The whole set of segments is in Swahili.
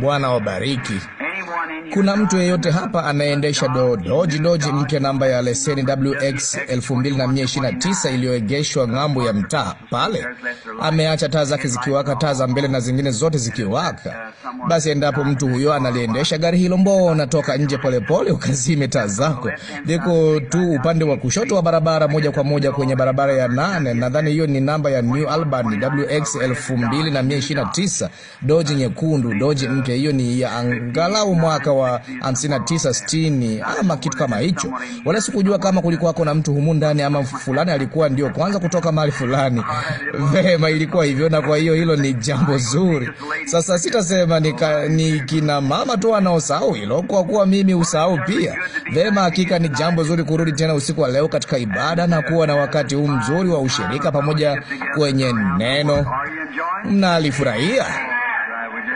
Bwana wabariki. Kuna mtu yeyote hapa anayeendesha dodoji doji mpya namba ya leseni WX 2029 iliyoegeshwa ng'ambo ya mtaa pale? Ameacha taa zake zikiwaka, taa za mbele na zingine zote zikiwaka. Basi endapo mtu huyo analiendesha gari hilo, mbona toka nje polepole, ukazime taa zako. Liko tu upande wa kushoto wa barabara, moja kwa moja kwenye barabara ya nane. Nadhani hiyo ni namba ya New Albany, WX 2029, doji nyekundu, doji mpya. Hiyo ni ya angalau au mwaka wa 5960 ama kitu kama hicho. Wala sikujua kama kulikuwa na mtu humu ndani ama fulani alikuwa ndio kwanza kutoka mahali fulani. Vema, ilikuwa hivyo, na kwa hiyo hilo ni jambo zuri. Sasa sitasema ni, ka, ni kina mama tu wanaosahau hilo, kwa kuwa mimi usahau pia. Vema, hakika ni jambo zuri kurudi tena usiku wa leo katika ibada na kuwa na wakati huu mzuri wa ushirika pamoja kwenye neno. Mnalifurahia?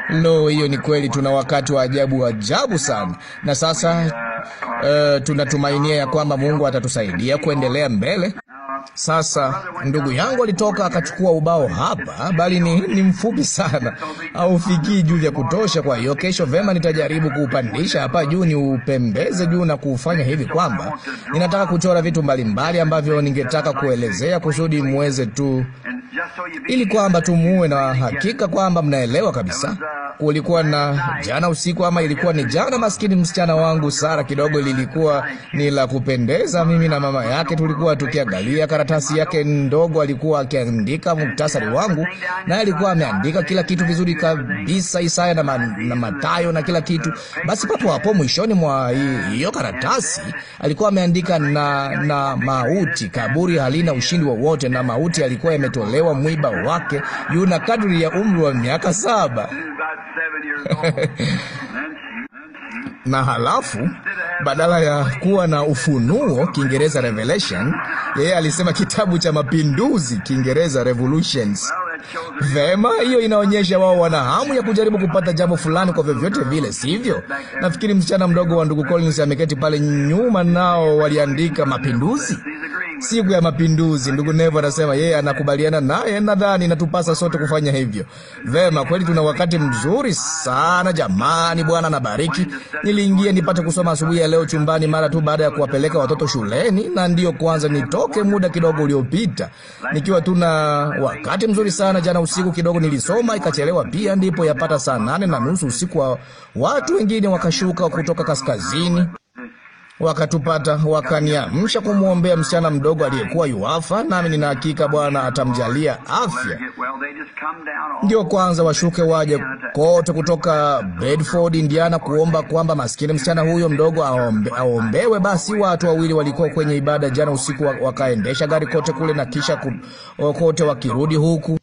Lo, hiyo ni kweli. Tuna wakati wa ajabu ajabu sana, na sasa uh, tunatumainia ya kwamba Mungu atatusaidia kuendelea mbele. Sasa ndugu yangu alitoka akachukua ubao hapa, bali ni, ni mfupi sana, haufikii juu vya kutosha. Kwa hiyo kesho vema, nitajaribu kuupandisha hapa juu, niupembeze juu na kuufanya hivi kwamba ninataka kuchora vitu mbalimbali ambavyo ningetaka kuelezea kusudi muweze tu, ili kwamba tumuwe na hakika kwamba mnaelewa kabisa. Kulikuwa na jana usiku, ama ilikuwa ni jana, maskini msichana wangu Sara kidogo lilikuwa ni la kupendeza. Mimi na mama yake tulikuwa tukiangalia karatasi yake ndogo alikuwa akiandika muktasari wangu, naye alikuwa ameandika kila kitu vizuri kabisa, Isaya na, ma, na Matayo na kila kitu. Basi papo hapo mwishoni mwa hiyo karatasi alikuwa ameandika na, na mauti, kaburi halina ushindi wowote, na mauti alikuwa yametolewa mwiba wake, yuna kadri ya umri wa miaka saba na halafu badala ya kuwa na ufunuo Kiingereza revelation, yeye alisema kitabu cha mapinduzi Kiingereza revolutions. Vema, hiyo inaonyesha wao wana hamu ya kujaribu kupata jambo fulani kwa vyovyote vile, sivyo? Nafikiri msichana mdogo wa ndugu Collins ameketi pale nyuma, nao waliandika mapinduzi, siku ya mapinduzi. Ndugu Nevo anasema yeye anakubaliana naye, nadhani inatupasa sote kufanya hivyo. Vema, kweli tuna wakati mzuri sana jamani. Bwana anabariki. Niliingia nipate kusoma asubuhi ya leo chumbani mara tu baada ya kuwapeleka watoto shuleni, na ndiyo kwanza nitoke muda kidogo uliopita, nikiwa tu na wakati mzuri sana. Jana usiku kidogo nilisoma, ikachelewa pia, ndipo yapata saa nane na nusu usiku wa watu wengine wakashuka kutoka kaskazini wakatupata wakaniamsha kumwombea msichana mdogo aliyekuwa yuafa, nami nina hakika Bwana atamjalia afya. Ndio kwanza washuke waje kote kutoka Bedford, Indiana, kuomba kwamba maskini msichana huyo mdogo aombe, aombewe. Basi watu wawili walikuwa kwenye ibada jana usiku, wakaendesha gari kote kule na kisha kote wakirudi huku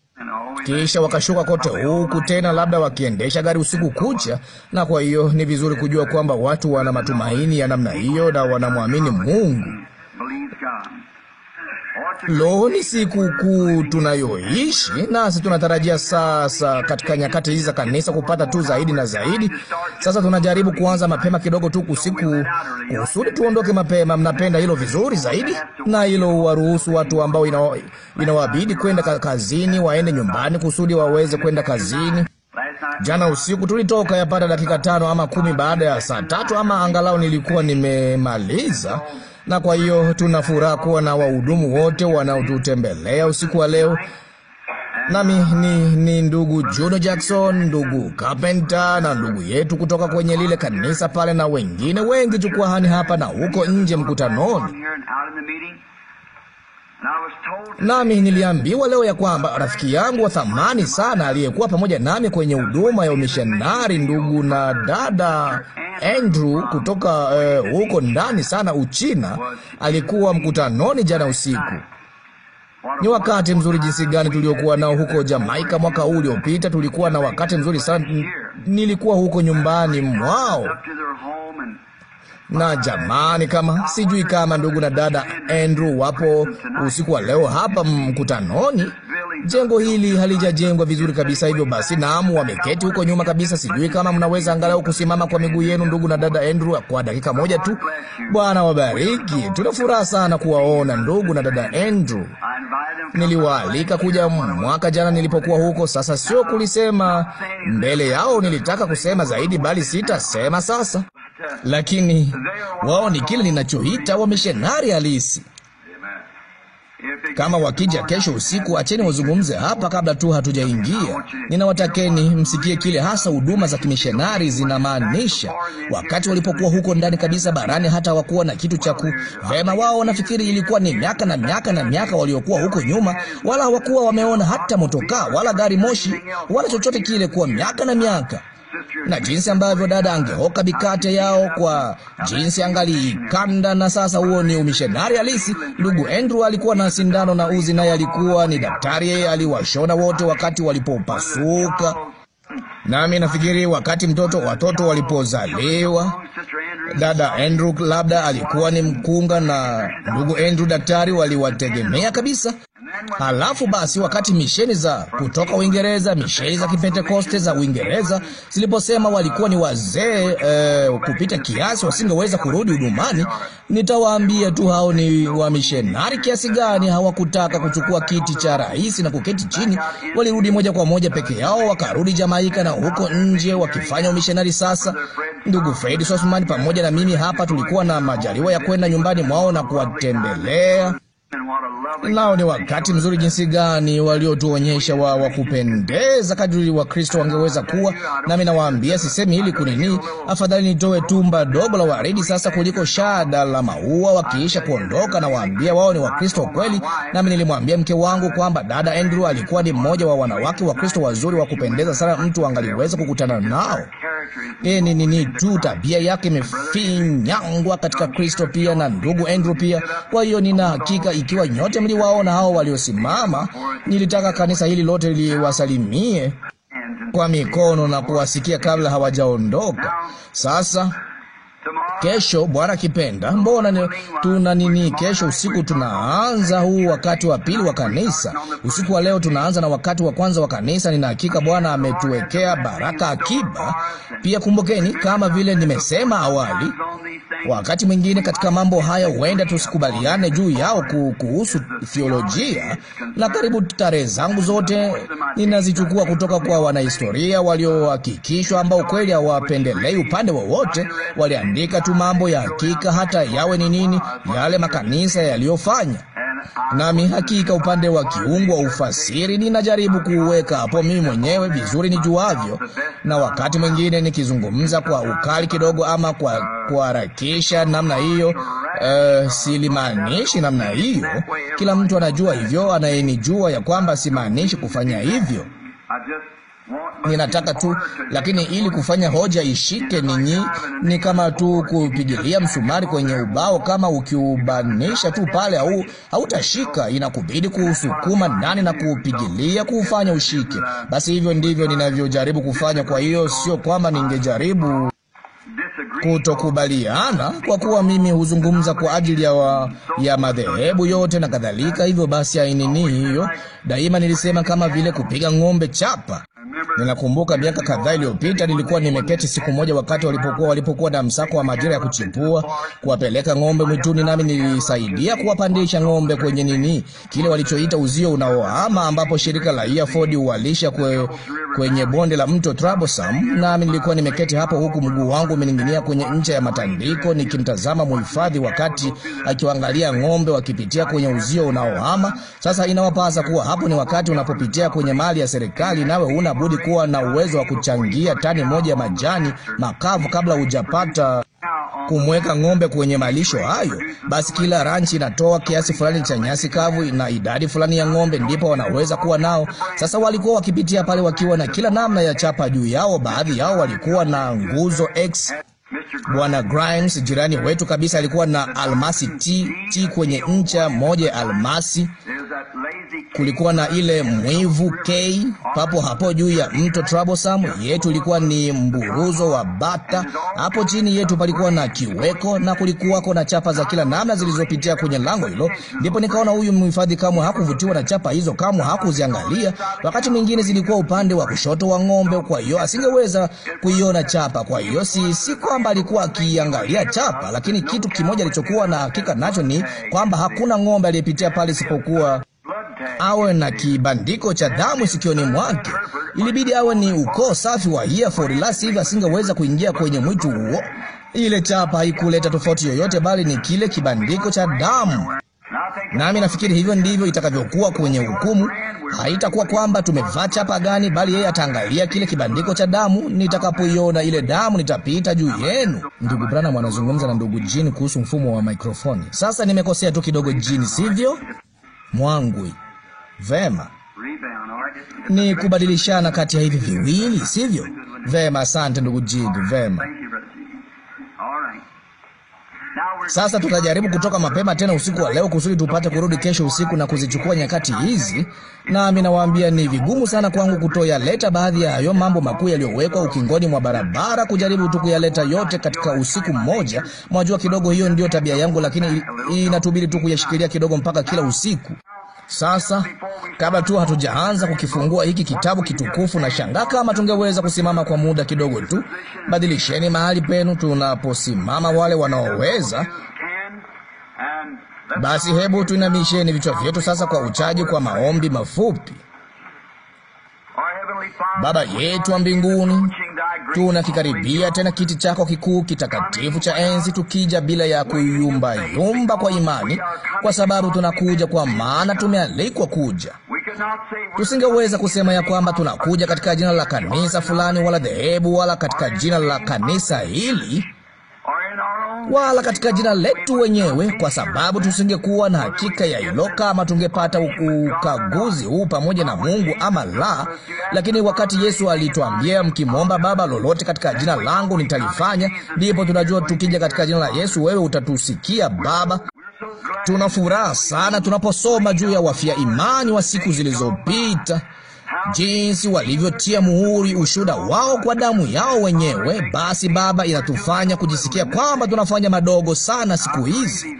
kisha wakashuka kote huku tena, labda wakiendesha gari usiku kucha. Na kwa hiyo ni vizuri kujua kwamba watu wana matumaini ya namna hiyo na wanamwamini Mungu. Lo, ni siku kuu tunayoishi, nasi tunatarajia sasa katika nyakati hizi za kanisa kupata tu zaidi na zaidi. Sasa tunajaribu kuanza mapema kidogo tu usiku kusudi tuondoke mapema. Mnapenda hilo vizuri zaidi, na hilo waruhusu watu ambao inawabidi kwenda kazini waende nyumbani kusudi waweze kwenda kazini. Jana usiku tulitoka yapata dakika tano ama kumi baada ya saa tatu, ama angalau nilikuwa nimemaliza na kwa hiyo tuna furaha kuwa na wahudumu wote wanaotutembelea usiku wa leo. Nami ni, ni ndugu Juno Jackson, ndugu Carpenter na ndugu yetu kutoka kwenye lile kanisa pale, na wengine wengi jukwaani hapa na huko nje mkutanoni. Nami niliambiwa leo ya kwamba rafiki yangu wa thamani sana aliyekuwa pamoja nami kwenye huduma ya umishonari ndugu na dada Andrew kutoka eh, huko ndani sana Uchina, alikuwa mkutanoni jana usiku. Ni wakati mzuri jinsi gani tuliokuwa nao huko Jamaika mwaka huu uliopita. Tulikuwa na wakati mzuri sana, nilikuwa huko nyumbani mwao na jamani, kama sijui kama ndugu na dada Andrew wapo usiku wa leo hapa mkutanoni. Jengo hili halijajengwa vizuri kabisa, hivyo basi naamu, wameketi huko nyuma kabisa. Sijui kama mnaweza angalau kusimama kwa miguu yenu, ndugu na dada Andrew, kwa dakika moja tu. Bwana wabariki. Tuna furaha sana kuwaona ndugu na dada Andrew. Niliwaalika kuja mwaka jana nilipokuwa huko. Sasa sio kulisema mbele yao, nilitaka kusema zaidi, bali sitasema sasa lakini wao ni kile ninachoita wamishonari halisi. Kama wakija kesho usiku, acheni wazungumze hapa kabla tu hatujaingia. Ninawatakeni msikie kile hasa huduma za kimishonari zinamaanisha. Wakati walipokuwa huko ndani kabisa barani, hata hawakuwa na kitu cha ku vema. Wao wanafikiri ilikuwa ni miaka na miaka na miaka waliokuwa huko nyuma, wala hawakuwa wameona hata motokaa wala gari moshi wala chochote kile kwa miaka na miaka na jinsi ambavyo dada angehoka bikate yao kwa jinsi angaliikanda. Na sasa huo ni umishenari halisi. Ndugu Andrew alikuwa na sindano na uzi, naye alikuwa ni daktari. Yeye aliwashona wote wakati walipopasuka. Nami nafikiri wakati mtoto watoto walipozaliwa, dada Andrew labda alikuwa ni mkunga na ndugu Andrew daktari, waliwategemea kabisa. Halafu basi, wakati misheni za kutoka Uingereza, misheni za Kipentekoste za Uingereza ziliposema walikuwa ni wazee e, kupita kiasi, wasingeweza kurudi hudumani, nitawaambia tu hao ni wamishenari kiasi gani. Hawakutaka kuchukua kiti cha rais na kuketi chini, walirudi moja kwa moja peke yao, wakarudi Jamaika na huko nje wakifanya umishenari. Sasa ndugu Fredi Sosman pamoja na mimi hapa tulikuwa na majaliwa ya kwenda nyumbani mwao na kuwatembelea lao ni wakati mzuri jinsi gani waliotuonyesha wa, wakupendeza kadri wa Kristo wangeweza kuwa. Nami nawaambia, sisemi hili kunini, afadhali nitoe tumba dogo la waridi sasa kuliko shada la maua. Wakiisha kuondoka, nawaambia wao ni Wakristo kweli. Nami nilimwambia mke wangu kwamba dada Andrew alikuwa ni mmoja wa wanawake wa Kristo wazuri wa kupendeza sana, mtu angaliweza kukutana nao. E, ni nini tu tabia yake imefinyangwa katika Kristo pia na ndugu Andrew pia. Kwa hiyo nina hakika ikiwa nyote mliwaona hao waliosimama, nilitaka kanisa hili lote liwasalimie kwa mikono na kuwasikia kabla hawajaondoka. Sasa Kesho Bwana kipenda, mbona ni, tuna nini kesho usiku? Tunaanza huu wakati wa pili wa kanisa. Usiku wa leo tunaanza na wakati wa kwanza wa kanisa. Nina hakika Bwana ametuwekea baraka akiba. Pia kumbukeni, kama vile nimesema awali, wakati mwingine katika mambo haya huenda tusikubaliane juu yao kuhusu theolojia, na karibu tarehe zangu zote ninazichukua kutoka kwa wanahistoria waliohakikishwa, ambao kweli hawapendelei upande wowote wali kuandika tu mambo ya hakika, hata yawe ni nini yale makanisa yaliyofanya. Nami hakika upande wa kiungu wa ufasiri ninajaribu kuuweka hapo mimi mwenyewe vizuri nijuavyo, na wakati mwingine nikizungumza kwa ukali kidogo ama kwa kuharakisha namna hiyo. Uh, eh, silimaanishi namna hiyo. Kila mtu anajua hivyo, anayenijua ya kwamba simaanishi kufanya hivyo ninataka tu, lakini ili kufanya hoja ishike, ninyi ni kama tu kupigilia msumari kwenye ubao. Kama ukiubanisha tu pale, au hautashika, inakubidi kuusukuma ndani na kuupigilia, kuufanya ushike. Basi hivyo ndivyo ninavyojaribu kufanya. Kwa hiyo sio kwamba ningejaribu kutokubaliana kwa kuwa mimi huzungumza kwa ajili ya, wa, ya madhehebu yote na kadhalika. Hivyo basi, ainini hiyo daima nilisema kama vile kupiga ng'ombe chapa. Ninakumbuka miaka kadhaa iliyopita nilikuwa nimeketi siku moja, wakati walipokuwa walipokuwa na msako wa majira ya kuchipua, kuwapeleka ng'ombe mwituni, nami nilisaidia kuwapandisha ng'ombe kwenye nini kile walichoita uzio unaohama, ambapo shirika la Earford huwalisha kwe, kwenye bonde la mto Trabosam, nami nilikuwa nimeketi hapo, huku mguu wangu umening'inia kwenye ncha ya matandiko, nikimtazama mhifadhi wakati akiwaangalia ng'ombe wakipitia kwenye uzio unaohama. Sasa inawapasa kuwa hapo ni wakati unapopitia kwenye mali ya serikali, nawe una budi kuwa na uwezo wa kuchangia tani moja ya majani makavu kabla hujapata kumweka ng'ombe kwenye malisho hayo. Basi kila ranchi inatoa kiasi fulani cha nyasi kavu na idadi fulani ya ng'ombe, ndipo wanaweza kuwa nao. Sasa walikuwa wakipitia pale wakiwa na kila namna ya chapa juu yao. Baadhi yao walikuwa na nguzo X Bwana Grimes, jirani wetu kabisa, alikuwa na almasi t, t kwenye ncha moja ya almasi. Kulikuwa na ile mwivu k papo hapo juu ya mto Troublesome. Yetu ilikuwa ni mburuzo wa bata. Hapo chini yetu palikuwa na kiweko, na kulikuwako na chapa za kila namna zilizopitia kwenye lango hilo. Ndipo nikaona huyu mhifadhi kamwe hakuvutiwa na chapa hizo, kamwe hakuziangalia. Wakati mwingine zilikuwa upande wa kushoto wa ng'ombe, kwa hiyo asingeweza kuiona chapa. Kwa hiyo si si kwa kwamba alikuwa akiangalia chapa, lakini kitu kimoja alichokuwa na hakika nacho ni kwamba hakuna ng'ombe aliyepitia pale isipokuwa awe na kibandiko cha damu sikioni mwake. Ilibidi awe ni ukoo safi wa Hereford, la sivyo asingeweza kuingia kwenye mwitu huo. Ile chapa haikuleta tofauti yoyote, bali ni kile kibandiko cha damu. Nami nafikiri hivyo ndivyo itakavyokuwa kwenye hukumu. Haitakuwa kwamba tumevaa chapa gani, bali yeye ataangalia kile kibandiko cha damu. Nitakapoiona ile damu, nitapita juu yenu. Ndugu Branham anazungumza na ndugu Jini kuhusu mfumo wa mikrofoni. Sasa nimekosea tu kidogo, Jini, sivyo? Mwangwi, vema, ni kubadilishana kati ya hivi viwili, sivyo? Vema, asante ndugu Jini, vema. Sasa tutajaribu kutoka mapema tena usiku wa leo kusudi tupate kurudi kesho usiku na kuzichukua nyakati hizi. Nami nawaambia ni vigumu sana kwangu kutoyaleta baadhi ya hayo mambo makuu yaliyowekwa ukingoni mwa barabara, kujaribu tu kuyaleta yote katika usiku mmoja. Mwajua kidogo, hiyo ndiyo tabia yangu, lakini inatubidi tu kuyashikilia kidogo mpaka kila usiku. Sasa kabla tu hatujaanza kukifungua hiki kitabu kitukufu, na shangaa kama tungeweza kusimama kwa muda kidogo tu. Badilisheni mahali penu tunaposimama, wale wanaoweza basi. Hebu tuinamisheni vichwa vyetu sasa kwa uchaji, kwa maombi mafupi. Baba yetu wa mbinguni, tunakikaribia tena kiti chako kikuu kitakatifu cha enzi, tukija bila ya kuyumbayumba kwa imani, kwa sababu tunakuja kwa maana tumealikwa kuja. Tusingeweza kusema ya kwamba tunakuja katika jina la kanisa fulani wala dhehebu wala katika jina la kanisa hili wala katika jina letu wenyewe, kwa sababu tusingekuwa na hakika ya hilo kama tungepata ukaguzi huu pamoja na Mungu ama la. Lakini wakati Yesu alituambia mkimwomba Baba lolote katika jina langu nitalifanya, ndipo tunajua tukija katika jina la Yesu wewe utatusikia Baba. Tuna furaha sana tunaposoma juu ya wafia imani wa siku zilizopita jinsi walivyotia muhuri ushuda wao kwa damu yao wenyewe, basi Baba, inatufanya kujisikia kwamba tunafanya madogo sana siku hizi.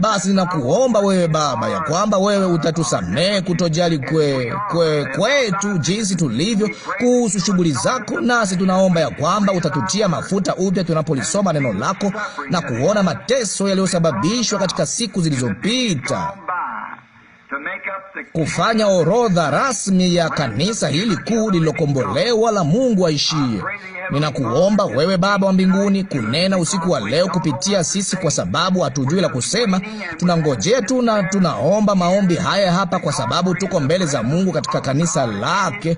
Basi ninakuomba wewe Baba ya kwamba wewe utatusamehe kutojali kwe, kwe, kwetu jinsi tulivyo kuhusu shughuli zako, nasi tunaomba ya kwamba utatutia mafuta upya tunapolisoma neno lako na kuona mateso yaliyosababishwa katika siku zilizopita kufanya orodha rasmi ya kanisa hili kuu lililokombolewa la Mungu aishie Ninakuomba wewe Baba wa mbinguni kunena usiku wa leo kupitia sisi, kwa sababu hatujui la kusema. Tunangojea tu na tunaomba maombi haya hapa, kwa sababu tuko mbele za Mungu katika kanisa lake.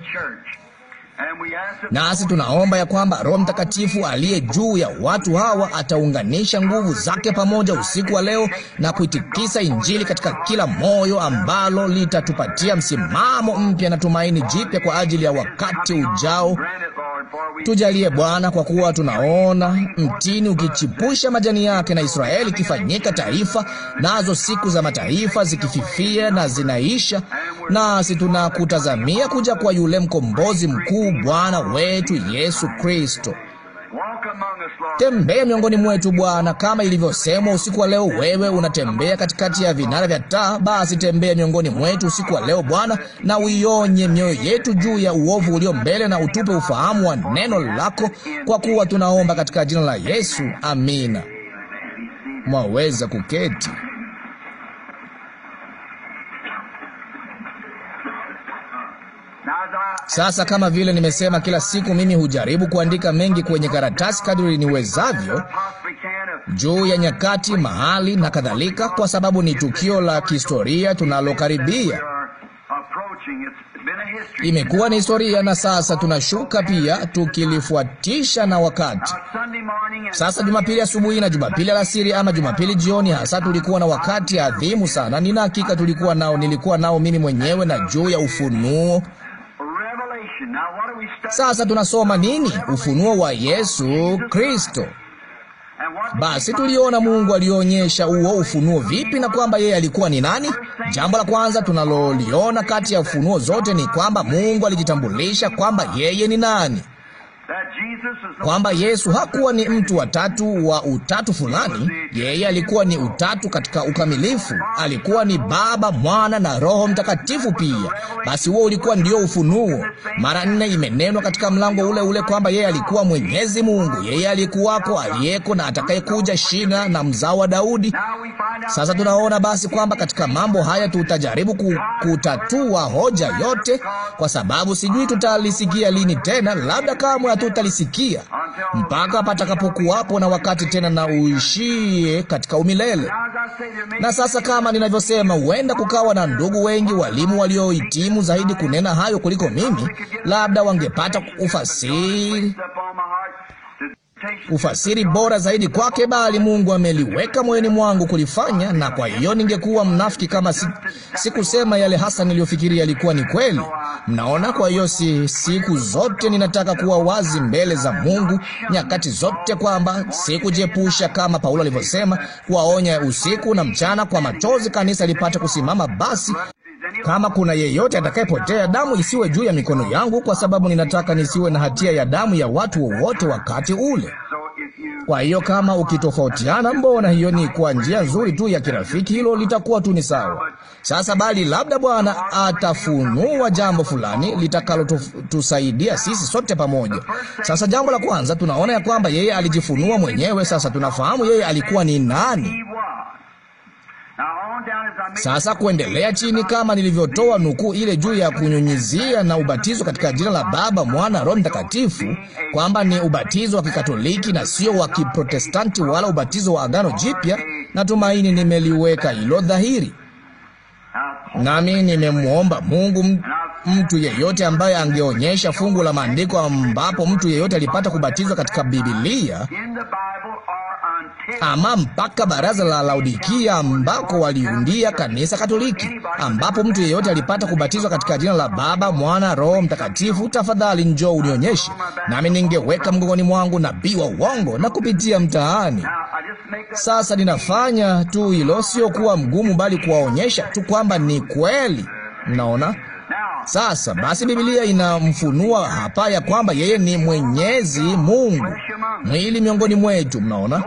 Nasi tunaomba ya kwamba Roho Mtakatifu aliye juu ya watu hawa ataunganisha nguvu zake pamoja usiku wa leo na kuitikisa Injili katika kila moyo, ambalo litatupatia msimamo mpya na tumaini jipya kwa ajili ya wakati ujao. Tujalie Bwana, kwa kuwa tunaona mtini ukichipusha majani yake na Israeli ikifanyika taifa, nazo siku za mataifa zikififia na zinaisha, nasi tunakutazamia kuja kwa yule mkombozi mkuu Bwana wetu Yesu Kristo. Tembea miongoni mwetu Bwana, kama ilivyosemwa usiku wa leo, wewe unatembea katikati ya vinara vya taa. Basi tembea miongoni mwetu usiku wa leo Bwana, na uionye mioyo yetu juu ya uovu ulio mbele, na utupe ufahamu wa neno lako, kwa kuwa tunaomba katika jina la Yesu, amina. Mwaweza kuketi. Sasa kama vile nimesema, kila siku mimi hujaribu kuandika mengi kwenye karatasi kadri niwezavyo juu ya nyakati, mahali na kadhalika, kwa sababu ni tukio la kihistoria tunalokaribia. Imekuwa ni historia na sasa tunashuka pia, tukilifuatisha na wakati. Sasa Jumapili asubuhi na Jumapili alasiri ama Jumapili jioni, hasa tulikuwa na wakati adhimu sana. Nina hakika tulikuwa nao, nilikuwa nao mimi mwenyewe, na juu ya ufunuo sasa tunasoma nini? Ufunuo wa Yesu Kristo. Basi tuliona Mungu alionyesha huo ufunuo vipi na kwamba yeye alikuwa ni nani. Jambo la kwanza tunaloliona kati ya ufunuo zote ni kwamba Mungu alijitambulisha kwamba yeye ni nani kwamba Yesu hakuwa ni mtu wa tatu wa utatu fulani. Yeye alikuwa ni utatu katika ukamilifu. Alikuwa ni Baba, Mwana na Roho Mtakatifu pia. Basi huo ulikuwa ndio ufunuo. Mara nne imenenwa katika mlango ule ule kwamba yeye alikuwa Mwenyezi Mungu, yeye alikuwako, aliyeko na atakayekuja, shina na mzao wa Daudi. Sasa tunaona basi kwamba katika mambo haya tutajaribu kutatua hoja yote, kwa sababu sijui tutalisikia lini tena, labda kamwe utalisikia mpaka patakapokuwapo na wakati tena na uishie katika umilele. Na sasa, kama ninavyosema, huenda kukawa na ndugu wengi walimu waliohitimu zaidi kunena hayo kuliko mimi, labda wangepata ufasiri ufasiri bora zaidi kwake, bali Mungu ameliweka moyoni mwangu kulifanya, na kwa hiyo ningekuwa mnafiki kama si, sikusema yale hasa niliyofikiria yalikuwa ni kweli. Mnaona? Kwa hiyo si, siku zote ninataka kuwa wazi mbele za Mungu nyakati zote, kwamba sikujepusha kama Paulo alivyosema, kuwaonya usiku na mchana kwa machozi, kanisa lipate kusimama. Basi kama kuna yeyote atakayepotea, damu isiwe juu ya mikono yangu, kwa sababu ninataka nisiwe na hatia ya damu ya watu wowote wakati ule. Kwa hiyo kama ukitofautiana, mbona hiyo ni kwa njia nzuri tu ya kirafiki, hilo litakuwa tu ni sawa. Sasa bali labda Bwana atafunua jambo fulani litakalotusaidia sisi sote pamoja. Sasa jambo la kwanza tunaona ya kwamba yeye alijifunua mwenyewe. Sasa tunafahamu yeye alikuwa ni nani. Sasa kuendelea chini, kama nilivyotoa nukuu ile juu ya kunyunyizia na ubatizo katika jina la Baba, Mwana, Roho Mtakatifu, kwamba ni ubatizo wa Kikatoliki na sio wa Kiprotestanti wala ubatizo wa Agano Jipya, natumaini nimeliweka hilo dhahiri. Nami nimemwomba Mungu mtu yeyote ambaye angeonyesha fungu la maandiko ambapo mtu yeyote alipata kubatizwa katika Biblia ama mpaka baraza la Laodikia ambako waliundia kanisa Katoliki, ambapo mtu yeyote alipata kubatizwa katika jina la Baba, Mwana, Roho Mtakatifu, tafadhali njoo unionyeshe, nami ningeweka mgongoni mwangu nabii wa uongo na kupitia mtaani. Sasa ninafanya tu hilo, sio kuwa mgumu, bali kuwaonyesha tu kwamba ni kweli. Mnaona? Sasa basi, Biblia inamfunua hapa ya kwamba yeye ni Mwenyezi Mungu mwili miongoni mwetu. Mnaona,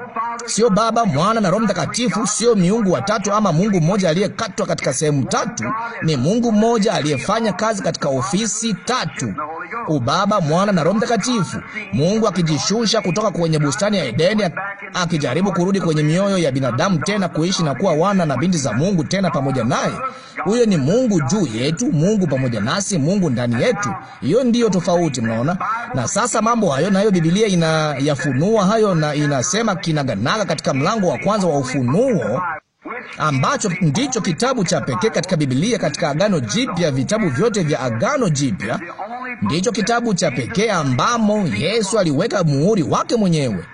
sio Baba, Mwana na Roho Mtakatifu, sio miungu watatu ama Mungu mmoja aliyekatwa katika sehemu tatu. Ni Mungu mmoja aliyefanya kazi katika ofisi tatu: Ubaba, Mwana na Roho Mtakatifu. Mungu akijishusha kutoka kwenye bustani ya Edeni, akijaribu kurudi kwenye mioyo ya binadamu tena kuishi na kuwa wana na binti za Mungu tena pamoja naye. Huyo ni Mungu juu yetu, Mungu pamoja nasi Mungu ndani yetu. Hiyo ndiyo tofauti, mnaona. Na sasa mambo hayo nayo Biblia inayafunua hayo, na inasema kinaganaga katika mlango wa kwanza wa Ufunuo ambacho ndicho kitabu cha pekee katika Biblia, katika Agano Jipya, vitabu vyote vya Agano Jipya, ndicho kitabu cha pekee ambamo Yesu aliweka muhuri wake mwenyewe,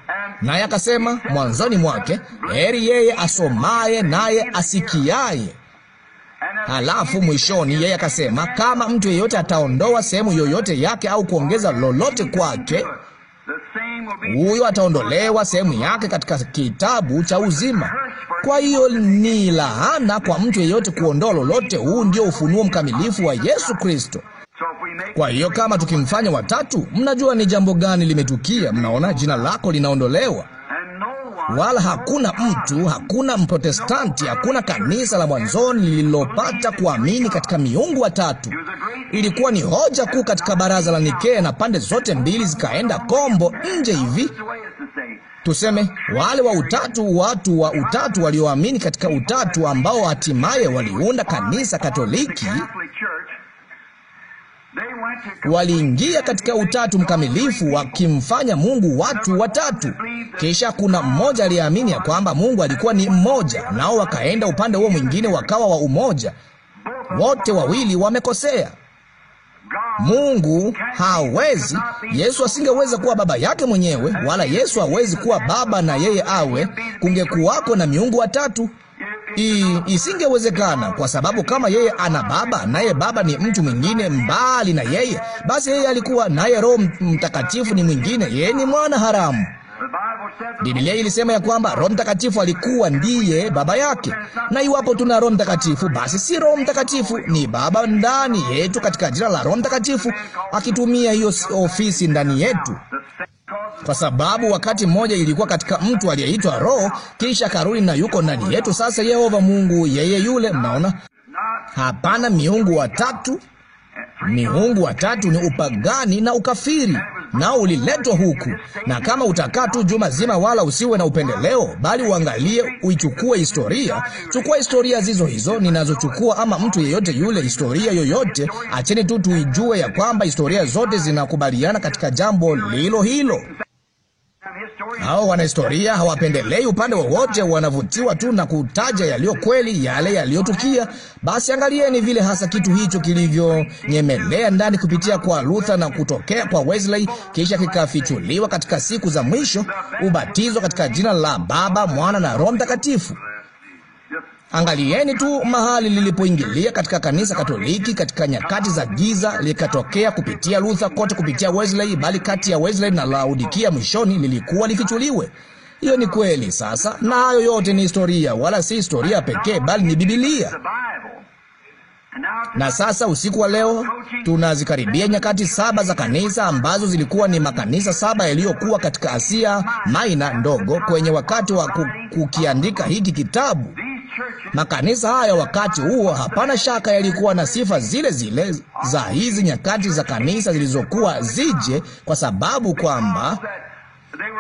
naye akasema mwanzoni mwake, heri yeye asomaye naye asikiaye. Halafu mwishoni yeye akasema, kama mtu yeyote ataondoa sehemu yoyote yake au kuongeza lolote kwake, huyo ataondolewa sehemu yake katika kitabu cha uzima. Kwa hiyo ni laana kwa mtu yeyote kuondoa lolote. Huu ndio ufunuo mkamilifu wa Yesu Kristo. Kwa hiyo kama tukimfanya watatu, mnajua ni jambo gani limetukia. Mnaona, jina lako linaondolewa wala hakuna mtu, hakuna Mprotestanti, hakuna kanisa la mwanzoni lililopata kuamini katika miungu watatu. Ilikuwa ni hoja kuu katika baraza la Nikea, na pande zote mbili zikaenda kombo nje hivi Tuseme wale wa utatu, watu wa utatu walioamini katika utatu ambao hatimaye waliunda kanisa Katoliki waliingia katika utatu mkamilifu wakimfanya Mungu watu watatu. Kisha kuna mmoja aliyeamini ya kwamba Mungu alikuwa ni mmoja, nao wakaenda upande huo mwingine wakawa wa umoja. Wote wawili wamekosea. Mungu hawezi. Yesu asingeweza kuwa baba yake mwenyewe, wala Yesu hawezi kuwa baba na yeye awe. Kungekuwako na miungu watatu isingewezekana, kwa sababu kama yeye ana baba naye baba ni mtu mwingine mbali na yeye, basi yeye alikuwa naye Roho Mtakatifu ni mwingine, yeye ni mwana haramu. Biblia ilisema ya kwamba Roho Mtakatifu alikuwa ndiye baba yake, na iwapo tuna Roho Mtakatifu, basi si Roho Mtakatifu ni baba ndani yetu, katika jina la Roho Mtakatifu akitumia hiyo ofisi ndani yetu, kwa sababu wakati mmoja ilikuwa katika mtu aliyeitwa Roho, kisha karudi na yuko ndani yetu sasa. Yehova Mungu yeye yule, mnaona, hapana miungu watatu miungu watatu ni upagani na ukafiri, nao uliletwa huku. Na kama utakaa tu juma zima, wala usiwe na upendeleo, bali uangalie, uichukue historia. Chukua historia zizo hizo ninazochukua, ama mtu yeyote yule, historia yoyote. Acheni tu tuijue ya kwamba historia zote zinakubaliana katika jambo lilo hilo. Hao wanahistoria hawapendelei upande wowote, wanavutiwa tu na kutaja yaliyo kweli, yale yaliyotukia. Basi angalieni vile hasa kitu hicho kilivyonyemelea ndani kupitia kwa Luther na kutokea kwa Wesley, kisha kikafichuliwa katika siku za mwisho, ubatizo katika jina la Baba, Mwana na Roho Mtakatifu. Angalieni tu mahali lilipoingilia katika kanisa Katoliki katika nyakati za giza, likatokea kupitia Luther, kote kupitia Wesley, bali kati ya Wesley na Laodikia mwishoni lilikuwa likichuliwe. Hiyo ni kweli sasa, na hayo yote ni historia, wala si historia pekee, bali ni Biblia. Na sasa usiku wa leo tunazikaribia nyakati saba za kanisa ambazo zilikuwa ni makanisa saba yaliyokuwa katika Asia Maina ndogo kwenye wakati wa kukiandika hiki kitabu. Makanisa haya wakati huo, hapana shaka, yalikuwa na sifa zile zile za hizi nyakati za kanisa zilizokuwa zije, kwa sababu kwamba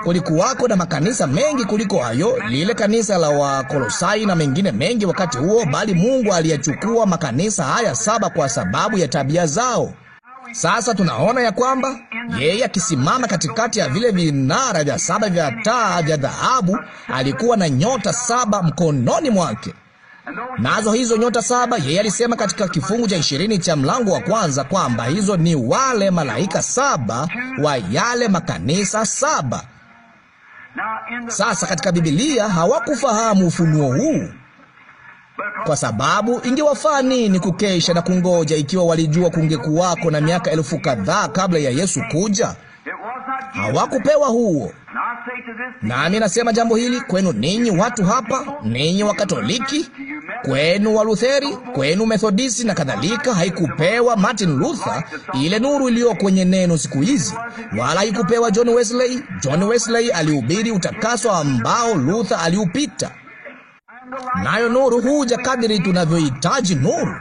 Kulikuwako na makanisa mengi kuliko hayo, lile kanisa la Wakolosai na mengine mengi wakati huo, bali Mungu aliyachukua makanisa haya saba kwa sababu ya tabia zao. Sasa tunaona ya kwamba yeye akisimama katikati ya vile vinara vya saba vya taa vya dhahabu alikuwa na nyota saba mkononi mwake nazo hizo nyota saba, yeye alisema katika kifungu cha ishirini cha mlango wa kwanza kwamba hizo ni wale malaika saba wa yale makanisa saba. Sasa katika Bibilia hawakufahamu ufunuo huu, kwa sababu ingewafaa nini kukesha na kungoja ikiwa walijua kungekuwako na miaka elfu kadhaa kabla ya Yesu kuja? hawakupewa huo. Nami nasema jambo hili kwenu ninyi watu hapa, ninyi Wakatoliki, kwenu Walutheri, kwenu Methodisi na kadhalika. Haikupewa Martin Luther ile nuru iliyo kwenye neno siku hizi, wala haikupewa John Wesley. John Wesley alihubiri utakaso ambao Luther aliupita, nayo nuru huja kadiri tunavyohitaji nuru.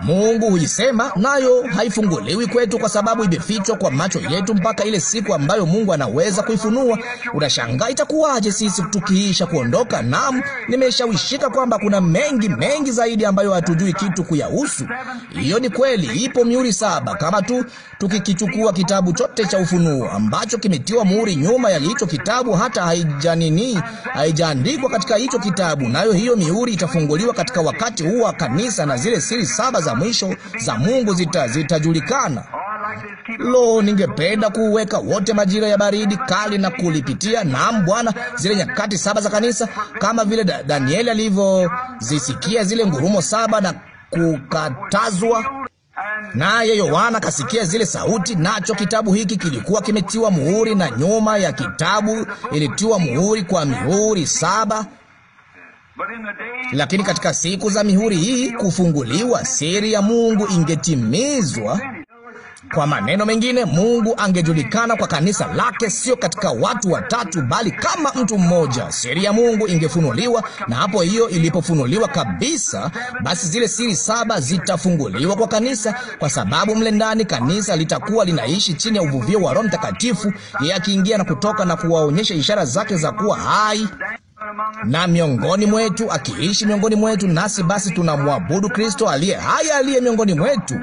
Mungu huisema, nayo haifunguliwi kwetu kwa sababu imefichwa kwa macho yetu mpaka ile siku ambayo Mungu anaweza kuifunua. Unashangaa itakuwaje sisi tukiisha kuondoka. Naam, nimeshawishika kwamba kuna mengi mengi zaidi ambayo hatujui kitu kuyahusu. Hiyo ni kweli. Ipo mihuri saba, kama tu tukikichukua kitabu chote cha Ufunuo ambacho kimetiwa muhuri nyuma ya hicho kitabu, hata haijanini haijaandikwa katika hicho kitabu, nayo hiyo mihuri itafunguliwa katika wakati huu wa kanisa na zile siri saba za mwisho za Mungu zita, zitajulikana. Lo, ningependa kuweka wote majira ya baridi kali na kulipitia, naam Bwana, zile nyakati saba za kanisa, kama vile da Danieli alivyozisikia zile ngurumo saba na kukatazwa naye Yohana kasikia zile sauti. Nacho kitabu hiki kilikuwa kimetiwa muhuri, na nyuma ya kitabu ilitiwa muhuri kwa mihuri saba. Lakini katika siku za mihuri hii kufunguliwa, siri ya Mungu ingetimizwa. Kwa maneno mengine, Mungu angejulikana kwa kanisa lake, sio katika watu watatu, bali kama mtu mmoja. Siri ya Mungu ingefunuliwa, na hapo hiyo ilipofunuliwa kabisa, basi zile siri saba zitafunguliwa kwa kanisa, kwa sababu mle ndani kanisa litakuwa linaishi chini ya uvuvio wa Roho Mtakatifu, yeye akiingia na kutoka na kuwaonyesha ishara zake za kuwa hai na miongoni mwetu, akiishi miongoni mwetu, nasi basi tunamwabudu Kristo aliye haya, aliye miongoni mwetu.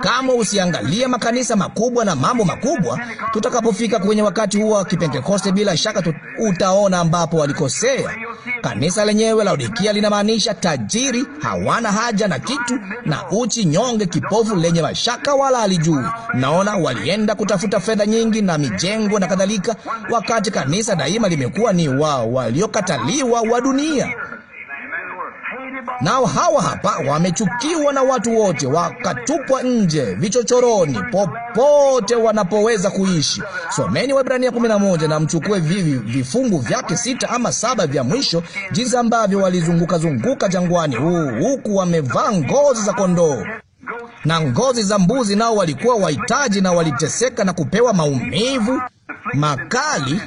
Kama usiangalie makanisa makubwa na mambo makubwa, tutakapofika kwenye wakati huo wa Kipentekoste, bila shaka utaona ambapo walikosea. Kanisa lenyewe Laodikia linamaanisha tajiri, hawana haja na kitu, na uchi, nyonge, kipofu, lenye mashaka, wala alijui. Naona walienda kutafuta fedha nyingi na mijengo na kadhalika, wakati kanisa daima limekuwa ni wao waliokataliwa wa dunia. Nao hawa hapa wamechukiwa na watu wote, wakatupwa nje vichochoroni, popote wanapoweza kuishi. Someni Waebrania 11 na mchukue vivi vifungu vyake sita ama saba vya mwisho, jinsi ambavyo walizunguka zunguka jangwani huku wamevaa ngozi za kondoo na ngozi za mbuzi, nao walikuwa wahitaji na waliteseka na kupewa maumivu makali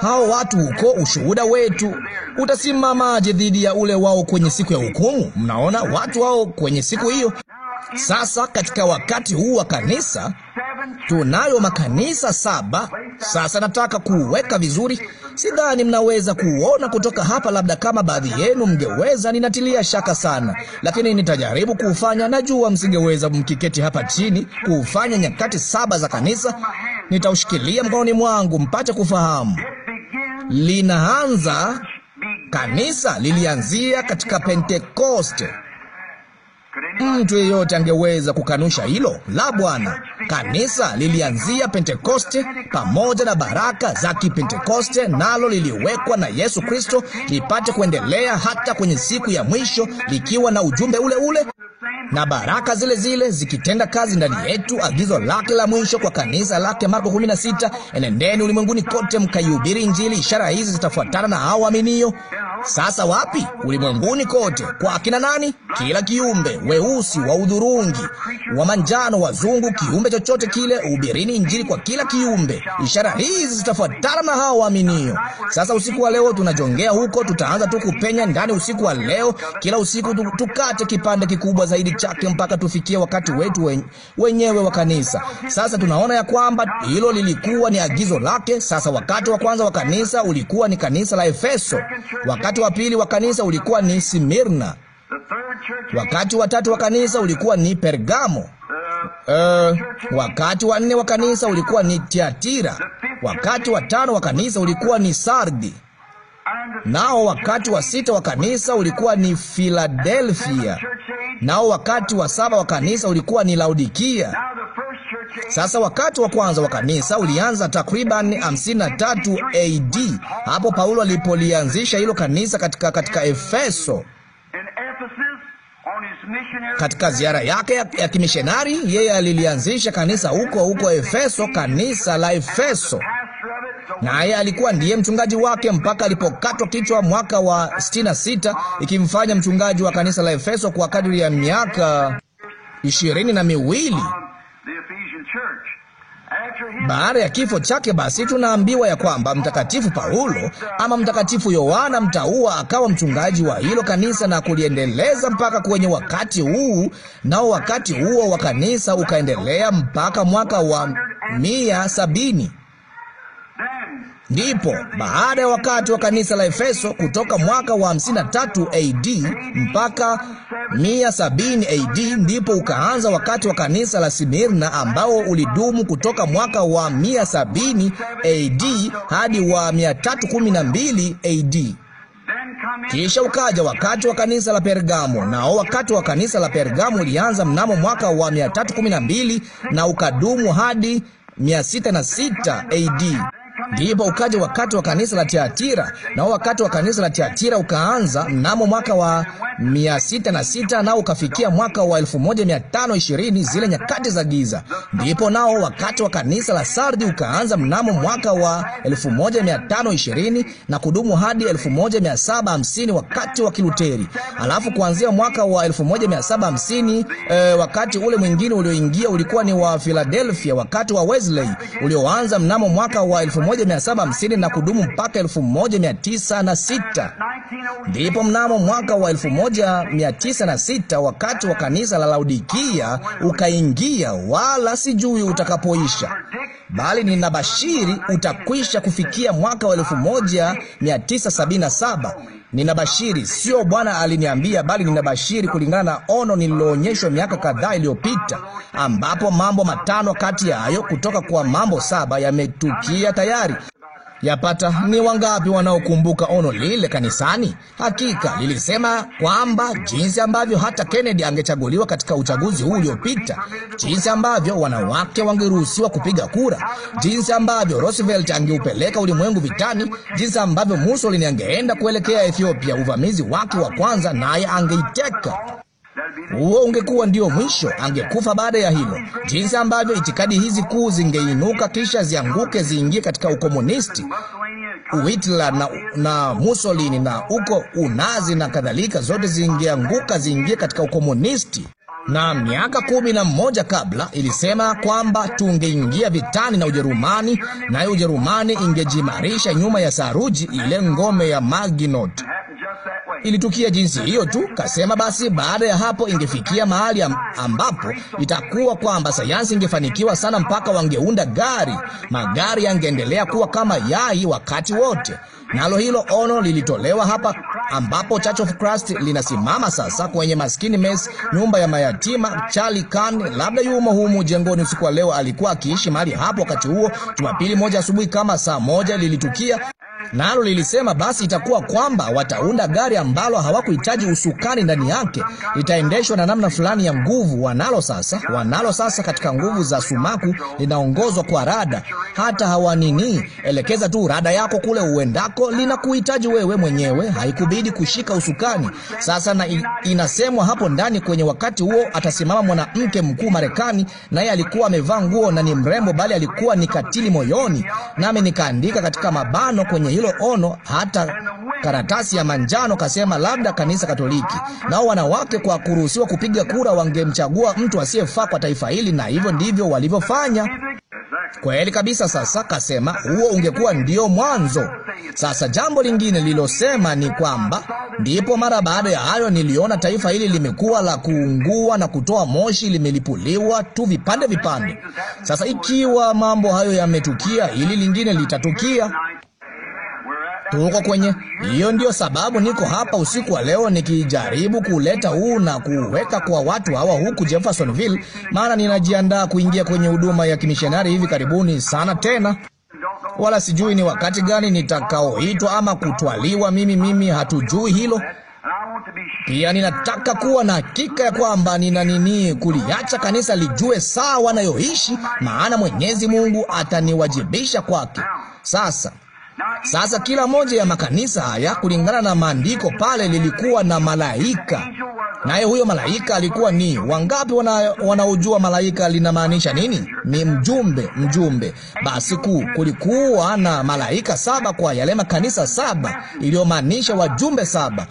hao watu huko, ushuhuda wetu utasimamaje dhidi ya ule wao kwenye siku ya hukumu? Mnaona watu hao kwenye siku hiyo sasa katika wakati huu wa kanisa tunayo makanisa saba. Sasa nataka kuweka vizuri, sidhani mnaweza kuona kutoka hapa, labda kama baadhi yenu mngeweza. Ninatilia shaka sana, lakini nitajaribu kuufanya. Najua msingeweza mkiketi hapa chini kuufanya nyakati saba za kanisa. Nitaushikilia mkononi mwangu mpate kufahamu. Linaanza kanisa, lilianzia katika Pentekoste. Mtu yeyote angeweza kukanusha hilo la Bwana. Kanisa lilianzia Pentekoste pamoja na baraka za Kipentekoste, nalo liliwekwa na Yesu Kristo lipate kuendelea hata kwenye siku ya mwisho likiwa na ujumbe ule ule na baraka zile zile zikitenda kazi ndani yetu. Agizo lake la mwisho kwa kanisa lake, Marko 16, enendeni ulimwenguni kote mkaihubiri Injili, ishara hizi zitafuatana na hao waaminio. Sasa wapi? Ulimwenguni kote. Kwa akina nani? Kila kiumbe weusi, wa udhurungi, wa manjano, wazungu, kiumbe chochote kile, ubirini Injili kwa kila kiumbe. Ishara hizi zitafuatana na hao waaminio. Sasa usiku wa leo tunajongea huko, tutaanza tu kupenya ndani usiku wa leo. Kila usiku tukate kipande kikubwa zaidi chake mpaka tufikie wakati wetu wenyewe wa kanisa. Sasa tunaona ya kwamba hilo lilikuwa ni agizo lake. Sasa wakati wa kwanza wa kanisa ulikuwa ni kanisa la Efeso, wakati wa pili wa kanisa ulikuwa ni Smirna. Wakati wa tatu wa kanisa ulikuwa ni Pergamo. Uh, wakati wa nne wa kanisa ulikuwa ni Tiatira. Wakati wa tano wa kanisa ulikuwa ni Sardi. Nao wakati wa sita wa kanisa ulikuwa ni Filadelfia. Nao wakati wa saba wa kanisa ulikuwa ni Laodikia. Sasa wakati wa kwanza wa kanisa ulianza takriban 53 AD. Hapo Paulo alipolianzisha hilo kanisa katika katika Efeso katika ziara yake ya, ya kimishonari. Yeye alilianzisha kanisa huko huko Efeso, kanisa la Efeso, naye alikuwa ndiye mchungaji wake mpaka alipokatwa kichwa mwaka wa 66, ikimfanya mchungaji wa kanisa la Efeso kwa kadri ya miaka ishirini na miwili. Baada ya kifo chake, basi tunaambiwa ya kwamba mtakatifu Paulo ama mtakatifu Yohana mtaua akawa mchungaji wa hilo kanisa na kuliendeleza mpaka kwenye wakati huu, nao wakati huo wa kanisa ukaendelea mpaka mwaka wa mia sabini. Ndipo baada ya wakati wa kanisa la Efeso kutoka mwaka wa 53 AD mpaka 170 AD, ndipo ukaanza wakati wa kanisa la simirna ambao ulidumu kutoka mwaka wa 170 AD hadi wa 312 AD. Kisha ukaja wakati wa kanisa la Pergamo. Nao wakati wa kanisa la Pergamo ulianza mnamo mwaka wa 312 na ukadumu hadi 606 AD. Ndipo ukaja wakati wa kanisa la Tiatira, na wakati wa kanisa la Tiatira ukaanza mnamo mwaka wa mia sita na sita nao ukafikia mwaka wa elfu moja mia tano ishirini zile nyakati za giza. Ndipo nao wakati wa kanisa la Sardi ukaanza mnamo mwaka wa elfu moja mia tano ishirini na kudumu hadi elfu moja mia saba hamsini wakati wa Kiluteri. Alafu kuanzia mwaka wa elfu moja mia saba hamsini e, wakati ule mwingine ulioingia ulikuwa ni wa Philadelphia, wakati wa Wesley ulioanza mnamo mwaka wa elfu 1750 na kudumu mpaka 1906. Ndipo mnamo mwaka wa 1906 wakati wa kanisa la Laodikia ukaingia, wala sijui utakapoisha, bali ninabashiri utakwisha kufikia mwaka wa 1977 Ninabashiri, sio Bwana aliniambia, bali ninabashiri kulingana na ono nililoonyeshwa miaka kadhaa iliyopita, ambapo mambo matano kati ya hayo kutoka kwa mambo saba yametukia tayari yapata ni wangapi wanaokumbuka ono lile kanisani? Hakika lilisema kwamba jinsi ambavyo hata Kennedy angechaguliwa katika uchaguzi huu uliopita, jinsi ambavyo wanawake wangeruhusiwa kupiga kura, jinsi ambavyo Roosevelt angeupeleka ulimwengu vitani, jinsi ambavyo Mussolini angeenda kuelekea Ethiopia, uvamizi wake wa kwanza, naye angeiteka huo ungekuwa ndio mwisho, angekufa baada ya hilo. Jinsi ambavyo itikadi hizi kuu zingeinuka kisha zianguke, ziingie katika ukomunisti, Hitler na, na Mussolini na uko unazi na kadhalika, zote zingeanguka, ziingie katika ukomunisti na miaka kumi na mmoja kabla ilisema kwamba tungeingia vitani na Ujerumani, nayo Ujerumani ingejimarisha nyuma ya saruji, ile ngome ya Maginot ilitukia jinsi hiyo tu. Kasema basi baada ya hapo ingefikia mahali ambapo itakuwa kwamba sayansi ingefanikiwa sana mpaka wangeunda gari. Magari yangeendelea kuwa kama yai wakati wote. Nalo hilo ono lilitolewa hapa ambapo Church of Christ linasimama sasa kwenye maskini mess, nyumba ya mayatima. Charlie Kahn labda yumo humu jengoni usiku wa leo, alikuwa akiishi mahali hapo wakati huo. Jumapili moja asubuhi kama saa moja lilitukia nalo lilisema basi itakuwa kwamba wataunda gari ambalo hawakuhitaji usukani ndani yake, litaendeshwa na namna fulani ya nguvu. Wanalo sasa, wanalo sasa katika nguvu za sumaku, linaongozwa kwa rada, hata hawanini. Elekeza tu rada yako kule uendako, lako linakuhitaji wewe mwenyewe, haikubidi kushika usukani. Sasa na inasemwa hapo ndani, kwenye wakati huo atasimama mwanamke mkuu Marekani, naye alikuwa amevaa nguo na ni mrembo, bali alikuwa ni katili moyoni. Nami nikaandika katika mabano kwenye hilo ono, hata karatasi ya manjano, kasema labda kanisa Katoliki nao wanawake kwa kuruhusiwa kupiga kura wangemchagua mtu asiyefaa kwa taifa hili, na hivyo ndivyo walivyofanya. Kweli kabisa. Sasa kasema huo ungekuwa ndio mwanzo. Sasa jambo lingine lilosema ni kwamba, ndipo mara baada ya hayo niliona taifa hili limekuwa la kuungua na kutoa moshi, limelipuliwa tu vipande vipande. Sasa ikiwa mambo hayo yametukia, hili lingine litatukia. Tuko kwenye hiyo. ndio sababu niko hapa usiku wa leo nikijaribu kuleta huu na kuweka kwa watu hawa huku Jeffersonville, maana ninajiandaa kuingia kwenye huduma ya kimishonari hivi karibuni sana tena wala sijui ni wakati gani nitakaoitwa ama kutwaliwa. Mimi mimi hatujui hilo. Pia ninataka kuwa na hakika ya kwamba nina nini kuliacha kanisa lijue saa wanayoishi, maana Mwenyezi Mungu ataniwajibisha kwake. Sasa sasa kila moja ya makanisa haya kulingana na maandiko pale lilikuwa na malaika, naye huyo malaika alikuwa ni wangapi? Wana, wanaojua malaika linamaanisha nini? Ni mjumbe, mjumbe. Basi ku, kulikuwa na malaika saba kwa yale makanisa saba, iliyomaanisha wajumbe saba.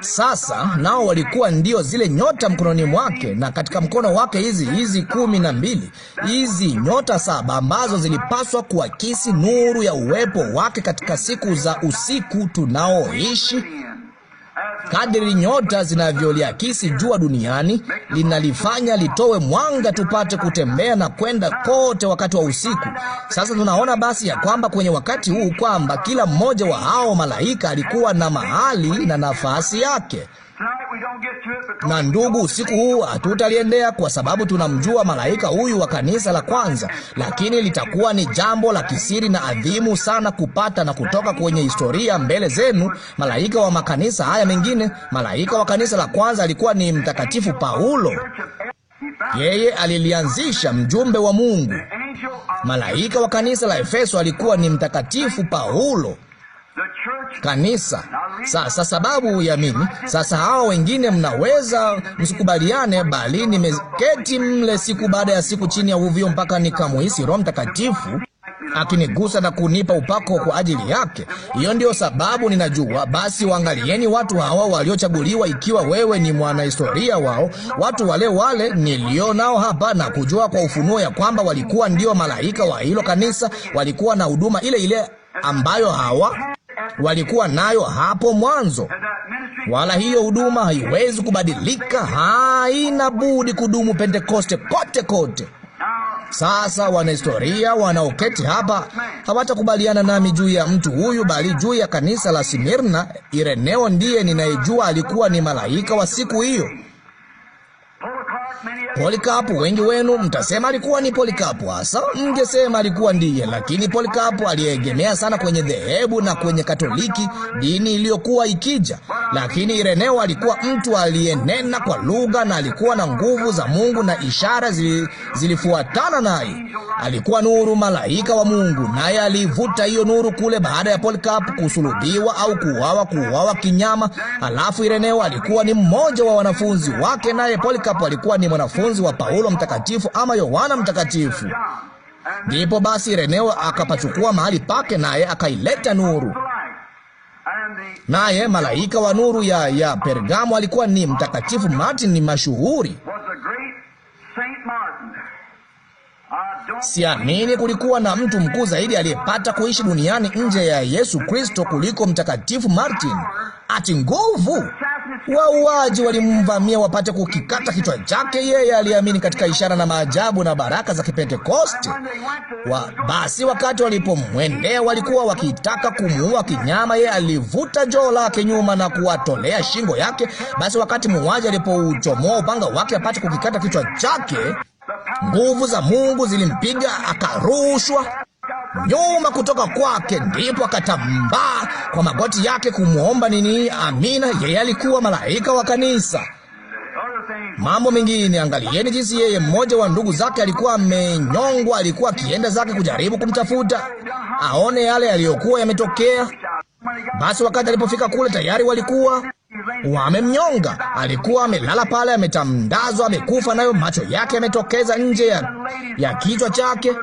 Sasa nao walikuwa ndio zile nyota mkononi mwake, na katika mkono wake hizi hizi kumi na mbili, hizi nyota saba ambazo zilipaswa kuakisi nuru ya uwepo wake katika siku za usiku tunaoishi. Kadiri nyota zinavyoliakisi jua duniani, linalifanya litowe mwanga tupate kutembea na kwenda kote wakati wa usiku. Sasa tunaona basi ya kwamba kwenye wakati huu kwamba kila mmoja wa hao malaika alikuwa na mahali na nafasi yake. Na ndugu, usiku huu hatutaliendea kwa sababu tunamjua malaika huyu wa kanisa la kwanza, lakini litakuwa ni jambo la kisiri na adhimu sana kupata na kutoka kwenye historia mbele zenu malaika wa makanisa haya mengine. Malaika wa kanisa la kwanza alikuwa ni mtakatifu Paulo. Yeye alilianzisha mjumbe wa Mungu. Malaika wa kanisa la Efeso alikuwa ni mtakatifu Paulo kanisa. Sasa sababu ya mimi sasa, hawa wengine mnaweza msikubaliane, bali nimeketi mle siku baada ya siku chini ya uvio mpaka nikamuhisi Roho Mtakatifu akinigusa na kunipa upako kwa ajili yake. Hiyo ndio sababu ninajua. Basi waangalieni watu hawa waliochaguliwa, ikiwa wewe ni mwanahistoria wao, watu wale wale nilio nao hapa, na kujua kwa ufunuo ya kwamba walikuwa ndio malaika wa hilo kanisa, walikuwa na huduma ile ile ambayo hawa walikuwa nayo hapo mwanzo. Wala hiyo huduma haiwezi kubadilika, haina budi kudumu Pentekoste kote kote. Sasa wanahistoria wanaoketi hapa hawatakubaliana nami juu ya mtu huyu, bali juu ya kanisa la Simirna. Ireneo ndiye ninayejua alikuwa ni malaika wa siku hiyo. Polikapu, wengi wenu mtasema alikuwa ni Polikapu hasa, mngesema alikuwa ndiye, lakini Polikapu aliegemea sana kwenye dhehebu na kwenye Katoliki, dini iliyokuwa ikija. Lakini Ireneo alikuwa mtu aliyenena kwa lugha na alikuwa na nguvu za Mungu na ishara zili, zilifuatana naye. Alikuwa nuru, malaika wa Mungu, naye alivuta hiyo nuru kule baada ya Polikapu kusulubiwa au kuuawa, kuuawa kinyama. Alafu Ireneo alikuwa ni mmoja wa wanafunzi wake, naye Polikapu alikuwa ni mwanafunzi mwanafunzi wa Paulo mtakatifu ama Yohana mtakatifu. Ndipo basi Ireneo akapachukua mahali pake, naye akaileta nuru. Naye malaika wa nuru ya, ya Pergamo alikuwa ni mtakatifu Martin, ni mashuhuri Siamini kulikuwa na mtu mkuu zaidi aliyepata kuishi duniani nje ya Yesu Kristo kuliko Mtakatifu Martin. Ati nguvu wauaji walimvamia wapate kukikata kichwa chake. Yeye aliamini katika ishara na maajabu na baraka za Kipentekoste. Wa, basi wakati walipomwendea walikuwa wakitaka kumuua kinyama, yeye alivuta joo lake nyuma na kuwatolea shingo yake. Basi wakati muuaji alipouchomoa upanga wake apate kukikata kichwa chake Nguvu za Mungu zilimpiga akarushwa nyuma kutoka kwake, ndipo akatambaa kwa magoti yake kumwomba nini. Amina, yeye alikuwa malaika wa kanisa. Mambo mengine, angalieni jinsi yeye, mmoja wa ndugu zake alikuwa amenyongwa, alikuwa akienda zake kujaribu kumtafuta aone yale yaliyokuwa yametokea. Basi wakati alipofika kule, tayari walikuwa wamemnyonga. Alikuwa amelala pale, ametandazwa, amekufa, nayo macho yake yametokeza nje ya, ya kichwa chake.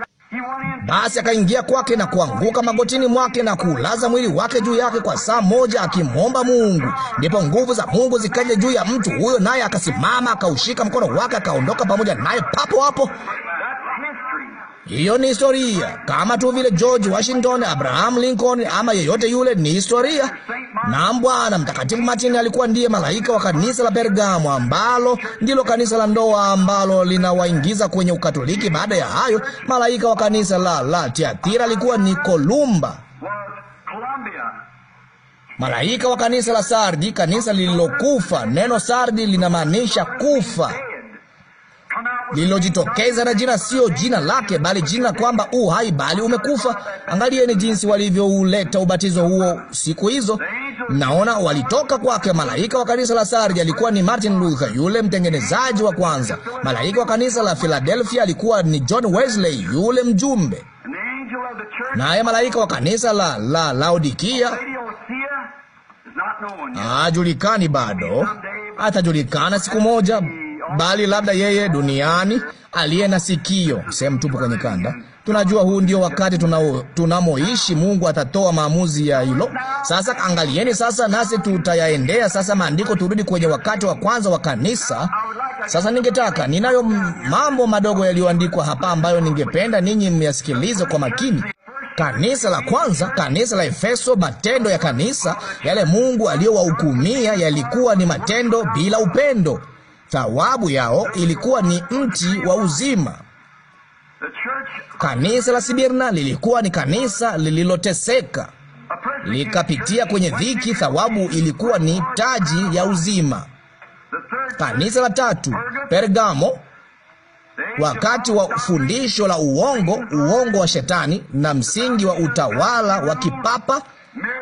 Basi akaingia kwake na kuanguka magotini mwake na kuulaza mwili wake juu yake kwa saa moja, akimwomba Mungu. Ndipo nguvu za Mungu zikaja juu ya mtu huyo, naye akasimama, akaushika mkono wake, akaondoka pamoja naye papo hapo. Hiyo ni historia, kama tu vile George Washington, Abraham Lincoln ama yeyote yule, ni historia. Na Bwana Mtakatifu Martin alikuwa ndiye malaika wa kanisa la Pergamo, ambalo ndilo kanisa la ndoa ambalo linawaingiza kwenye Ukatoliki. Baada ya hayo, malaika wa kanisa la la Tiatira alikuwa ni Kolumba, malaika wa kanisa la Sardi, kanisa lililokufa. Neno Sardi linamaanisha kufa lililojitokeza na jina sio jina lake, bali jina kwamba u hai bali umekufa. Angalieni jinsi walivyouleta ubatizo huo siku hizo. Naona walitoka kwake. Malaika wa kanisa la Sardi alikuwa ni Martin Luther, yule mtengenezaji wa kwanza. Malaika wa kanisa la Philadelphia alikuwa ni John Wesley, yule mjumbe. Naye malaika wa kanisa la, la Laodikia ajulikani bado, atajulikana siku moja bali labda yeye duniani aliye na sikio. Sehemu tupo kwenye kanda, tunajua huu ndio wakati tunao, tunamoishi. Mungu atatoa maamuzi ya hilo. Sasa angalieni sasa, nasi tutayaendea sasa maandiko. Turudi kwenye wakati wa kwanza wa kanisa. Sasa ningetaka, ninayo mambo madogo yaliyoandikwa hapa ambayo ningependa ninyi myasikilize kwa makini. Kanisa la kwanza, kanisa la Efeso, matendo ya kanisa yale Mungu aliyowahukumia yalikuwa ni matendo bila upendo thawabu yao ilikuwa ni mti wa uzima. Kanisa la Sibirna lilikuwa ni kanisa lililoteseka, likapitia kwenye dhiki. Thawabu ilikuwa ni taji ya uzima. Kanisa la tatu, Pergamo, wakati wa fundisho la uongo, uongo wa Shetani na msingi wa utawala wa kipapa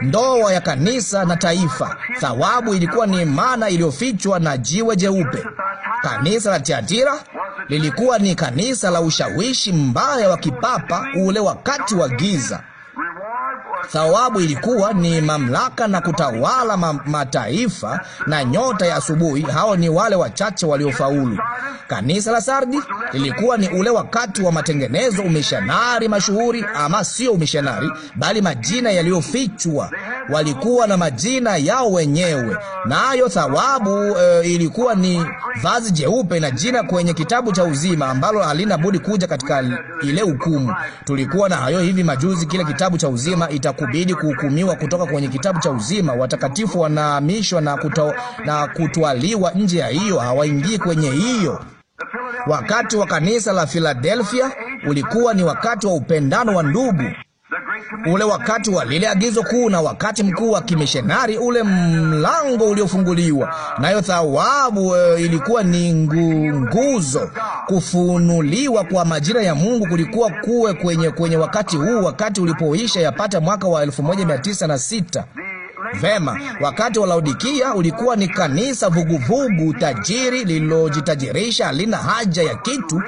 ndoa ya kanisa na taifa. Thawabu ilikuwa ni mana iliyofichwa na jiwe jeupe. Kanisa la Tiatira lilikuwa ni kanisa la ushawishi mbaya wa kipapa ule wakati wa giza. Thawabu ilikuwa ni mamlaka na kutawala ma mataifa na nyota ya asubuhi. Hao ni wale wachache waliofaulu. Kanisa la Sardi lilikuwa ni ule wakati wa matengenezo, umishanari mashuhuri, ama sio umishanari, bali majina yaliyofichwa. Walikuwa na majina yao wenyewe, nayo thawabu e, ilikuwa ni vazi jeupe na jina kwenye kitabu cha uzima ambalo halina budi kuja katika ile hukumu. Tulikuwa na hayo hivi majuzi, kile kitabu cha uzima ita kubidi kuhukumiwa kutoka kwenye kitabu cha uzima. Watakatifu wanahamishwa na, na kutwaliwa nje ya hiyo, hawaingii kwenye hiyo. Wakati wa kanisa la Filadelfia ulikuwa ni wakati wa upendano wa ndugu ule wakati wa lile agizo kuu na wakati mkuu wa kimishenari, ule mlango uliofunguliwa, nayo thawabu eh, ilikuwa ni nguzo. Kufunuliwa kwa majira ya Mungu kulikuwa kuwe kwenye, kwenye wakati huu, wakati ulipoisha yapata mwaka wa 1906 Vema, wakati wa Laodikia ulikuwa ni kanisa vuguvugu tajiri lililojitajirisha, halina haja ya kitu,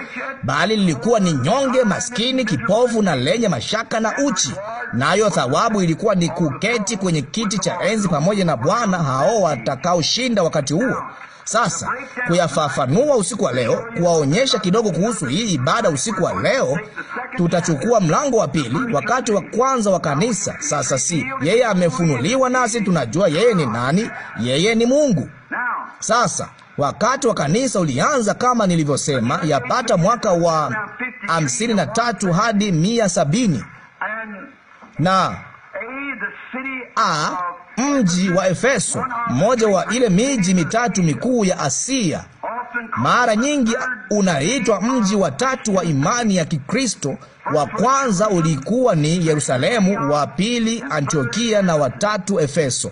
bali lilikuwa ni nyonge, maskini, kipofu na lenye mashaka na uchi. Nayo na thawabu ilikuwa ni kuketi kwenye kiti cha enzi pamoja na Bwana hao watakaoshinda wakati huo. Sasa kuyafafanua usiku wa leo, kuwaonyesha kidogo kuhusu hii ibada usiku wa leo, tutachukua mlango wa pili, wakati wa kwanza wa kanisa. Sasa si yeye amefunuliwa, nasi tunajua yeye ni nani. Yeye ni Mungu. Sasa wakati wa kanisa ulianza kama nilivyosema, yapata mwaka wa hamsini na tatu hadi mia sabini na a mji wa Efeso, mmoja wa ile miji mitatu mikuu ya Asia. Mara nyingi unaitwa mji wa tatu wa imani ya Kikristo. Wa kwanza ulikuwa ni Yerusalemu, wa pili Antiokia, na wa tatu Efeso.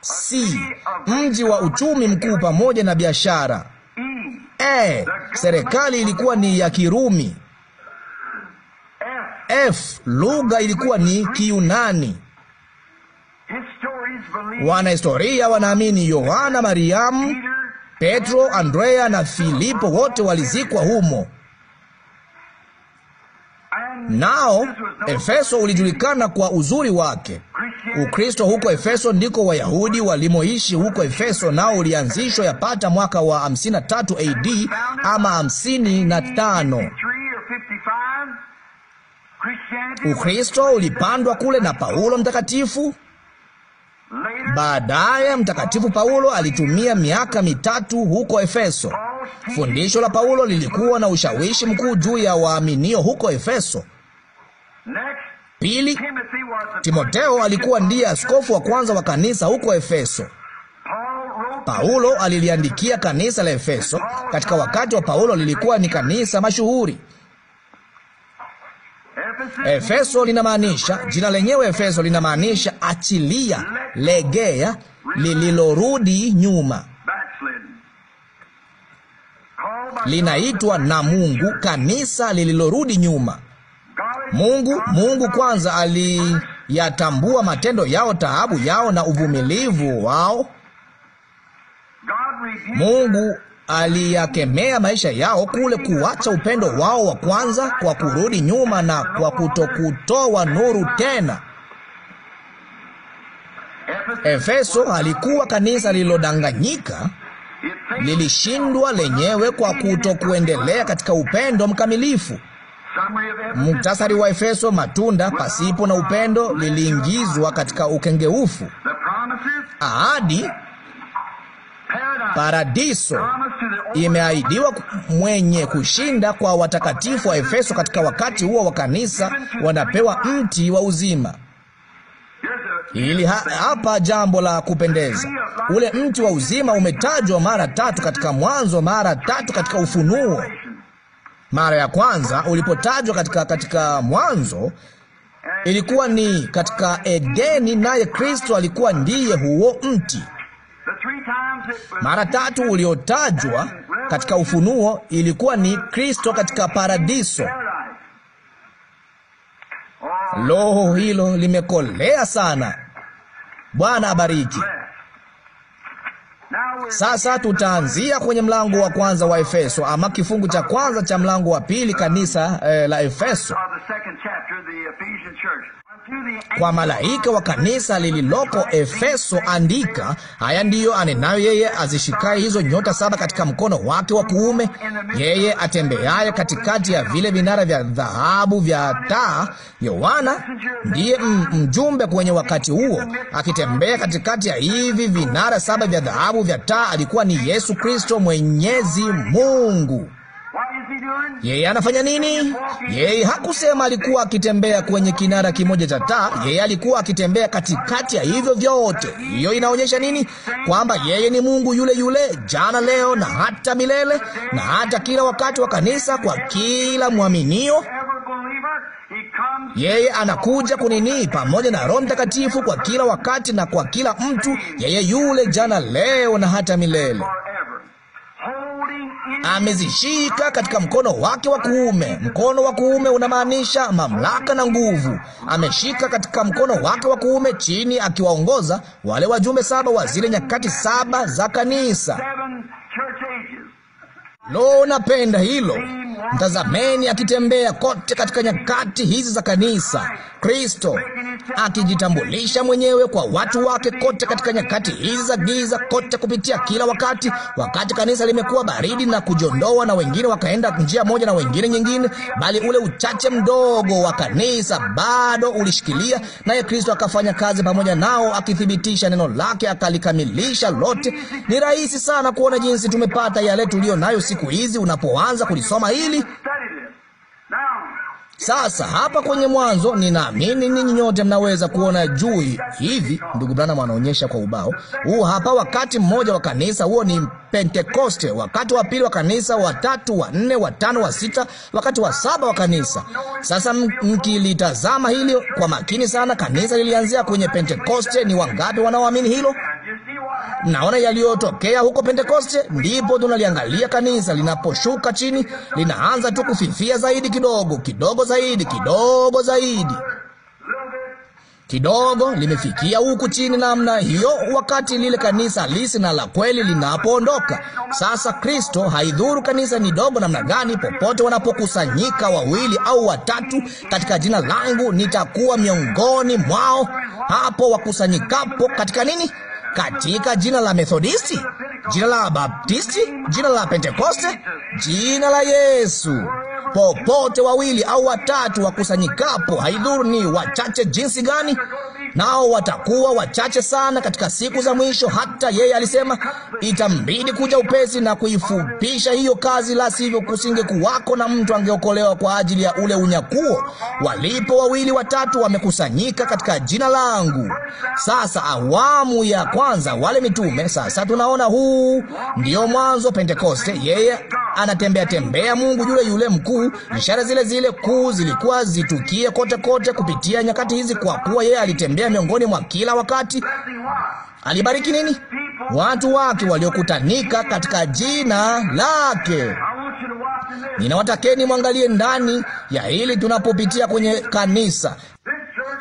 C, mji wa uchumi mkuu pamoja na biashara. E, serikali ilikuwa ni ya Kirumi. F, lugha ilikuwa ni Kiunani. Wanahistoria wanaamini Yohana, Mariamu, Petro, Andrea na Filipo wote walizikwa humo. Nao Efeso ulijulikana kwa uzuri wake. Ukristo huko Efeso ndiko Wayahudi walimoishi huko Efeso, nao ulianzishwa yapata mwaka wa 53 AD ama 55. Ukristo ulipandwa kule na Paulo mtakatifu Baadaye mtakatifu Paulo alitumia miaka mitatu huko Efeso. Fundisho la Paulo lilikuwa na ushawishi mkuu juu ya waaminio huko Efeso. Pili, Timoteo alikuwa ndiye askofu wa kwanza wa kanisa huko Efeso. Paulo aliliandikia kanisa la Efeso. Katika wakati wa Paulo lilikuwa ni kanisa mashuhuri. Efeso linamaanisha jina lenyewe Efeso linamaanisha achilia, legea, lililorudi nyuma. Linaitwa na Mungu kanisa lililorudi nyuma. Mungu, Mungu kwanza aliyatambua matendo yao, taabu yao na uvumilivu wao. Mungu aliyakemea maisha yao kule, kuacha upendo wao wa kwanza kwa kurudi nyuma na kwa kutokutoa nuru tena. Efeso alikuwa kanisa lililodanganyika, lilishindwa lenyewe kwa kutokuendelea katika upendo mkamilifu. Muktasari wa Efeso: matunda pasipo na upendo liliingizwa katika ukengeufu. Ahadi Paradiso imeahidiwa mwenye kushinda kwa watakatifu wa Efeso. Katika wakati huo wa kanisa, wanapewa mti wa uzima. Hili hapa jambo la kupendeza. Ule mti wa uzima umetajwa mara tatu katika Mwanzo, mara tatu katika Ufunuo. Mara ya kwanza ulipotajwa katika, katika Mwanzo ilikuwa ni katika Edeni, naye Kristo alikuwa ndiye huo mti. Mara tatu uliotajwa katika Ufunuo ilikuwa ni Kristo katika paradiso. Loho hilo limekolea sana. Bwana abariki. Sasa tutaanzia kwenye mlango wa kwanza wa Efeso, ama kifungu cha kwanza cha mlango wa pili, kanisa eh, la Efeso kwa malaika wa kanisa lililoko Efeso andika, haya ndiyo anenayo yeye azishikaye hizo nyota saba katika mkono wake wa kuume, yeye atembeaye katikati ya vile vinara vya dhahabu vya taa. Yohana ndiye mjumbe kwenye wakati huo, akitembea katikati ya hivi vinara saba vya dhahabu vya taa. Alikuwa ni Yesu Kristo, Mwenyezi Mungu. Yeye anafanya nini? Yeye hakusema alikuwa akitembea kwenye kinara kimoja cha taa. Yeye alikuwa akitembea katikati ya hivyo vyote. Hiyo inaonyesha nini? Kwamba yeye ni Mungu yule yule jana, leo na hata milele, na hata kila wakati wa kanisa, kwa kila mwaminio. Yeye anakuja kunini pamoja na Roho Mtakatifu kwa kila wakati na kwa kila mtu. Yeye yule jana, leo na hata milele amezishika katika mkono wake wa kuume. Mkono wa kuume unamaanisha mamlaka na nguvu. Ameshika katika mkono wake wa kuume chini, akiwaongoza wale wajumbe saba wa zile nyakati saba za kanisa. Lo, napenda hilo. Mtazameni akitembea kote katika nyakati hizi za kanisa, Kristo akijitambulisha mwenyewe kwa watu wake kote katika nyakati hizi za giza, kote kupitia kila wakati. Wakati kanisa limekuwa baridi na kujondoa, na wengine wakaenda njia moja na wengine nyingine, bali ule uchache mdogo wa kanisa bado ulishikilia, naye Kristo akafanya kazi pamoja nao, akithibitisha neno lake, akalikamilisha lote. Ni rahisi sana kuona jinsi tumepata yale tuliyo nayo siku siku hizi unapoanza kulisoma hili. Sasa hapa kwenye Mwanzo, ninaamini ninyi nyote mnaweza kuona juu hivi. Ndugu Branham anaonyesha kwa ubao huu hapa, wakati mmoja wa kanisa, huo ni Pentekoste, wakati wa pili wa kanisa, watatu, wa nne, watano, wa sita, wakati wa saba wa kanisa. Sasa mkilitazama hili kwa makini sana, kanisa lilianzia kwenye Pentekoste. Ni wangapi wanaoamini hilo? Naona yaliyotokea huko Pentekoste. Ndipo tunaliangalia kanisa linaposhuka chini, linaanza tu kufifia zaidi kidogo kidogo, zaidi kidogo, zaidi kidogo, limefikia huku chini namna hiyo, wakati lile kanisa lisi na la kweli linapoondoka. Sasa Kristo, haidhuru kanisa ni dogo namna gani, popote wanapokusanyika wawili au watatu katika jina langu, nitakuwa miongoni mwao. Hapo wakusanyikapo katika nini? katika jina la Methodisti, jina la Baptisti, jina la Pentekoste, jina la Yesu. Popote wawili au watatu wakusanyikapo, haidhuru ni wachache jinsi gani, nao watakuwa wachache sana katika siku za mwisho. Hata yeye alisema itambidi kuja upesi na kuifupisha hiyo kazi, la sivyo kuwako na mtu angeokolewa kwa ajili ya ule unyakuo. Walipo wawili watatu wamekusanyika katika jina langu. Sasa awamu ya kwanza wale mitume. Sasa tunaona huu ndio mwanzo Pentekoste. Yeye anatembea tembea Mungu yule yule mkuu kuu. Ishara zile zile kuu zilikuwa zitukie kote kote kupitia nyakati hizi, kwa kuwa yeye alitembea miongoni mwa kila wakati. Alibariki nini? Watu wake waliokutanika katika jina lake. Ninawatakeni mwangalie ndani ya hili tunapopitia kwenye kanisa.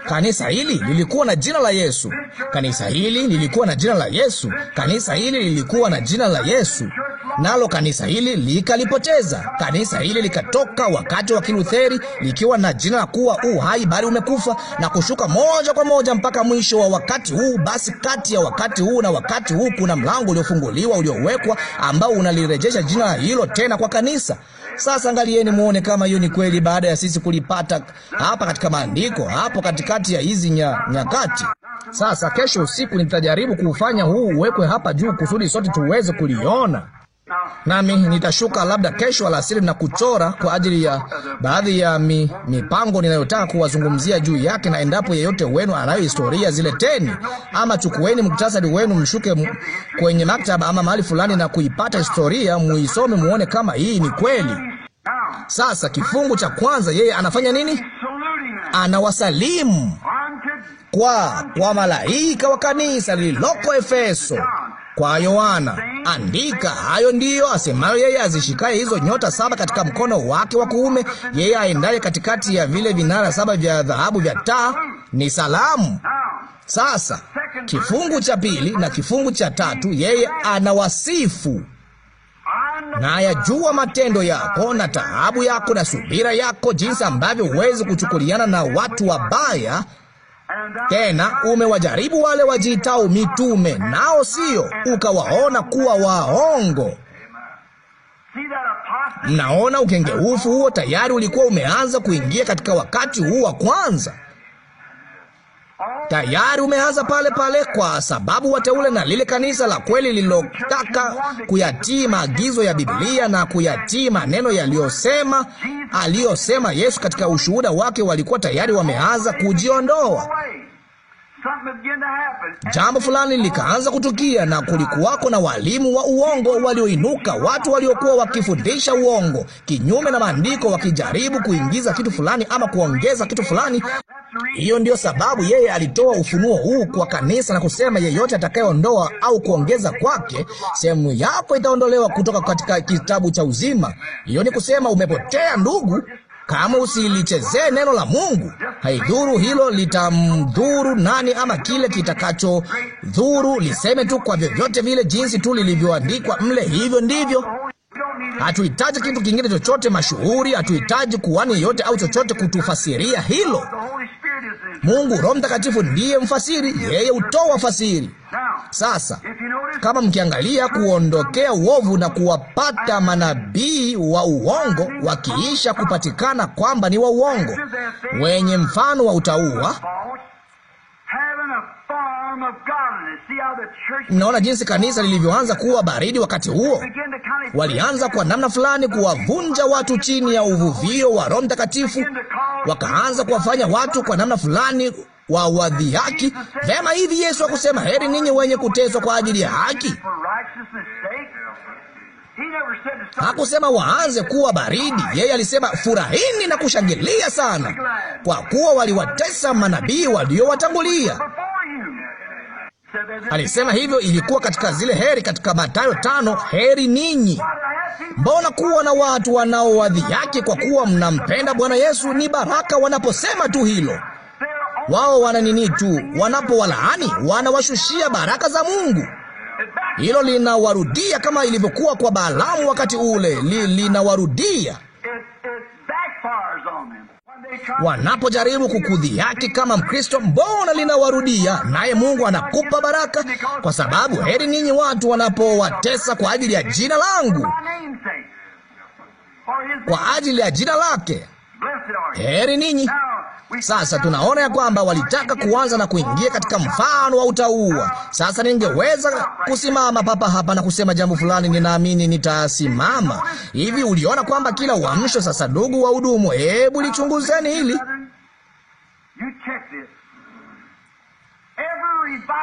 Kanisa hili lilikuwa na jina la Yesu. Kanisa hili lilikuwa na jina la Yesu. Kanisa hili lilikuwa na jina la Yesu, nalo kanisa hili likalipoteza. Kanisa hili likatoka wakati wa Kilutheri likiwa na jina la kuwa u hai bali umekufa, na kushuka moja kwa moja mpaka mwisho wa wakati huu. Basi kati ya wakati huu na wakati huu kuna mlango uliofunguliwa uliowekwa, ambao unalirejesha jina hilo tena kwa kanisa. Sasa angalieni muone kama hiyo ni kweli, baada ya sisi kulipata hapa katika maandiko, hapo katikati ya hizi nya, nyakati. Sasa kesho usiku nitajaribu kuufanya huu uwekwe hapa juu kusudi sote tuweze kuliona nami nitashuka labda kesho alasiri na kuchora kwa ajili ya baadhi ya mi, mipango ninayotaka kuwazungumzia juu yake, na endapo yeyote wenu anayo historia, zileteni ama chukueni muktasari wenu, mshuke kwenye maktaba ama mahali fulani na kuipata historia, muisome, muone kama hii ni kweli. Sasa kifungu cha kwanza, yeye anafanya nini? Anawasalimu kwa kwa malaika wa kanisa lililoko Efeso kwa Yohana, andika hayo ndiyo asemayo yeye azishikaye hizo nyota saba katika mkono wake wa kuume, yeye aendaye katikati ya vile vinara saba vya dhahabu vya taa. Ni salamu. Sasa kifungu cha pili na kifungu cha tatu, yeye anawasifu nayajua matendo yako na taabu yako na subira yako, jinsi ambavyo huwezi kuchukuliana na watu wabaya tena umewajaribu wale wajiitao mitume, nao sio, ukawaona kuwa waongo. Mnaona ukengeufu huo tayari ulikuwa umeanza kuingia katika wakati huu wa kwanza tayari umeanza pale pale, kwa sababu wateule na lile kanisa la kweli lililotaka kuyatii maagizo ya Biblia na kuyatii maneno yaliyosema aliyosema Yesu katika ushuhuda wake walikuwa tayari wameanza kujiondoa. Jambo fulani likaanza kutukia, na kulikuwako na walimu wa uongo walioinuka, watu waliokuwa wakifundisha uongo kinyume na Maandiko, wakijaribu kuingiza kitu fulani ama kuongeza kitu fulani. Hiyo ndiyo sababu yeye alitoa ufunuo huu kwa kanisa na kusema, yeyote atakayeondoa au kuongeza kwake, sehemu yako itaondolewa kutoka katika kitabu cha uzima. Hiyo ni kusema umepotea, ndugu. Kama usilichezee neno la Mungu, haidhuru hilo litamdhuru nani ama kile kitakacho dhuru Liseme tu kwa vyovyote vile, jinsi tu lilivyoandikwa mle, hivyo ndivyo Hatuhitaji kitu kingine chochote mashuhuri, hatuhitaji kuhani yeyote au chochote kutufasiria hilo. Mungu Roho Mtakatifu ndiye mfasiri, yeye hutoa fasiri. Sasa kama mkiangalia, kuondokea uovu na kuwapata manabii wa uongo wakiisha kupatikana kwamba ni wa uongo, wenye mfano wa utauwa, Mnaona jinsi kanisa lilivyoanza kuwa baridi wakati huo. Walianza kwa namna fulani kuwavunja watu chini ya uvuvio wa Roho Mtakatifu, wakaanza kuwafanya watu kwa namna fulani wa wadhi haki. Vema, hivi Yesu akusema, heri ninyi wenye kuteswa kwa ajili ya haki. Hakusema waanze kuwa baridi, yeye alisema furahini na kushangilia sana, kwa kuwa waliwatesa manabii waliowatangulia. Alisema hivyo, ilikuwa katika zile heri, katika Mathayo tano, heri ninyi. Mbona kuwa na watu wanaowadhi yake kwa kuwa mnampenda Bwana Yesu? Ni baraka wanaposema tu hilo. Wao wana nini tu, wanapowalaani wanawashushia baraka za Mungu. Hilo linawarudia kama ilivyokuwa kwa Balaamu wakati ule, linawarudia wanapojaribu kukudhihaki kama Mkristo, mbona linawarudia? Naye Mungu anakupa baraka, kwa sababu heri ninyi watu wanapowatesa kwa ajili ya jina langu, kwa ajili ya jina lake, heri ninyi. Sasa tunaona ya kwamba walitaka kuanza na kuingia katika mfano wa utaua. Sasa ningeweza kusimama papa hapa na kusema jambo fulani, ninaamini nitasimama hivi. Uliona kwamba kila uamsho. Sasa ndugu wa hudumu, hebu lichunguzeni hili.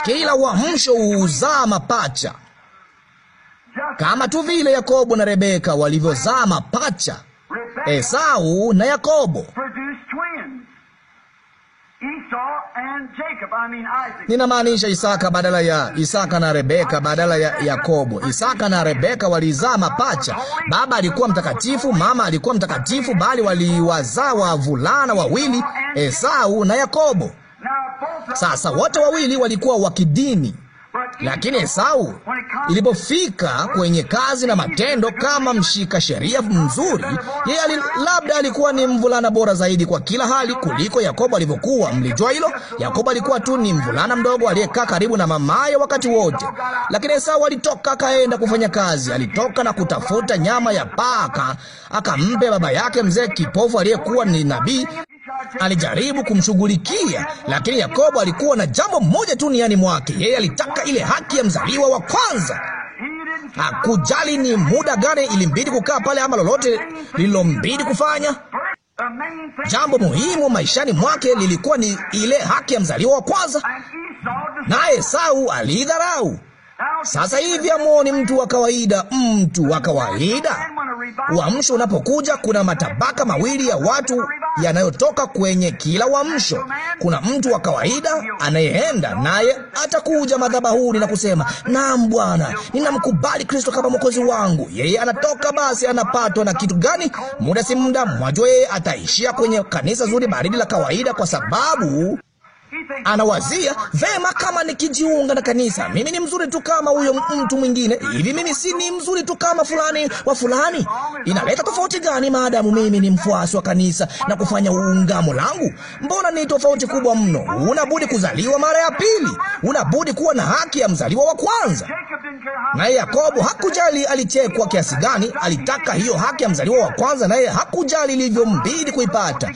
Kila uamsho uuzaa mapacha kama tu vile Yakobo na Rebeka walivyozaa mapacha, Esau na Yakobo ninamaanisha Isaka badala ya Isaka na Rebeka badala ya Yakobo. Isaka na Rebeka walizaa mapacha. Baba alikuwa mtakatifu, mama alikuwa mtakatifu, bali waliwazaa wavulana wawili, Esau na Yakobo. Sasa wote wawili walikuwa wa kidini. Lakini Esau ilipofika kwenye kazi na matendo, kama mshika sheria mzuri, yeye ali, labda alikuwa ni mvulana bora zaidi kwa kila hali kuliko Yakobo alivyokuwa. Mlijua hilo? Yakobo alikuwa tu ni mvulana mdogo aliyekaa karibu na mamaye wakati wote, lakini Esau alitoka akaenda kufanya kazi. Alitoka na kutafuta nyama ya paka akampe baba yake mzee kipofu aliyekuwa ni nabii alijaribu kumshughulikia, lakini Yakobo alikuwa na jambo moja tu niani mwake. Yeye alitaka ile haki ya mzaliwa wa kwanza. Hakujali ni muda gani ilimbidi kukaa pale ama lolote lililombidi kufanya. Jambo muhimu maishani mwake lilikuwa ni ile haki ya mzaliwa wa kwanza, naye Esau alidharau. Sasa hivi amwoni mtu wa kawaida, mtu wa kawaida. Uamsho unapokuja, kuna matabaka mawili ya watu yanayotoka kwenye kila uamsho. Kuna mtu wa kawaida anayeenda naye atakuja madhabahuni na kusema, naam Bwana, ninamkubali Kristo kama mwokozi wangu. Yeye anatoka basi, anapatwa na kitu gani? Muda si muda, mwajua yeye ataishia kwenye kanisa zuri baridi la kawaida, kwa sababu anawazia vema, kama nikijiunga na kanisa, mimi ni mzuri tu kama huyo mtu mwingine hivi, mimi si ni mzuri tu kama fulani wa fulani? Inaleta tofauti gani maadamu mimi ni mfuasi wa kanisa na kufanya uungamo langu? Mbona ni tofauti kubwa mno. Unabudi kuzaliwa mara ya pili, unabudi kuwa na haki ya mzaliwa wa kwanza. Naye Yakobo hakujali alichekwa kiasi gani, alitaka hiyo haki ya mzaliwa wa kwanza, naye hakujali ilivyombidi kuipata.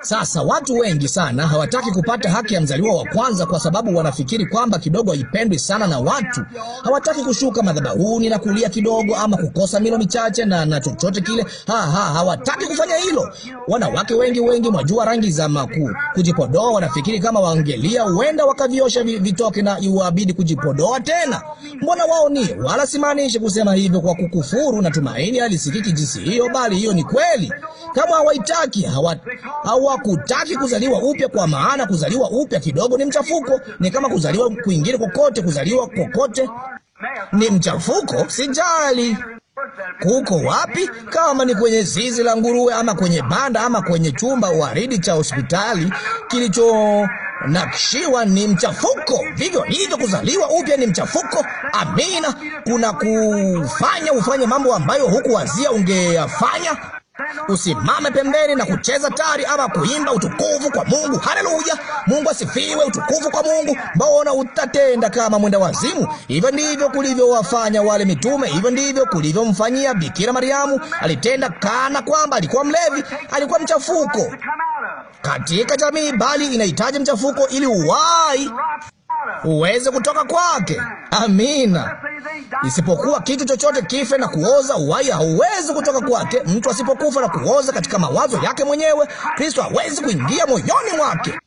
Sasa watu wengi sana hawataki kupata haki ya mzaliwa wa kwanza, kwa sababu wanafikiri kwamba kidogo haipendwi sana na watu. Hawataki kushuka madhabahuni na kulia kidogo, ama kukosa milo michache na, na chochote kile. Ha, ha, hawataki kufanya hilo. Wanawake wengi wengi, mwajua, rangi za makuu, kujipodoa. Wanafikiri kama waangelia, huenda wakaviosha vitoke na iwabidi kujipodoa tena. Mbona wao ni wala, simaanishi kusema hivyo kwa kukufuru na tumaini alisikiki jinsi hiyo, bali hiyo ni kweli. Kama hawaitaki, hawakutaki hawa kuzaliwa upya, kwa maana kuzaliwa upya upya kidogo ni mchafuko, ni kama kuzaliwa kwingine kokote. Kuzaliwa kokote ni mchafuko, sijali kuko wapi, kama ni kwenye zizi la nguruwe ama kwenye banda ama kwenye chumba waridi cha hospitali nakshiwa ni mchafuko. Vivyo hivyo kuzaliwa upya ni mchafuko. Amina, kuna kufanya ufanye mambo ambayo hukuwazia ungeyafanya. Usimame pembeni na kucheza tari ama kuimba utukufu kwa Mungu. Haleluya, Mungu asifiwe, utukufu kwa Mungu. Mbona utatenda kama mwenda wazimu? Hivyo ndivyo kulivyowafanya wale mitume, hivyo ndivyo kulivyomfanyia Bikira Mariamu. Alitenda kana kwamba alikuwa mlevi, alikuwa mchafuko katika jamii, bali inahitaji mchafuko ili uwai uweze kutoka kwake. Amina. Isipokuwa kitu chochote kife na kuoza, uwai hauwezi kutoka kwake. Mtu asipokufa na kuoza katika mawazo yake mwenyewe, Kristo hawezi kuingia moyoni mwake.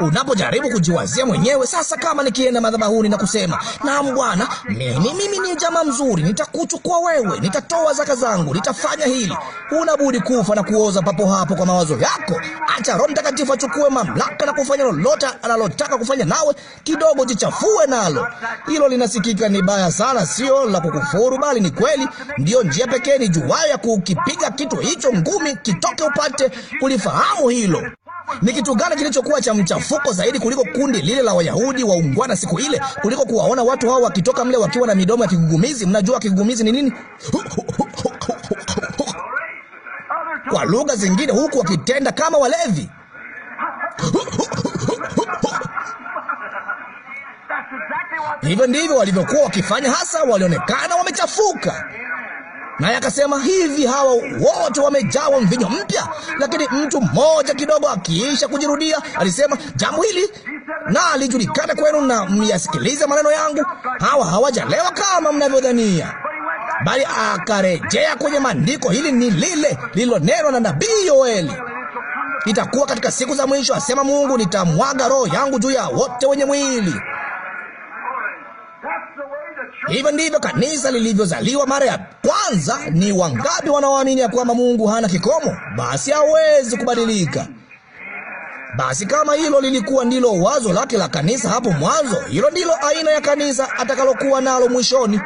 Unapojaribu kujiwazia mwenyewe, sasa, kama nikienda madhabahuni na kusema naam, Bwana, mimi mimi ni jamaa mzuri, nitakuchukua wewe, nitatoa zaka zangu, nitafanya hili, unabudi kufa na kuoza papo hapo kwa mawazo yako. Acha Roho Mtakatifu achukue mamlaka na kufanya lolote analotaka kufanya nawe kidogo kidogo jichafue nalo. Hilo linasikika ni baya sana, sio la kukufuru, bali ni kweli. Ndiyo njia pekee ni juwayo ya kukipiga kitu hicho ngumi, kitoke upate kulifahamu hilo. Ni kitu gani kilichokuwa cha mchafuko zaidi kuliko kundi lile la Wayahudi waungwana siku ile, kuliko kuwaona watu hao wakitoka mle wakiwa na midomo ya kigugumizi? Mnajua kigugumizi ni nini? Kwa lugha zingine, huku wakitenda kama walevi Hivyo ndivyo walivyokuwa wakifanya hasa, walionekana wamechafuka. Naye akasema hivi, hawa wote wamejawa mvinyo mpya. Lakini mtu mmoja kidogo akiisha kujirudia, alisema jambo hili na alijulikana kwenu, na myasikilize maneno yangu, hawa hawajalewa kama mnavyodhania. Bali akarejea kwenye maandiko, hili ni lile lililonenwa na nabii Yoeli. Itakuwa katika siku za mwisho, asema Mungu, nitamwaga roho yangu juu ya wote wenye mwili. Hivyo ndivyo kanisa lilivyozaliwa mara ya kwanza. Ni wangapi wanaoamini ya kwamba Mungu hana kikomo? Basi hawezi kubadilika. Basi kama hilo lilikuwa ndilo wazo lake la kanisa hapo mwanzo, hilo ndilo aina ya kanisa atakalokuwa nalo mwishoni.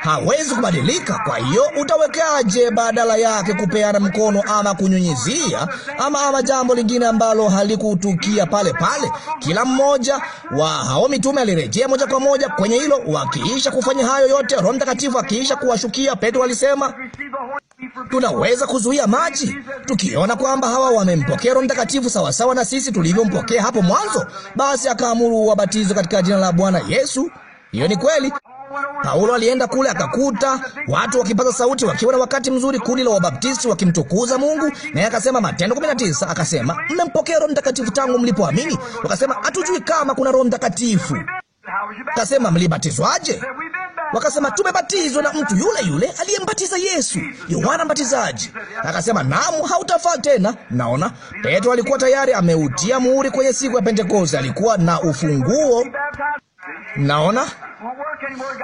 Hawezi kubadilika. Kwa hiyo utawekaje badala yake kupeana mkono ama kunyunyizia ama ama jambo lingine ambalo halikutukia pale pale? Kila mmoja wa hao mitume alirejea moja kwa moja kwenye hilo, wakiisha kufanya hayo yote, Roho Mtakatifu akiisha kuwashukia. Petro alisema Tunaweza kuzuia maji tukiona kwamba hawa wamempokea Roho Mtakatifu sawasawa na sisi tulivyompokea hapo mwanzo. Basi akaamuru wabatizo katika jina la Bwana Yesu. Hiyo ni kweli. Paulo alienda kule akakuta watu wakipaza sauti wakiwa na wakati mzuri, kundi la wabaptisti wakimtukuza Mungu, naye akasema, Matendo 19, akasema mmempokea Roho Mtakatifu tangu mlipoamini? Wakasema hatujui kama kuna Roho Mtakatifu. Akasema mlibatizwaje? Wakasema tumebatizwa na mtu yule yule aliyembatiza Yesu, Yohana Mbatizaji. Akasema naam, hautafaa tena. Naona Petro alikuwa tayari ameutia muhuri kwenye siku ya Pentekoste, alikuwa na ufunguo. Naona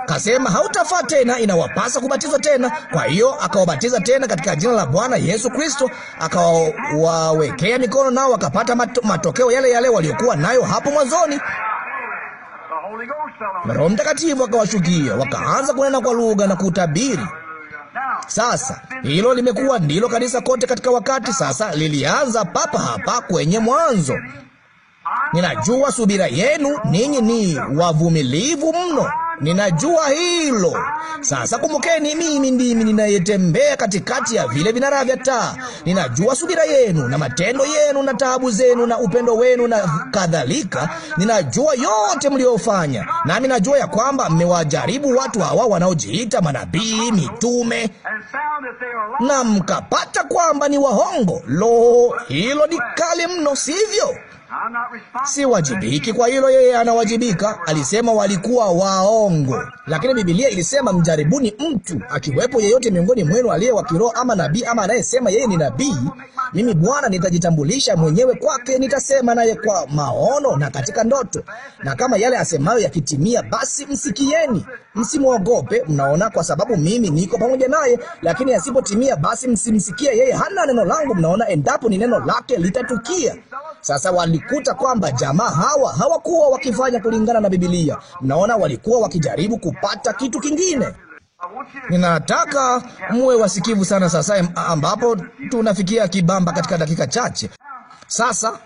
kasema hautafaa tena, inawapasa kubatizwa tena. Kwa hiyo akawabatiza tena katika jina la Bwana Yesu Kristo, akawawekea mikono, nao wakapata matokeo yale yale waliokuwa nayo hapo mwanzoni. Roho Mtakatifu akawashukia, wakaanza kunena kwa lugha na kutabiri. Sasa hilo limekuwa ndilo kanisa kote katika wakati sasa, lilianza papa hapa kwenye mwanzo. Ninajua subira yenu, ninyi ni wavumilivu mno. Ninajua hilo. Sasa kumbukeni, mimi ndimi ninayetembea katikati ya vile vinara vya taa. Ninajua subira yenu na matendo yenu na taabu zenu na upendo wenu na kadhalika. Ninajua yote mliofanya, nami najua ya kwamba mmewajaribu watu hawa wanaojiita manabii, mitume, na mkapata kwamba ni wahongo. Lo, hilo ni kali mno, sivyo? siwajibiki kwa hilo, yeye anawajibika. Alisema walikuwa waongo, lakini Biblia ilisema mjaribuni mtu, akiwepo yeyote miongoni mwenu aliye wa kiroho ama nabii ama anayesema yeye ni nabii, mimi Bwana nitajitambulisha mwenyewe kwake, nitasema naye kwa maono na katika ndoto, na kama yale asemayo yakitimia, basi msikieni, msimwogope. Mnaona, kwa sababu mimi niko pamoja naye, lakini asipotimia, basi msimsikie yeye, hana neno langu. Mnaona, endapo ni neno lake litatukia. Sasa wali mlikuta kwamba jamaa hawa hawakuwa wakifanya kulingana na Biblia. Mnaona, walikuwa wakijaribu kupata kitu kingine. Ninataka muwe wasikivu sana sasa, ambapo tunafikia kibamba katika dakika chache. Sasa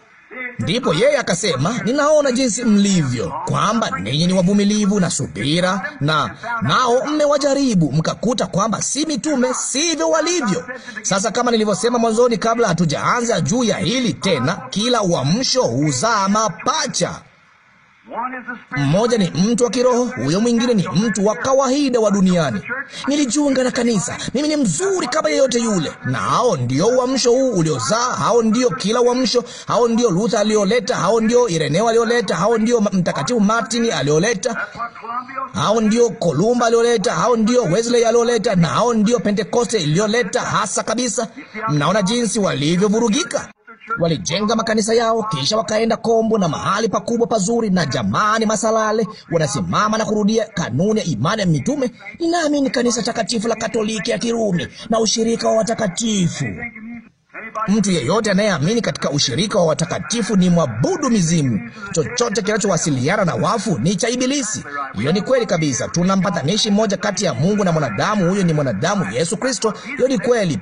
Ndipo yeye akasema, ninaona jinsi mlivyo, kwamba ninyi ni wavumilivu na subira, na nao mmewajaribu mkakuta kwamba si mitume, sivyo walivyo. Sasa kama nilivyosema mwanzoni, kabla hatujaanza juu ya hili tena, kila uamsho huzaa mapacha. Mmoja ni mtu wa kiroho, huyo mwingine ni mtu wa kawaida wa duniani. Nilijiunga na kanisa, mimi ni mzuri kama yeyote yule, na hao ndio uamsho huu uliozaa. Hao ndio kila uamsho, hao ndio Luther alioleta, hao ndio Ireneo alioleta, hao ndio mtakatifu Martin alioleta, hao ndio Kolumba alioleta, hao ndio Wesley alioleta, na hao ndio Pentekoste iliyoleta hasa kabisa. Mnaona jinsi walivyovurugika walijenga makanisa yao, kisha wakaenda Kombo na mahali pakubwa pazuri, na jamani, masalale wanasimama na kurudia kanuni ya imani ya mitume. Ninaamini kanisa takatifu la Katoliki ya Kirumi na ushirika wa watakatifu Mtu yeyote anayeamini katika ushirika wa watakatifu ni mwabudu mizimu. Chochote kinachowasiliana na wafu ni cha Ibilisi. Hiyo ni kweli kabisa. Tuna mpatanishi mmoja kati ya Mungu na mwanadamu, huyo ni mwanadamu Yesu Kristo. Hiyo ni kweli.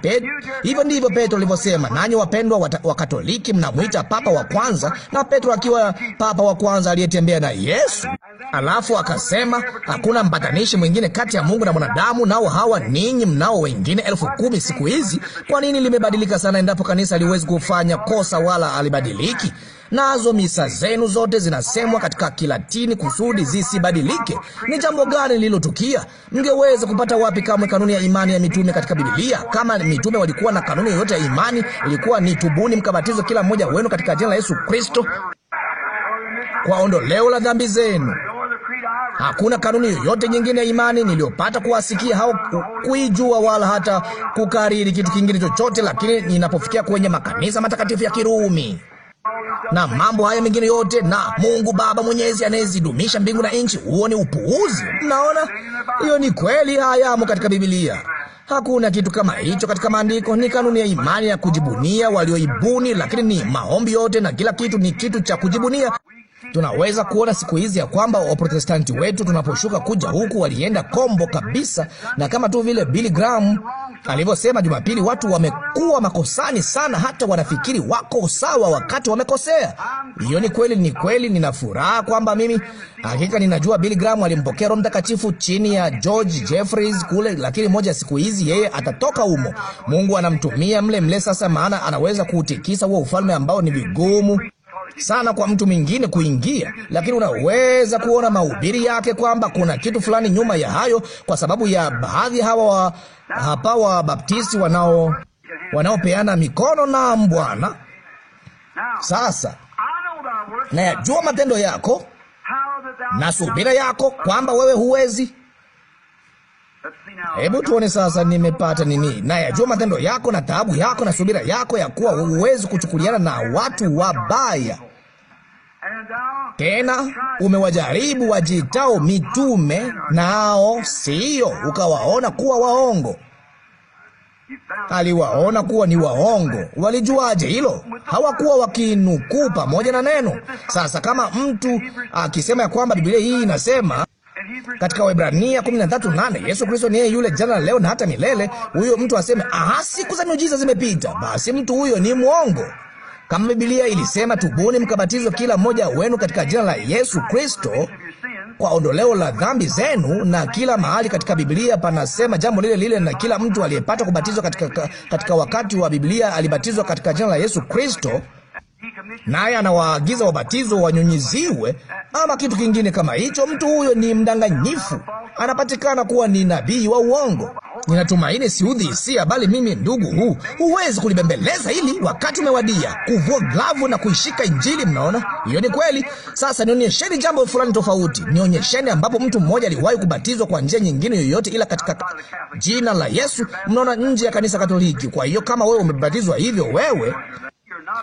Hivyo ndivyo Petro alivyosema. Nanyi wapendwa wa Katoliki, mnamwita papa wa kwanza, na Petro akiwa papa wa kwanza aliyetembea na Yesu. Alafu akasema hakuna mpatanishi mwingine kati ya Mungu na mwanadamu, nao hawa ninyi mnao wengine elfu kumi siku hizi. Kwa nini limebadilika sana endapo ambapo kanisa haliwezi kufanya kosa wala alibadiliki. Nazo misa zenu zote zinasemwa katika Kilatini kusudi zisibadilike. Ni jambo gani lililotukia? Mngeweza kupata wapi kamwe kanuni ya imani ya mitume katika Biblia? Kama mitume walikuwa na kanuni yoyote ya imani, ilikuwa ni tubuni, mkabatizwe kila mmoja wenu katika jina la Yesu Kristo kwa ondoleo la dhambi zenu. Hakuna kanuni yoyote nyingine ya imani niliyopata kuwasikia au kuijua wala hata kukariri kitu kingine chochote, lakini ninapofikia kwenye makanisa matakatifu ya Kirumi na mambo haya mengine yote na Mungu Baba Mwenyezi anayezidumisha mbingu na nchi, huo ni upuuzi. Mnaona, hiyo ni kweli, hayamo katika Biblia. Hakuna kitu kama hicho katika Maandiko. Ni kanuni ya imani ya kujibunia walioibuni, lakini ni maombi yote na kila kitu ni kitu cha kujibunia. Tunaweza kuona siku hizi ya kwamba Waprotestanti wetu tunaposhuka kuja huku walienda kombo kabisa, na kama tu vile Billy Graham alivyosema Jumapili, watu wamekuwa makosani sana, hata wanafikiri wako sawa wakati wamekosea. Hiyo ni kweli, ni kweli. Nina furaha kwamba mimi hakika ninajua Billy Graham alimpokea Roho Mtakatifu chini ya George Jeffries kule, lakini moja siku hizi yeye atatoka humo. Mungu anamtumia mle mle sasa, maana anaweza kuutikisa huo ufalme ambao ni vigumu sana kwa mtu mwingine kuingia, lakini unaweza kuona mahubiri yake kwamba kuna kitu fulani nyuma ya hayo, kwa sababu ya baadhi hawa wa, hapa wa Baptisti wanao wanaopeana mikono na Bwana. Sasa nayajua matendo yako na subira yako, kwamba wewe huwezi Hebu tuone sasa, nimepata nini? Na yajua matendo yako na taabu yako na subira yako, ya kuwa huwezi kuchukuliana na watu wabaya. Tena umewajaribu wajitao mitume, nao siyo, ukawaona kuwa waongo. Aliwaona kuwa ni waongo. Walijuaje hilo? Hawakuwa wakinukuu pamoja na neno. Sasa kama mtu akisema ya kwamba Biblia hii inasema katika Waebrania 13:8 Yesu Kristo niye yule jana leo na hata milele. Huyo mtu aseme aha, siku za miujiza zimepita, basi mtu huyo ni mwongo. Kama Biblia ilisema, tubuni mkabatizwe kila mmoja wenu katika jina la Yesu Kristo kwa ondoleo la dhambi zenu. Na kila mahali katika Biblia panasema jambo lile lile, na kila mtu aliyepata kubatizwa katika, katika wakati wa Biblia alibatizwa katika jina la Yesu Kristo naye anawaagiza wabatizo wanyunyiziwe ama kitu kingine kama hicho. Mtu huyo ni mdanganyifu, anapatikana kuwa ni nabii wa uongo. Ninatumaini siudhi hisia, bali mimi ndugu, huu huwezi kulibembeleza hili. Wakati umewadia kuvua glavu na kuishika Injili. Mnaona hiyo ni kweli. Sasa nionyesheni jambo fulani tofauti, nionyesheni ambapo mtu mmoja aliwahi kubatizwa kwa njia nyingine yoyote ila katika jina la Yesu. Mnaona nje ya kanisa Katoliki. Kwa hiyo kama wewe umebatizwa hivyo, wewe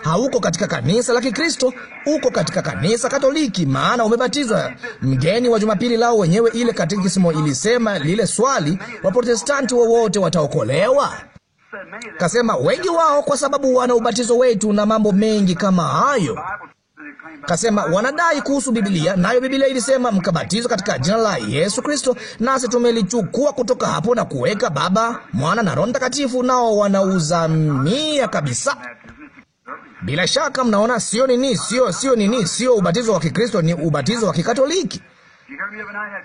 hauko katika kanisa la Kikristo, uko katika kanisa Katoliki, maana umebatizwa Mgeni wa Jumapili lao wenyewe, ile katekisimo ilisema lile swali, Waprotestanti wowote wataokolewa? Kasema wengi wao, kwa sababu wana ubatizo wetu na mambo mengi kama hayo. Kasema wanadai kuhusu Biblia, nayo Biblia ilisema mkabatizwe katika jina la Yesu Kristo, nasi tumelichukua kutoka hapo na kuweka Baba, Mwana na Roho Mtakatifu, nao wanauzamia kabisa. Bila shaka mnaona, sio nini, sio sio nini, sio ubatizo wa Kikristo, ni ubatizo wa Kikatoliki.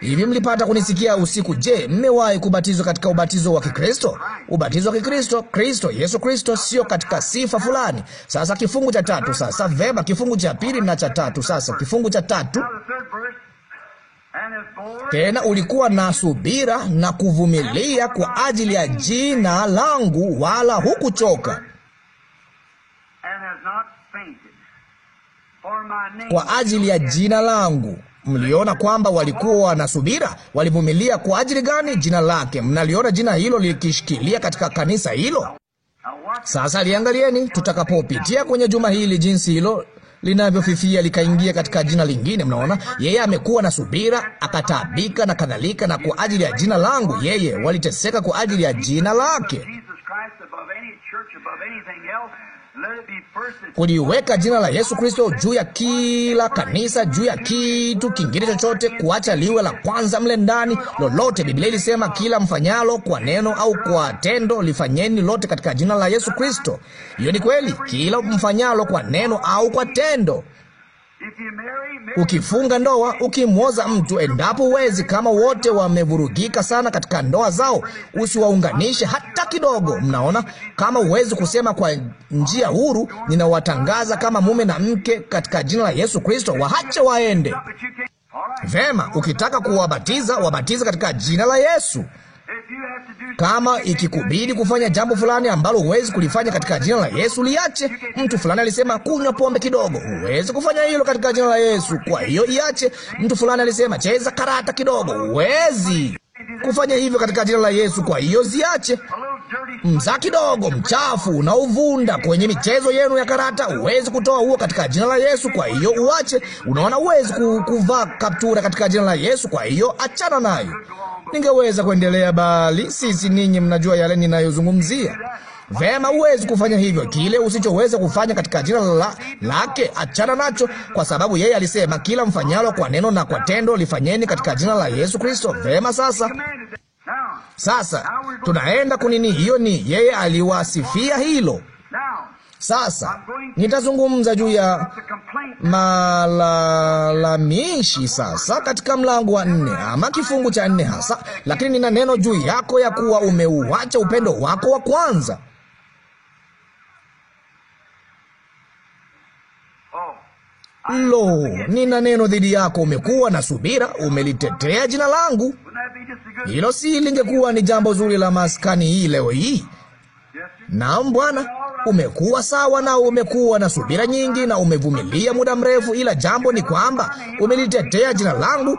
Hivi mlipata kunisikia usiku? Je, mmewahi kubatizwa katika ubatizo wa Kikristo? Ubatizo wa Kikristo, Kristo Yesu Kristo, sio katika sifa fulani. Sasa kifungu cha tatu, sasa vema, kifungu cha pili na cha tatu. Sasa kifungu cha tatu tena ulikuwa na subira na kuvumilia kwa ajili ya jina langu, wala hukuchoka. kwa ajili ya jina langu. Mliona kwamba walikuwa na subira, walivumilia kwa ajili gani? Jina lake. Mnaliona jina hilo likishikilia katika kanisa hilo. Sasa liangalieni tutakapopitia kwenye juma hili, jinsi hilo linavyofifia likaingia katika jina lingine. Mnaona, yeye amekuwa na subira, akataabika na kadhalika, na kwa ajili ya jina langu. Yeye waliteseka kwa ajili ya jina lake kuliweka jina la Yesu Kristo juu ya kila kanisa, juu ya kitu kingine chochote, kuacha liwe la kwanza mle ndani. Lolote Biblia ilisema, kila mfanyalo kwa neno au kwa tendo, lifanyeni lote katika jina la Yesu Kristo. Hiyo ni kweli, kila mfanyalo kwa neno au kwa tendo Ukifunga ndoa, ukimwoza mtu, endapo uwezi, kama wote wamevurugika sana katika ndoa zao, usiwaunganishe hata kidogo. Mnaona, kama uwezi kusema kwa njia huru, ninawatangaza kama mume na mke katika jina la Yesu Kristo, waache waende. Vema, ukitaka kuwabatiza, wabatize katika jina la Yesu. Kama ikikubidi kufanya jambo fulani ambalo huwezi kulifanya katika jina la Yesu, liache. Mtu fulani alisema kunywa pombe kidogo, huwezi kufanya hilo katika jina la Yesu, kwa hiyo iache. Mtu fulani alisema cheza karata kidogo, huwezi kufanya hivyo katika jina la Yesu, kwa hiyo ziache msaa mm, kidogo mchafu unaovunda kwenye michezo yenu ya karata. Huwezi kutoa huo katika jina la Yesu, kwa hiyo uache. Unaona, huwezi kuvaa kaptura katika jina la Yesu, kwa hiyo achana nayo. Ningeweza kuendelea, bali sisi ninyi mnajua yale ninayozungumzia. Vema, huwezi kufanya hivyo. Kile usichoweza kufanya katika jina la, lake achana nacho, kwa sababu yeye alisema, kila mfanyalo kwa neno na kwa tendo lifanyeni katika jina la Yesu Kristo. Vema, sasa sasa tunaenda kunini, hiyo ni yeye aliwasifia hilo. Sasa nitazungumza juu ya malalamishi sasa katika mlango wa nne ama kifungu cha nne hasa, lakini nina neno juu yako ya kuwa umeuacha upendo wako wa kwanza. Lo, nina neno dhidi yako. Umekuwa na subira, umelitetea jina langu. Hilo si lingekuwa ni jambo zuri la maskani hii leo hii. Naam Bwana, umekuwa sawa na umekuwa na subira nyingi na umevumilia muda mrefu, ila jambo ni kwamba umelitetea jina langu.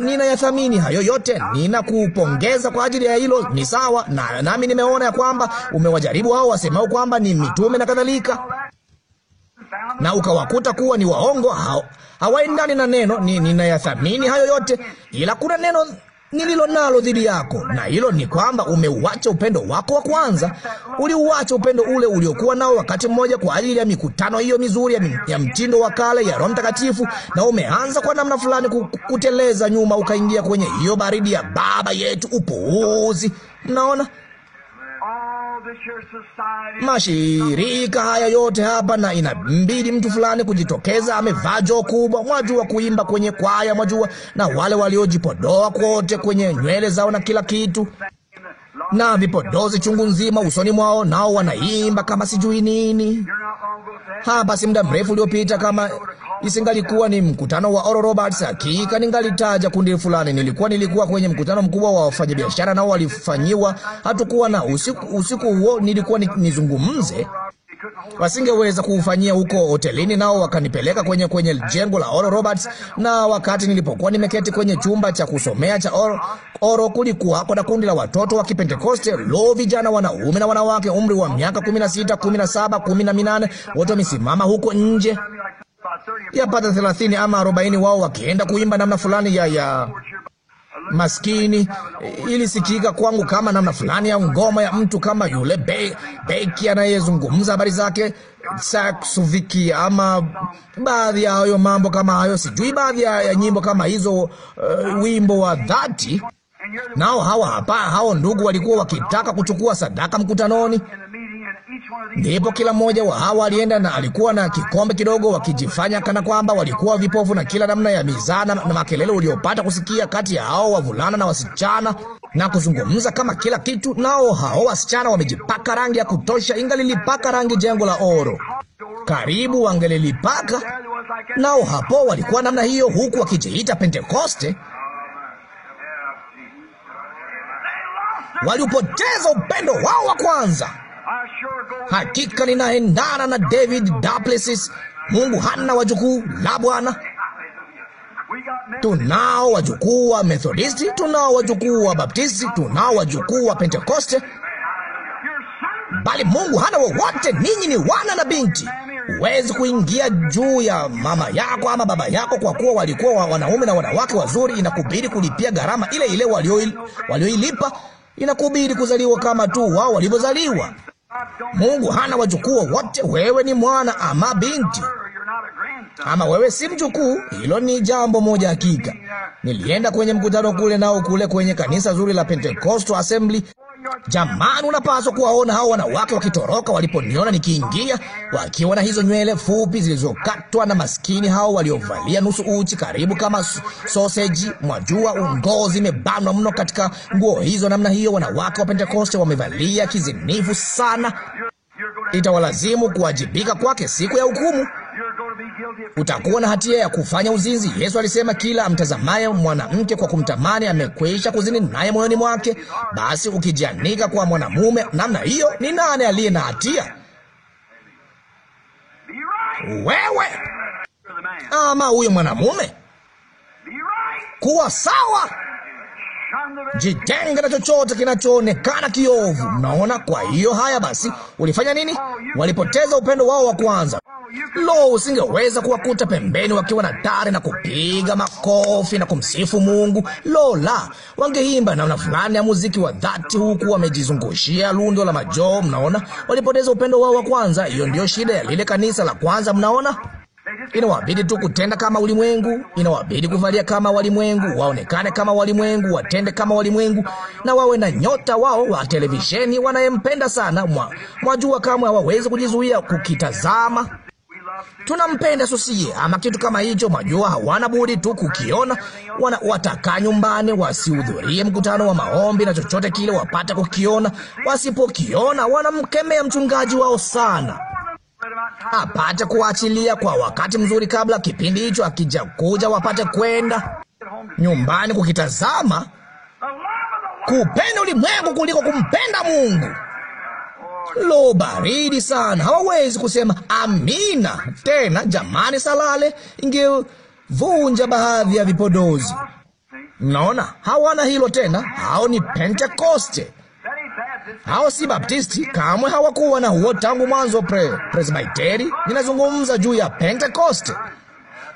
Ninayathamini hayo yote, ninakupongeza kwa ajili ya hilo. Ni sawa na, nami nimeona ya kwamba umewajaribu hao wasemao kwamba ni mitume na kadhalika na ukawakuta kuwa ni waongo, hao hawaendani na neno. Ni ninayathamini hayo yote, ila kuna neno nililo nalo dhidi yako, na hilo ni kwamba umeuacha upendo wako wa kwanza. Uliuacha upendo ule uliokuwa nao wakati mmoja kwa ajili ya mikutano hiyo mizuri ya, ya mtindo wa kale ya Roho Mtakatifu, na umeanza kwa namna fulani kuteleza nyuma, ukaingia kwenye hiyo baridi ya baba yetu, upuuzi. Mnaona? mashirika haya yote hapa, na inabidi mtu fulani kujitokeza amevaa joo kubwa, mwajua kuimba kwenye kwaya, mwajua, na wale waliojipodoa kote kwenye nywele zao na kila kitu na vipodozi chungu nzima usoni mwao, nao wanaimba kama sijui nini. Ha, basi muda mrefu uliopita, kama isingalikuwa ni mkutano wa Oral Roberts, hakika ningalitaja kundi fulani. Nilikuwa nilikuwa kwenye mkutano mkubwa wa wafanyabiashara, nao walifanyiwa hatukuwa na usiku, usiku huo nilikuwa nizungumze wasingeweza kuufanyia huko hotelini, nao wakanipeleka kwenye kwenye jengo la oro Roberts, na wakati nilipokuwa nimeketi kwenye chumba cha kusomea cha oro Oro kulikuwa na kundi la watoto wa Kipentekoste, lo, vijana wanaume na wanawake umri wa miaka 16, 17, 18, wote wamesimama huko nje yapata 30 ama arobaini wao wakienda kuimba namna fulani ya ya maskini. Ilisikika kwangu kama namna fulani ya ngoma ya mtu kama yule be, beki anayezungumza habari zake saksuviki ama baadhi ya hayo mambo kama hayo, sijui baadhi ya nyimbo kama hizo, uh, wimbo wa dhati. Nao hawa hapa, hao ndugu walikuwa wakitaka kuchukua sadaka mkutanoni Ndipo kila mmoja wa hawa alienda na alikuwa na kikombe kidogo, wakijifanya kana kwamba walikuwa vipofu, na kila namna ya mizana na makelele uliopata kusikia kati ya hao wavulana na wasichana, na kuzungumza kama kila kitu. Nao hao wasichana wamejipaka rangi ya kutosha, ingalilipaka rangi jengo la oro karibu wangelilipaka. Nao hapo walikuwa namna hiyo, huku wakijiita Pentekoste. Waliupoteza upendo wao wa kwanza. Hakika ninaendana na David Duplessis. Mungu hana wajukuu, la Bwana. Tunao wajukuu wa Methodisti, tunao wajukuu wa Baptisti, tunao wajukuu wa Pentekoste, bali Mungu hana wowote. Ninyi ni wana na binti. Huwezi kuingia juu ya mama yako ama baba yako, kwa kuwa walikuwa wanaume na wanawake wazuri. Inakubidi kulipia gharama ile ile walioilipa, walio inakubidi kuzaliwa kama tu wao walivyozaliwa. Mungu hana wajukuu wote. Wewe ni mwana ama binti, ama wewe si mjukuu. Hilo ni jambo moja hakika. Nilienda kwenye mkutano kule, nao kule kwenye kanisa zuri la Pentecostal Assembly Jamani, unapaswa kuwaona hao wanawake wakitoroka waliponiona nikiingia, wakiwa na hizo nywele fupi zilizokatwa, na maskini hao waliovalia nusu uchi, karibu kama soseji. Mwajua, ngozi imebanwa mno katika nguo hizo namna hiyo. Wanawake wa Pentekoste wamevalia kizinifu sana, itawalazimu kuwajibika kwake siku ya hukumu utakuwa na hatia ya kufanya uzinzi. Yesu alisema kila amtazamaye mwanamke kwa kumtamani amekwisha kuzini naye moyoni mwake. Basi ukijianika kwa mwanamume namna hiyo, ni nani aliye na hatia? Wewe ama huyo mwanamume? Kuwa sawa. Jitenge na chochote kinachoonekana kiovu. Mnaona? Kwa hiyo haya basi, ulifanya nini? Walipoteza upendo wao wa kwanza. Lo, usingeweza kuwakuta pembeni wakiwa na tare na kupiga makofi na kumsifu Mungu. Lo la, wangeimba namna fulani ya muziki wa dhati, huku wamejizungushia lundo la majoo. Mnaona, walipoteza upendo wao wa kwanza. Hiyo ndiyo shida ya lile kanisa la kwanza. Mnaona? Inawabidi tu kutenda kama ulimwengu, inawabidi kuvalia kama walimwengu, waonekane kama walimwengu, watende kama walimwengu, na wawe na nyota wao wa televisheni wanayempenda sana. Mwa, mwajua kamwe hawawezi kujizuia kukitazama. Tunampenda susie ama kitu kama hicho, mwajua hawana budi tu kukiona. Wana, watakaa nyumbani, wasihudhurie mkutano wa maombi na chochote kile, wapata kukiona. Wasipokiona wanamkemea mchungaji wao sana apate ah, kuachilia kwa wakati mzuri, kabla kipindi hicho akijakuja, wapate kwenda nyumbani kukitazama, kupenda ulimwengu kuliko kumpenda Mungu. Lo, baridi sana, hawawezi kusema amina tena. Jamani, salale ingevunja baadhi ya vipodozi. Mnaona, hawana hilo tena. Hao ni Pentekoste hao si Baptisti, kamwe hawakuwa na huo tangu mwanzo. Pre Presbiteri, ninazungumza juu ya Pentekoste.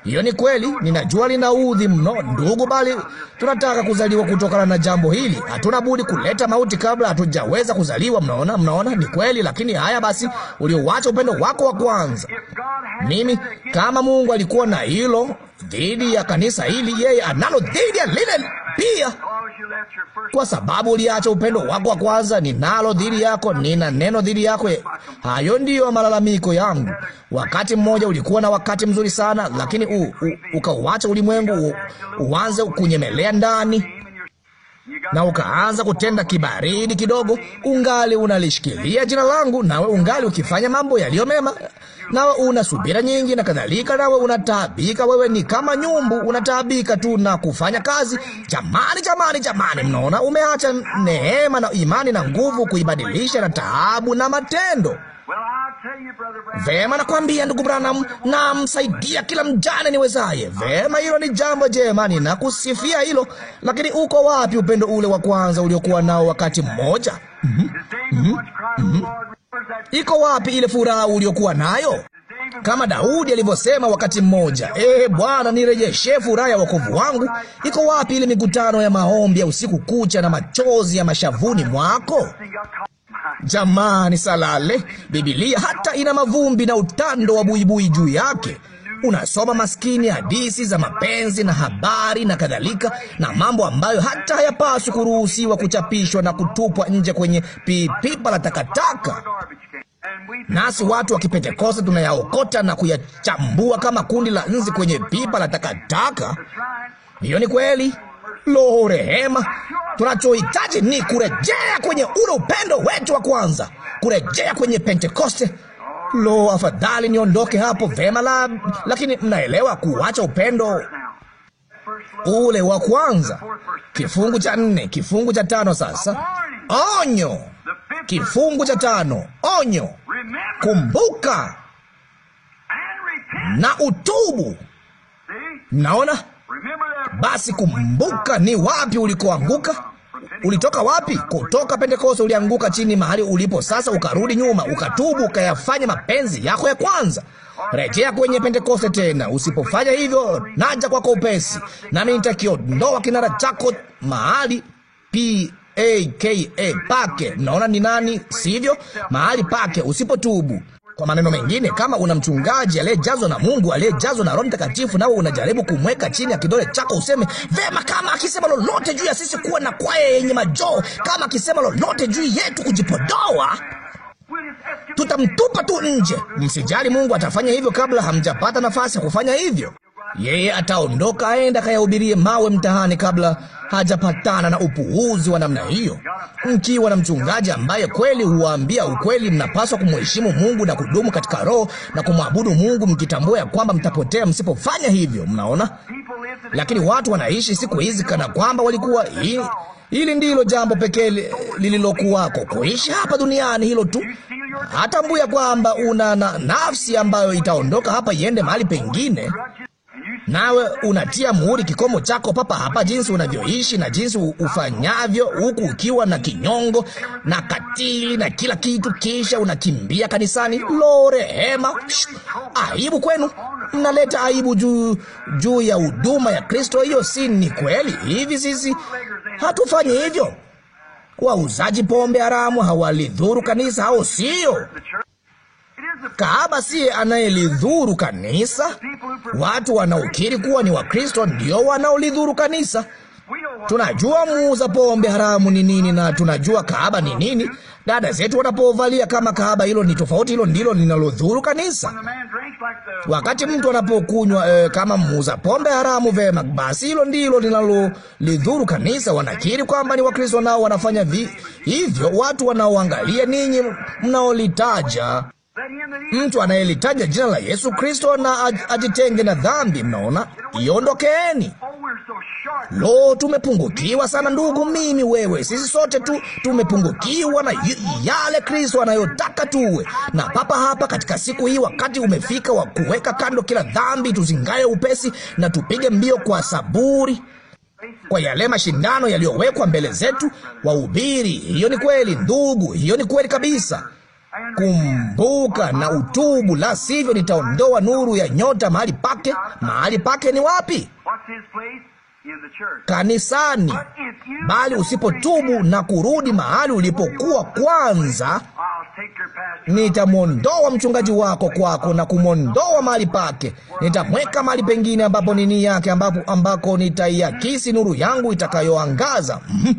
Hiyo ni kweli, ninajua linaudhi mno ndugu, bali tunataka kuzaliwa kutokana na jambo hili. Hatuna budi kuleta mauti kabla hatujaweza kuzaliwa. Mnaona, mnaona, ni kweli. Lakini haya basi, uliowacha upendo wako wa kwanza. Mimi kama Mungu alikuwa na hilo dhidi ya kanisa hili, yeye analo dhidi ya lile pia kwa sababu uliacha upendo wako wa kwanza. Ninalo dhidi yako, nina neno dhidi yako. Hayo ndiyo malalamiko yangu. Wakati mmoja ulikuwa na wakati mzuri sana, lakini ukauacha ulimwengu uanze kunyemelea ndani na ukaanza kutenda kibaridi kidogo, ungali unalishikilia jina langu, nawe ungali ukifanya mambo yaliyo mema, nawe una subira nyingi na kadhalika, nawe unataabika. Wewe ni kama nyumbu, unataabika tu na kufanya kazi. Jamani, jamani, jamani, mnaona umeacha neema na imani na nguvu kuibadilisha na taabu na matendo. Vema, nakwambia ndugu Branham, namsaidia kila mjane niwezaye. Vema, hilo ni jambo jema, ninakusifia hilo. Lakini uko wapi upendo ule wa kwanza uliokuwa nao wakati mmoja? mm -hmm. mm -hmm. Iko wapi ile furaha uliokuwa nayo kama Daudi alivyosema wakati mmoja, ee Bwana, nirejeshe furaha ya wokovu wangu. Iko wapi ile mikutano ya maombi ya usiku kucha na machozi ya mashavuni mwako? Jamani, Salale, Biblia hata ina mavumbi na utando wa buibui juu yake. Unasoma maskini hadisi za mapenzi na habari na kadhalika, na mambo ambayo hata hayapaswi kuruhusiwa kuchapishwa na kutupwa nje kwenye pipa la takataka. Nasi watu wa Kipentekoste tunayaokota na kuyachambua kama kundi la nzi kwenye pipa la takataka. Hiyo ni kweli. Lo, rehema! Tunachohitaji ni kurejea kwenye ule upendo wetu wa kwanza, kurejea kwenye Pentekoste. Lo, afadhali niondoke hapo vema la, lakini mnaelewa, kuacha upendo ule wa kwanza. Kifungu cha nne, kifungu cha tano. Sasa onyo, kifungu cha tano, onyo: kumbuka na utubu. naona basi kumbuka ni wapi ulikoanguka. Ulitoka wapi? Kutoka Pentekoste ulianguka chini mahali ulipo sasa, ukarudi nyuma, ukatubu, ukayafanya mapenzi yako ya kwanza. Rejea kwenye Pentekoste tena. Usipofanya hivyo, naja kwako upesi, nami nitakiondoa kinara chako mahali p a k a pake. naona ni nani, sivyo? Mahali pake usipotubu. Kwa maneno mengine, kama una mchungaji aliyejazwa na Mungu, aliyejazwa na Roho Mtakatifu, nawe unajaribu kumweka chini ya kidole chako, useme vema, kama akisema lolote juu ya sisi kuwa na kwaya yenye majoo, kama akisema lolote juu yetu kujipodoa tutamtupa tu nje. Msijali, Mungu atafanya hivyo kabla hamjapata nafasi ya kufanya hivyo yeye ataondoka aenda kayahubirie mawe mtahani kabla hajapatana na upuuzi wa namna hiyo. Mkiwa na mchungaji ambaye kweli huwaambia ukweli, mnapaswa kumheshimu Mungu na kudumu katika roho na kumwabudu Mungu, mkitambua ya kwamba mtapotea msipofanya hivyo. Mnaona? Lakini watu wanaishi siku hizi kana kwamba walikuwa hii Hili ndilo jambo pekee lililokuwako kuishi hapa duniani, hilo tu. Hatambuya kwamba una na nafsi ambayo itaondoka hapa iende mahali pengine nawe unatia muhuri kikomo chako papa hapa, jinsi unavyoishi na jinsi ufanyavyo, huku ukiwa na kinyongo na katili na kila kitu, kisha unakimbia kanisani. Lo, rehema! Aibu kwenu, mnaleta aibu juu juu ya huduma ya Kristo. Hiyo si ni kweli? Hivi sisi hatufanyi hivyo? Wauzaji pombe haramu hawalidhuru kanisa, au sio? Kahaba si anayelidhuru kanisa. Watu wanaokiri kuwa ni Wakristo ndio wanaolidhuru kanisa. Tunajua muuza pombe haramu ni nini na tunajua kahaba ni nini. Dada zetu wanapovalia kama kahaba, hilo ni tofauti. Hilo ndilo linalodhuru kanisa. Wakati mtu anapokunywa e, kama muuza pombe haramu, vema basi, hilo ndilo linalolidhuru kanisa. Wanakiri kwamba ni Wakristo nao wanafanya vi, hivyo. Watu wanaoangalia ninyi mnaolitaja Mtu anayelitaja jina la Yesu Kristo na ajitenge na dhambi. Mnaona, iondokeeni. Lo, tumepungukiwa sana ndugu, mimi, wewe, sisi sote tu tumepungukiwa na yale Kristo anayotaka tuwe. Na papa hapa katika siku hii, wakati umefika wa kuweka kando kila dhambi, tuzingaye upesi na tupige mbio kwa saburi kwa yale mashindano yaliyowekwa mbele zetu. Wahubiri, hiyo ni kweli ndugu, hiyo ni kweli kabisa kumbuka na utubu, la sivyo nitaondoa nuru ya nyota mahali pake. Mahali pake ni wapi? Kanisani. Bali usipotubu na kurudi mahali ulipokuwa kwanza, nitamwondoa mchungaji wako kwako na kumwondoa mahali pake, nitamweka mahali pengine ambapo nini yake, ambapo ambako nitaiakisi nuru yangu itakayoangaza. Mhm.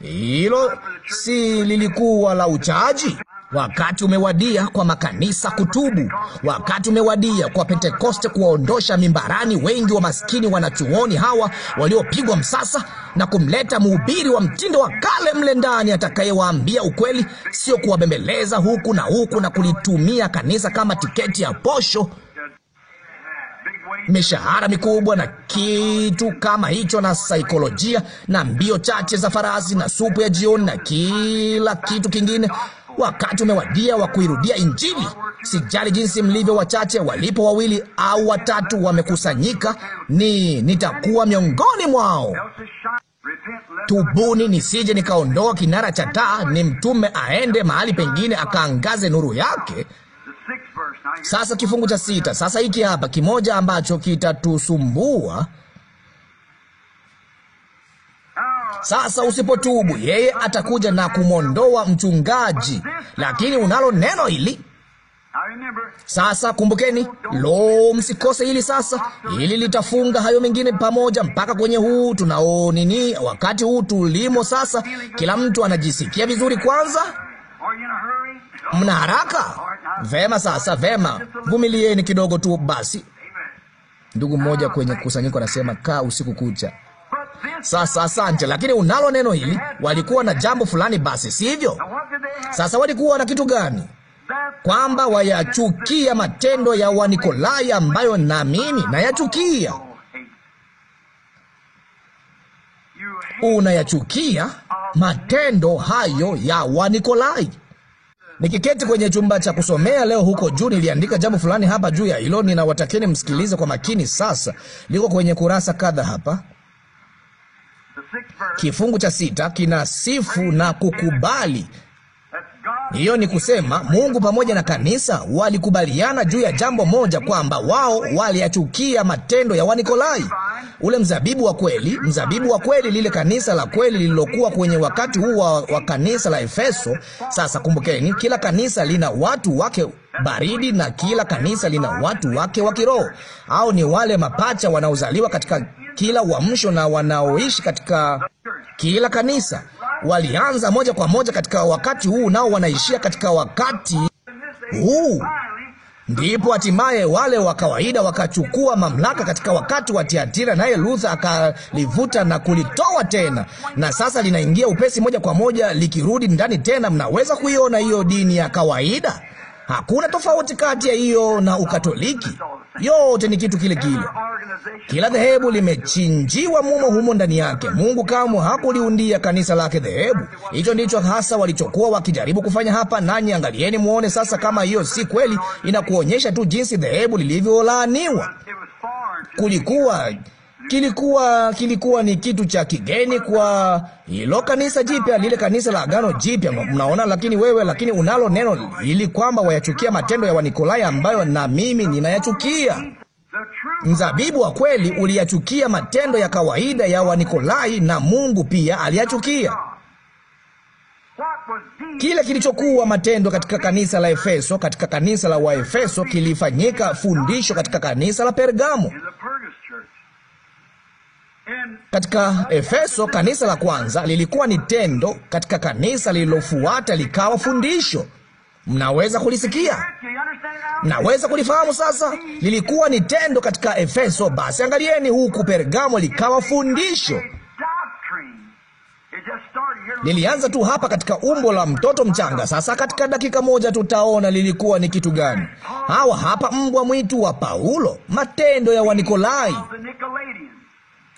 Hilo si lilikuwa la uchaji? Wakati umewadia kwa makanisa kutubu. Wakati umewadia kwa Pentekoste kuwaondosha mimbarani wengi wa maskini wanachuoni hawa waliopigwa msasa na kumleta mhubiri wa mtindo wa kale mle ndani atakayewaambia ukweli, sio kuwabembeleza huku na huku na kulitumia kanisa kama tiketi ya posho mishahara mikubwa na kitu kama hicho na saikolojia na mbio chache za farasi na supu ya jioni na kila kitu kingine Wakati umewadia wa kuirudia Injili. Sijali jinsi mlivyo wachache, walipo wawili au watatu wamekusanyika, ni nitakuwa miongoni mwao. Tubuni, nisije nikaondoa kinara cha taa, ni mtume aende mahali pengine akaangaze nuru yake. Sasa kifungu cha sita. Sasa hiki hapa kimoja ambacho kitatusumbua Sasa usipotubu, yeye atakuja na kumwondoa mchungaji, lakini unalo neno hili sasa kumbukeni, lo, msikose hili sasa. Hili litafunga hayo mengine pamoja mpaka kwenye huu tunao nini, wakati huu tulimo sasa. Kila mtu anajisikia vizuri kwanza. Mna haraka? Vema, sasa vema, vumilieni kidogo tu basi. Ndugu mmoja kwenye kusanyiko anasema kaa usiku kucha sasa asante, lakini unalo neno hili, walikuwa na jambo fulani, basi sivyo? Sasa walikuwa na kitu gani? Kwamba wayachukia matendo ya Wanikolai ambayo na mimi nayachukia. Unayachukia matendo hayo ya Wanikolai. Nikiketi kwenye chumba cha kusomea leo huko juu, niliandika jambo fulani hapa juu ya hilo, ninawatakeni msikilize kwa makini. Sasa liko kwenye kurasa kadha hapa. Kifungu cha sita kinasifu na kukubali. Hiyo ni kusema Mungu pamoja na kanisa walikubaliana juu ya jambo moja, kwamba wao waliyachukia matendo ya Wanikolai, ule mzabibu wa kweli, mzabibu wa kweli, lile kanisa la kweli lililokuwa kwenye wakati huu wa, wa kanisa la Efeso. Sasa kumbukeni, kila kanisa lina watu wake baridi na kila kanisa lina watu wake wa kiroho, au ni wale mapacha wanaozaliwa katika kila uamsho na wanaoishi katika kila kanisa. Walianza moja kwa moja katika wakati huu, nao wanaishia katika wakati huu. Ndipo hatimaye wale wa kawaida wakachukua mamlaka katika wakati wa Tiatira, naye Luther akalivuta na kulitoa tena, na sasa linaingia upesi moja kwa moja likirudi ndani tena. Mnaweza kuiona hiyo dini ya kawaida Hakuna tofauti kati ya hiyo na Ukatoliki. Yote ni kitu kile kile. Kila dhehebu limechinjiwa mumo humo ndani yake. Mungu kamwe hakuliundia kanisa lake dhehebu. Hicho ndicho hasa walichokuwa wakijaribu kufanya hapa, nanyi angalieni muone sasa kama hiyo si kweli. Inakuonyesha tu jinsi dhehebu lilivyolaaniwa. Kulikuwa kilikuwa kilikuwa ni kitu cha kigeni kwa hilo kanisa jipya, lile kanisa la agano jipya, mnaona. Lakini wewe, lakini unalo neno ili kwamba wayachukia matendo ya Wanikolai ambayo na mimi ninayachukia. Mzabibu wa kweli uliyachukia matendo ya kawaida ya Wanikolai, na Mungu pia aliyachukia. Kile kilichokuwa matendo katika kanisa la Efeso, katika kanisa la Waefeso kilifanyika fundisho katika kanisa la Pergamo. Katika Efeso, kanisa la kwanza lilikuwa ni tendo, katika kanisa lililofuata likawa fundisho. Mnaweza kulisikia, mnaweza kulifahamu sasa. Lilikuwa ni tendo katika Efeso, basi angalieni huku Pergamo likawa fundisho. Lilianza tu hapa katika umbo la mtoto mchanga. Sasa katika dakika moja tutaona lilikuwa ni kitu gani. Hawa hapa mbwa mwitu wa Paulo, matendo ya Wanikolai.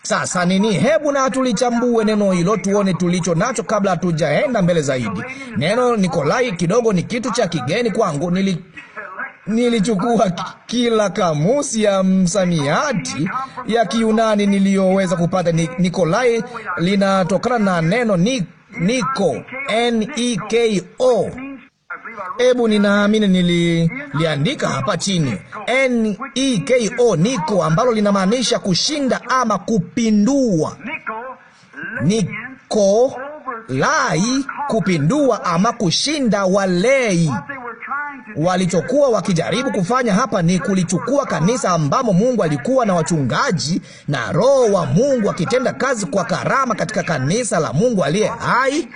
Sasa nini? Hebu na tulichambue neno hilo tuone tulicho nacho kabla hatujaenda mbele zaidi. Neno Nikolai kidogo ni kitu cha kigeni kwangu. Nili nilichukua kila kamusi ya msamiati ya kiunani niliyoweza kupata. Ni, Nikolai linatokana na neno ni, niko n e k o Hebu ninaamini niliandika hapa chini N-E-K-O, niko ambalo linamaanisha kushinda ama kupindua, niko lai kupindua ama kushinda walei. Walichokuwa wakijaribu kufanya hapa ni kulichukua kanisa ambamo Mungu alikuwa na wachungaji na Roho wa Mungu akitenda kazi kwa karama katika kanisa la Mungu aliye hai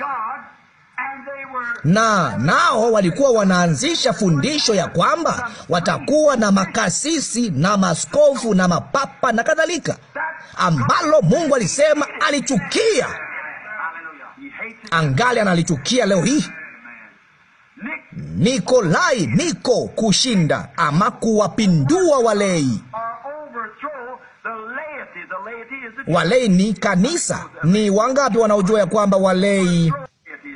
na nao walikuwa wanaanzisha fundisho ya kwamba watakuwa na makasisi na maskofu na mapapa na kadhalika, ambalo Mungu alisema alichukia, angali analichukia leo hii. Nikolai niko kushinda ama kuwapindua walei. Walei ni kanisa. Ni wangapi wanaojua ya kwamba walei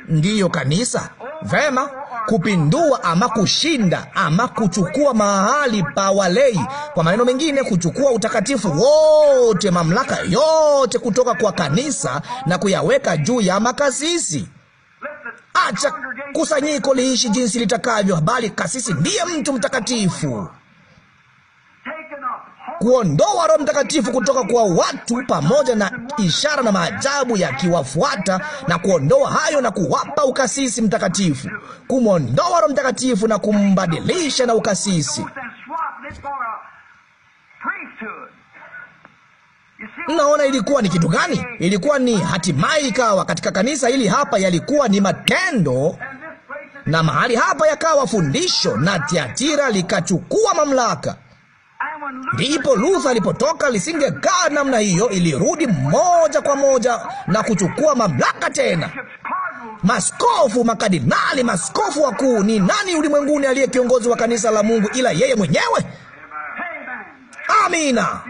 ndiyo kanisa. Vema, kupindua ama kushinda ama kuchukua mahali pa walei, kwa maneno mengine, kuchukua utakatifu wote, mamlaka yote kutoka kwa kanisa na kuyaweka juu ya makasisi. Acha kusanyiko liishi jinsi litakavyo, bali kasisi ndiye mtu mtakatifu kuondoa Roho Mtakatifu kutoka kwa watu pamoja na ishara na maajabu yakiwafuata, na kuondoa hayo na kuwapa ukasisi mtakatifu, kumwondoa Roho Mtakatifu na kumbadilisha na ukasisi. Naona ilikuwa ni kitu gani? Ilikuwa ni hatimaye ikawa katika kanisa hili hapa, yalikuwa ni matendo na mahali hapa yakawa fundisho, na Tiatira likachukua mamlaka. Ndipo Luther alipotoka, lisingekaa namna hiyo, ilirudi moja kwa moja na kuchukua mamlaka tena. Maskofu, makadinali maskofu wakuu. Ni nani ulimwenguni aliye kiongozi wa kanisa la Mungu ila yeye mwenyewe? Amina.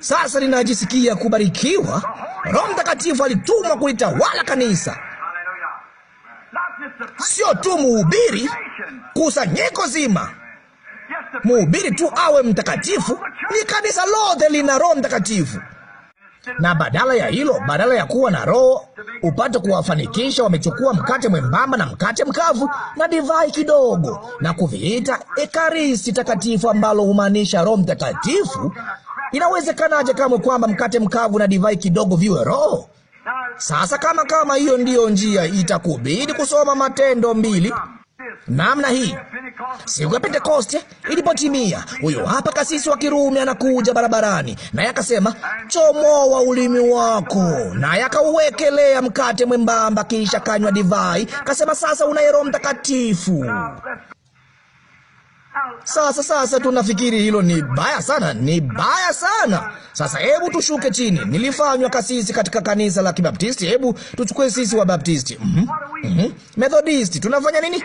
Sasa ninajisikia kubarikiwa. Roho Mtakatifu alitumwa kulitawala kanisa, sio tu muhubiri, kusanyiko zima mhubiri tu awe mtakatifu. Ni kanisa lote lina Roho Mtakatifu, na badala ya hilo, badala ya kuwa na roho upate kuwafanikisha, wamechukua mkate mwembamba na mkate mkavu na divai kidogo na kuviita ekaristi takatifu, ambalo humaanisha Roho Mtakatifu. Inawezekanaje kamwe kwamba mkate mkavu na divai kidogo viwe roho? Sasa kama kama hiyo ndiyo njia, itakubidi kusoma Matendo mbili namna hii. Siku ya Pentekoste ilipotimia, huyo hapa kasisi wa Kirumi anakuja barabarani, naye akasema, chomoa ulimi wako, naye akauwekelea mkate mwembamba, kisha kanywa divai. Kasema, sasa unaye Roho Mtakatifu. Sasa sasa, tunafikiri hilo ni baya sana, ni baya sana. Sasa hebu tushuke chini. Nilifanywa kasisi katika kanisa la Kibaptisti. Hebu tuchukue sisi wa Baptisti, mm -hmm. mm -hmm. Methodisti, tunafanya nini?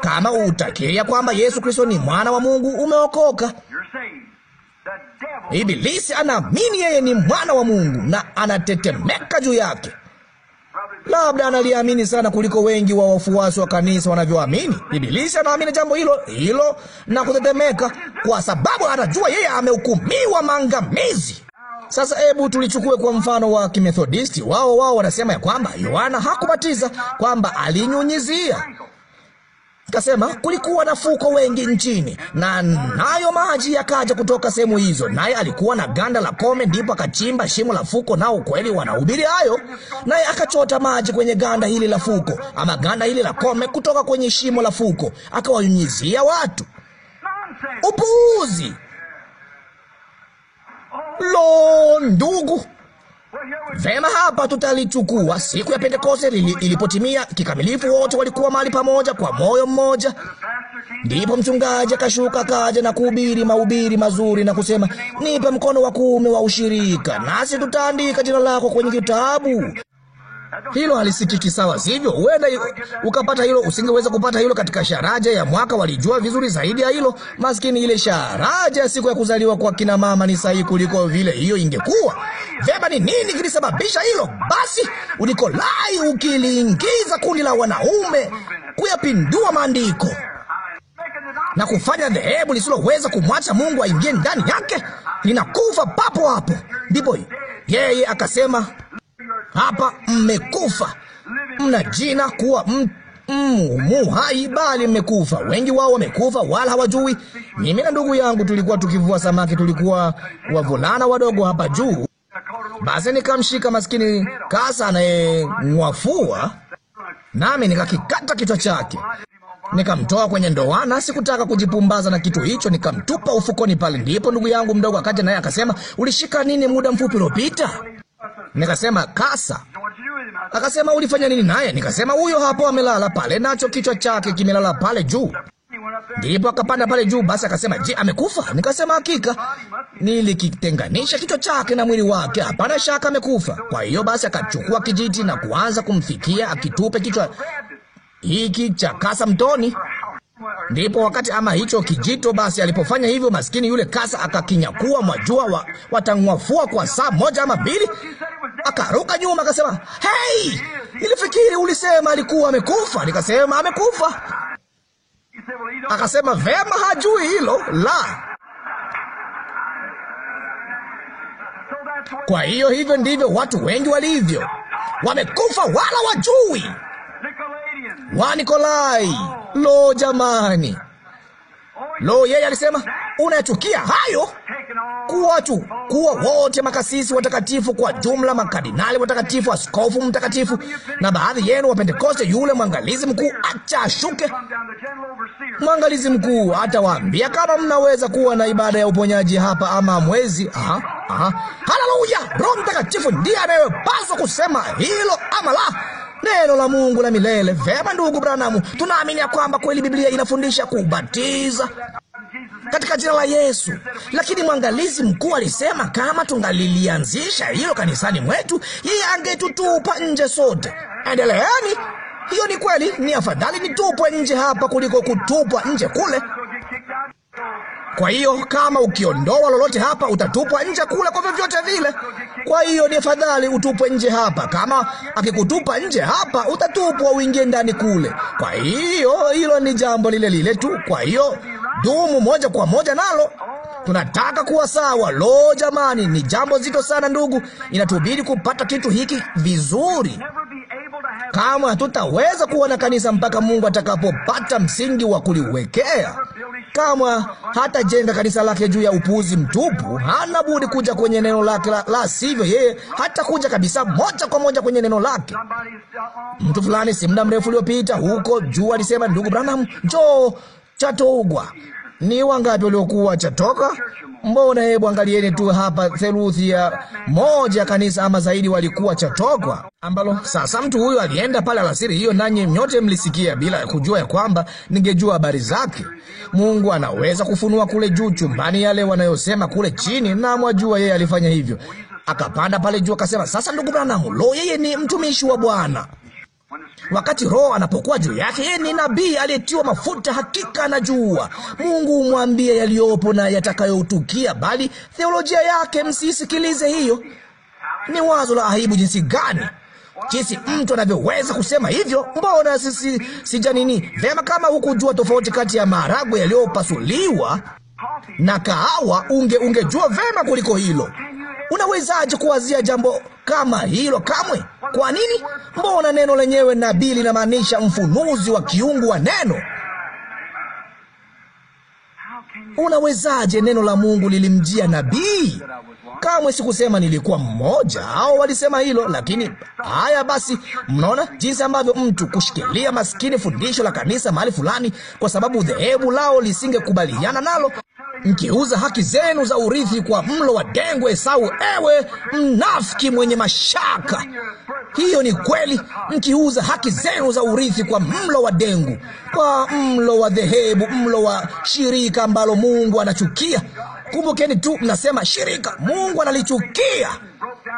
Kama utakiria kwamba Yesu Kristo ni mwana wa Mungu, umeokoka. Ibilisi anaamini yeye ni mwana wa Mungu na anatetemeka juu yake. Labda analiamini sana kuliko wengi wa wafuasi wa kanisa wanavyoamini. Ibilisi anaamini jambo hilo hilo na kutetemeka, kwa sababu anajua yeye amehukumiwa maangamizi. Sasa hebu tulichukue kwa mfano wa Kimethodisti. Wao wao wanasema ya kwamba Yohana hakubatiza, kwamba alinyunyizia Kasema kulikuwa na fuko wengi nchini, na nayo maji yakaja kutoka sehemu hizo, naye alikuwa na ganda la kome, ndipo akachimba shimo la fuko, nao kweli wanahubiri hayo, naye akachota maji kwenye ganda hili la fuko, ama ganda hili la kome, kutoka kwenye shimo la fuko, akawanyunyizia watu. Upuuzi! Lo, ndugu Vema, hapa tutalichukua. Siku ya Pentekoste ilipotimia kikamilifu, wote walikuwa mahali pamoja kwa moyo mmoja. Ndipo mchungaji akashuka akaja na kuhubiri mahubiri mazuri na kusema, nipe mkono wa kuume wa ushirika, nasi tutaandika jina lako kwenye kitabu. Hilo halisikiki sawa, sivyo? Huenda ukapata hilo, usingeweza kupata hilo katika sharaja ya mwaka. Walijua vizuri zaidi ya hilo. Maskini, ile sharaja ya siku ya kuzaliwa kwa kina mama ni sahihi kuliko vile hiyo ingekuwa vema. Ni nini kilisababisha hilo? Basi Unikolai ukiliingiza kundi la wanaume kuyapindua maandiko na kufanya dhehebu lisiloweza kumwacha Mungu aingie ndani yake ninakufa papo hapo. Ndipo yeye akasema hapa mmekufa, mna jina kuwa mmu hai, bali mmekufa. Wengi wao wamekufa, wala hawajui. Mimi na ndugu yangu tulikuwa tukivua samaki, tulikuwa wavulana wadogo hapa juu. Basi nikamshika maskini kasa anayeng'wafua, nami nikakikata kichwa chake nikamtoa kwenye ndoana. Sikutaka kujipumbaza na kitu hicho, nikamtupa ufukoni pale. Ndipo ndugu yangu mdogo akaja naye akasema, ulishika nini muda mfupi uliopita? Nikasema kasa. Akasema ulifanya nini naye? Nikasema huyo hapo amelala pale, nacho kichwa chake kimelala pale juu. Ndipo akapanda pale juu. Basi akasema je, amekufa? Nikasema hakika nilikitenganisha kichwa chake na mwili wake, hapana shaka amekufa. Kwa hiyo basi akachukua kijiti na kuanza kumfikia akitupe kichwa hiki cha kasa mtoni. Ndipo wakati ama hicho kijito basi, alipofanya hivyo, maskini yule kasa akakinyakuwa, mwajua wa, watangwafua kwa saa moja ama mbili. Akaruka nyuma akasema, hei, ilifikiri ulisema alikuwa amekufa. Nikasema amekufa. Akasema vema, hajui hilo la Kwa hiyo hivyo ndivyo watu wengi walivyo, wamekufa wala wajui. wa oh. Lo, jamani! Lo, yeye alisema unayachukia hayo, tu kuwa wote makasisi watakatifu kwa jumla, makardinali watakatifu, askofu mtakatifu, na baadhi yenu wa yule mwangalizi mkuu acha ashuke. Mwangalizi mkuu atawaambia kama mnaweza kuwa na ibada ya uponyaji hapa ama mwezi. Aha, aha. Haleluya! Roho Mtakatifu ndiye anayepaswa kusema hilo ama la neno la Mungu la milele. Vema, ndugu Branamu, tunaamini ya kwamba kweli Biblia inafundisha kubatiza katika jina la Yesu, lakini mwangalizi mkuu alisema kama tungalilianzisha hilo kanisani mwetu, yeye angetutupa nje sote. Endeleeni. Hiyo ni kweli, ni afadhali nitupwe nje hapa kuliko kutupwa nje kule. Kwa hiyo kama ukiondoa lolote hapa, utatupwa nje kule kwa vyovyote vile. Kwa hiyo ni afadhali utupwe nje hapa. Kama akikutupa nje hapa, utatupwa uingie ndani kule. Kwa hiyo hilo ni jambo lile lile tu. Kwa hiyo dumu moja kwa moja nalo tunataka kuwa sawa. Lo, jamani, ni jambo zito sana ndugu, inatubidi kupata kitu hiki vizuri. Kamwe hatutaweza kuwa na kanisa mpaka Mungu atakapopata msingi wa kuliwekea. Kamwe hatajenga kanisa lake juu ya upuzi mtupu. Hana budi kuja kwenye neno lake, la, la sivyo yeye hatakuja kabisa moja kwa moja kwenye neno lake. Mtu fulani si muda mrefu uliopita huko juu alisema, ndugu Branham, njoo Chatougwa ni wangapi waliokuwa chatoka? Mbona, hebu angalieni tu hapa, theluthi ya moja kanisa ama zaidi walikuwa chatoka, ambalo sasa mtu huyu alienda pale alasiri hiyo, nanyi nyote mlisikia bila kujua ya kwamba ningejua habari zake. Mungu anaweza kufunua kule juu chumbani yale wanayosema kule chini, na mwajua yeye alifanya hivyo, akapanda pale juu akasema, sasa ndugu Branham, lo, yeye ni mtumishi wa Bwana. Wakati Roho anapokuwa juu yake, yeye ni nabii aliyetiwa mafuta. Hakika anajua Mungu umwambie yaliyopo na yatakayotukia, bali theolojia yake msiisikilize. Hiyo ni wazo la aibu jinsi gani! Jinsi mtu anavyoweza kusema hivyo! Mbona sisi sijanini vema kama hukujua tofauti kati ya maharagwe yaliyopasuliwa na kahawa, unge ungejua vema kuliko hilo. Unawezaje kuwazia jambo kama hilo kamwe? Kwa nini? Mbona neno lenyewe nabii linamaanisha mfunuzi wa kiungu wa neno. Unawezaje neno la Mungu lilimjia nabii? Kamwe sikusema nilikuwa mmoja, au walisema hilo. Lakini haya basi, mnaona jinsi ambavyo mtu kushikilia maskini fundisho la kanisa mahali fulani, kwa sababu dhehebu lao lisingekubaliana nalo, mkiuza haki zenu za urithi kwa mlo wa dengwe Esau, ewe mnafiki mwenye mashaka. Hiyo ni kweli, mkiuza haki zenu za urithi kwa mlo wa dengu, kwa mlo wa dhehebu, mlo wa shirika ambalo Mungu anachukia. Kumbukeni tu mnasema shirika, Mungu analichukia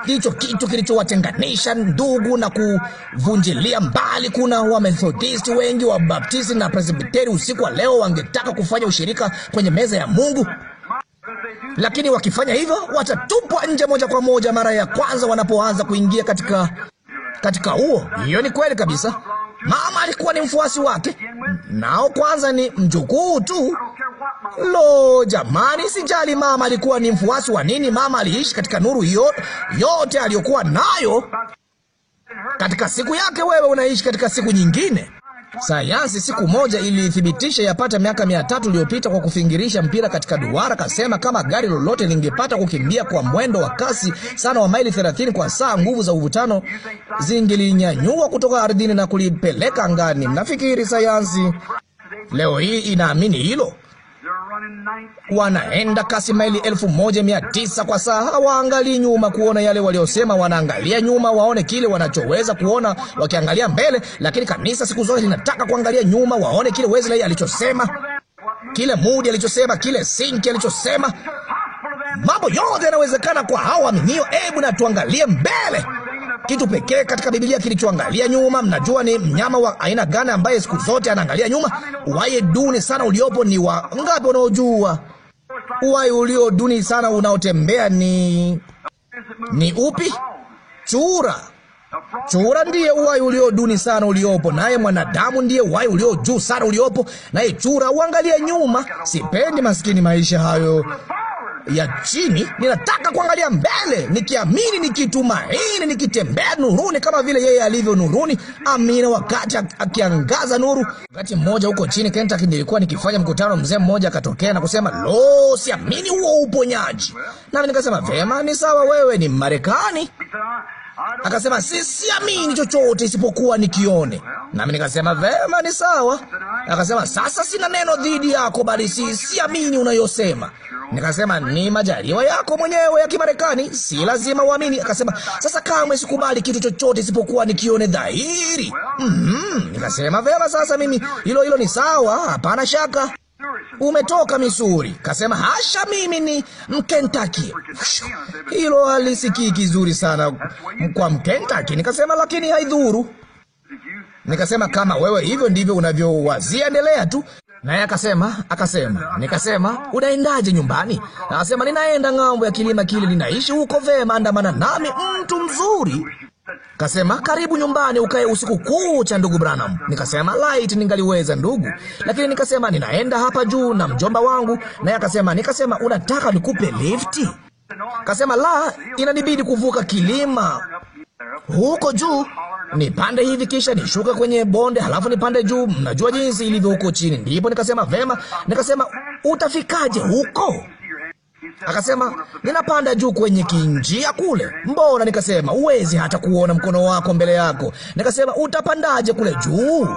hicho kitu kilichowatenganisha ndugu na kuvunjilia mbali. Kuna Wamethodisti wengi, Wabaptisti na Presbiteri usiku wa leo wangetaka kufanya ushirika kwenye meza ya Mungu, lakini wakifanya hivyo watatupwa nje moja kwa moja mara ya kwanza wanapoanza kuingia katika katika huo. Hiyo ni kweli kabisa. Mama alikuwa ni mfuasi wake, nao kwanza ni mjukuu tu. Lo, jamani, sijali mama alikuwa ni mfuasi wa nini. Mama aliishi katika nuru hiyo yote aliyokuwa nayo katika siku yake, wewe unaishi katika siku nyingine. Sayansi siku moja ilithibitisha yapata miaka mia tatu iliyopita kwa kufingirisha mpira katika duara. Kasema kama gari lolote lingepata kukimbia kwa mwendo wa kasi sana wa maili 30 kwa saa, nguvu za uvutano zingilinyanyua kutoka ardhini na kulipeleka angani. Mnafikiri sayansi leo hii inaamini hilo? Wanaenda kasi maili elfu moja mia tisa kwa saa, hawaangalii nyuma kuona yale waliosema. Wanaangalia nyuma waone kile wanachoweza kuona wakiangalia mbele, lakini kanisa siku zote linataka kuangalia nyuma waone kile Wesley alichosema, kile Moody alichosema, kile Sinki alichosema. Mambo yote yanawezekana kwa hao waaminio. Hebu na tuangalie mbele kitu pekee katika Biblia kilichoangalia nyuma. Mnajua ni mnyama wa aina gani ambaye siku zote anaangalia nyuma? Uwaye duni sana uliopo ni wa ngapi unaojua? Uwaye ulio duni sana unaotembea ni ni upi? Chura. Chura ndiye uwai ulio duni sana uliopo, naye mwanadamu ndiye uwai ulio juu sana uliopo, naye chura uangalie nyuma. Sipendi maskini maisha hayo ya chini, ninataka kuangalia mbele, nikiamini, nikitumaini, nikitembea nuruni kama vile yeye alivyo nuruni. Amina. Wakati akiangaza nuru. Wakati mmoja huko chini Kentucky, nilikuwa nikifanya mkutano, mzee mmoja akatokea na kusema, lo, siamini huo uponyaji. Nami nikasema, vema, ni sawa, wewe ni Marekani. Akasema sisiamini chochote isipokuwa nikione. Nami nikasema vema, ni sawa. Akasema sasa, sina neno dhidi yako, bali sisiamini unayosema. Nikasema ni majaliwa yako mwenyewe ya Kimarekani, si lazima uamini. Akasema sasa, kamwe sikubali kitu chochote isipokuwa nikione dhahiri. Mm -hmm. Nikasema vema, sasa mimi hilo hilo ni sawa, hapana shaka umetoka Misuri. Kasema hasha, mimi ni Mkentaki. Hilo halisikii kizuri sana kwa Mkentaki. Nikasema lakini haidhuru, nikasema kama wewe hivyo ndivyo unavyowazia, endelea tu. Naye akasema akasema, nikasema unaendaje nyumbani? Akasema ninaenda ng'ambo ya kilima kile, ninaishi huko. Vema, andamana nami, mtu mzuri Kasema karibu nyumbani ukae usiku kucha, ndugu Branham. Nikasema light, ningaliweza ndugu, lakini nikasema ninaenda hapa juu na mjomba wangu, naye akasema, nikasema unataka nikupe lifti? Kasema la, inanibidi kuvuka kilima huko juu nipande hivi kisha nishuka kwenye bonde halafu nipande juu. Mnajua jinsi ilivyo huko chini. Ndipo nikasema vema, nikasema utafikaje huko? Akasema, ninapanda juu kwenye kinjia kule. Mbona? Nikasema, uwezi hata kuona mkono wako mbele yako. Nikasema, utapandaje kule juu?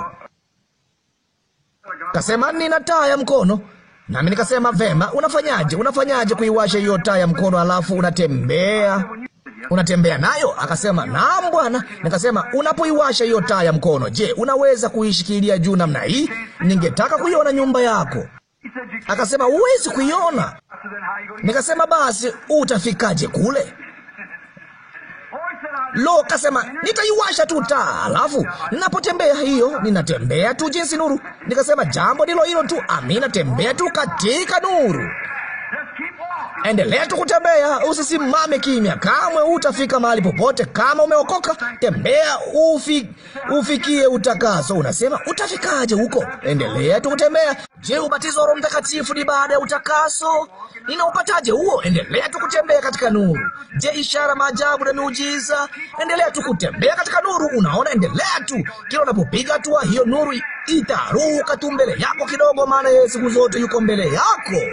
Kasema, nina taa ya mkono. Nami nikasema, vema, unafanyaje? Unafanyaje kuiwasha hiyo taa ya mkono, alafu unatembea unatembea nayo? Akasema, naam bwana. Nikasema, unapoiwasha hiyo taa ya mkono, je, unaweza kuishikilia juu namna hii? Ningetaka kuiona nyumba yako. Akasema huwezi kuiona. Nikasema basi utafikaje kule? Lo, kasema nitaiwasha tu taa, alafu ninapotembea hiyo, ninatembea tu jinsi nuru. Nikasema jambo ndilo hilo tu. Amina, ah, tembea tu katika nuru. Endelea tu kutembea, usisimame kimya, kamwe utafika mahali popote. Kama umeokoka, tembea ufi, ufikie utakaso. Unasema utafikaje huko? Endelea tu kutembea. Je, ubatizo wa Roho Mtakatifu ni baada ya utakaso? inaupataje huo? Endelea tu kutembea katika nuru. Je, ishara, maajabu na miujiza? Endelea tu kutembea katika nuru. Unaona, endelea tu. Kila unapopiga hatua, hiyo nuru itaruka tu mbele yako kidogo, maana yeye siku zote yuko mbele yako.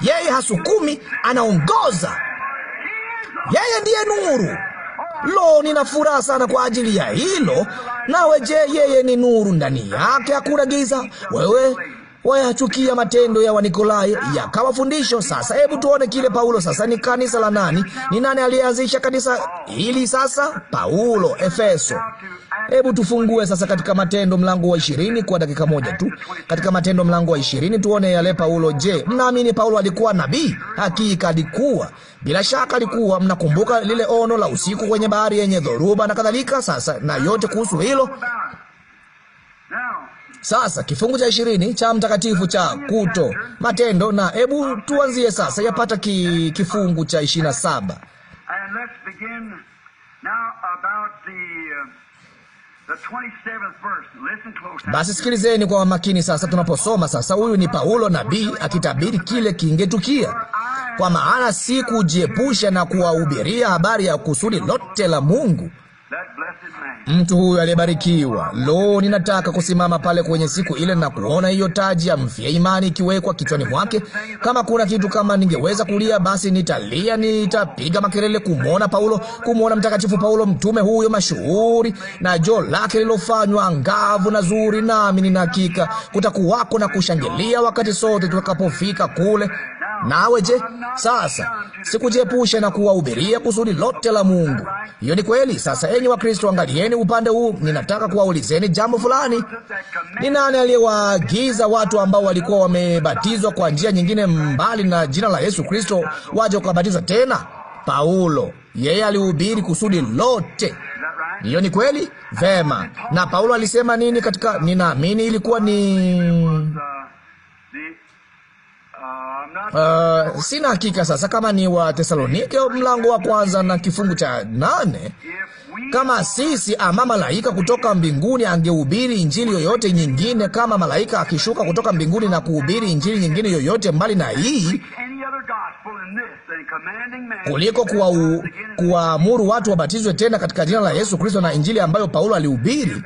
Yeye hasukumi, anaongoza. Yeye ndiye nuru. Lo, nina furaha sana kwa ajili ya hilo. Nawe je, yeye ni nuru, ndani yake hakuna giza? Wewe wayachukia matendo ya Wanikolai yakawa fundisho. Sasa hebu tuone kile Paulo. Sasa ni kanisa la nani? Ni nani aliyeanzisha kanisa hili? Sasa Paulo, Efeso. Hebu tufungue sasa katika Matendo mlango wa ishirini kwa dakika moja tu, katika Matendo mlango wa ishirini tuone yale Paulo. Je, mnaamini Paulo alikuwa nabii? Hakika alikuwa, bila shaka alikuwa. Mnakumbuka lile ono la usiku kwenye bahari yenye dhoruba na kadhalika. Sasa na yote kuhusu hilo. Sasa kifungu cha ishirini cha mtakatifu cha kuto matendo, na hebu tuanzie sasa, yapata ki, kifungu cha ishirini na saba uh, basi sikilizeni kwa makini sasa, tunaposoma sasa. Huyu ni Paulo nabii akitabiri kile kingetukia: kwa maana si kujiepusha na kuwahubiria habari ya kusudi lote la Mungu mtu huyu aliyebarikiwa. Lo, ninataka kusimama pale kwenye siku ile na kuona hiyo taji ya mfia imani ikiwekwa kichwani mwake. Kama kuna kitu, kama ningeweza kulia, basi nitalia, nitapiga makelele kumwona Paulo, kumwona mtakatifu Paulo, mtume huyo mashuhuri, na joo lake lilofanywa angavu na zuri. Nami nina hakika kutakuwako na kushangilia wakati sote tutakapofika kule. Nawe je, sasa sikujiepusha na kuwahubiria kusudi lote la Mungu? Hiyo ni kweli. Sasa enyi Kristo, angalieni upande huu. Ninataka kuwaulizeni jambo fulani. Ni nani aliyewaagiza watu ambao walikuwa wamebatizwa kwa njia nyingine mbali na jina la Yesu Kristo waje wakabatiza tena? Paulo. Yeye alihubiri kusudi lote. Hiyo ni kweli. Vema. Na Paulo alisema nini katika? Ninaamini ilikuwa ni Uh, sina hakika sasa kama ni wa Thessalonike mlango wa kwanza na kifungu cha nane. Kama sisi ama malaika kutoka mbinguni angehubiri injili yoyote nyingine, kama malaika akishuka kutoka mbinguni na kuhubiri injili nyingine yoyote mbali na hii kuliko kuwaamuru watu wabatizwe tena katika jina la Yesu Kristo na Injili ambayo Paulo alihubiri.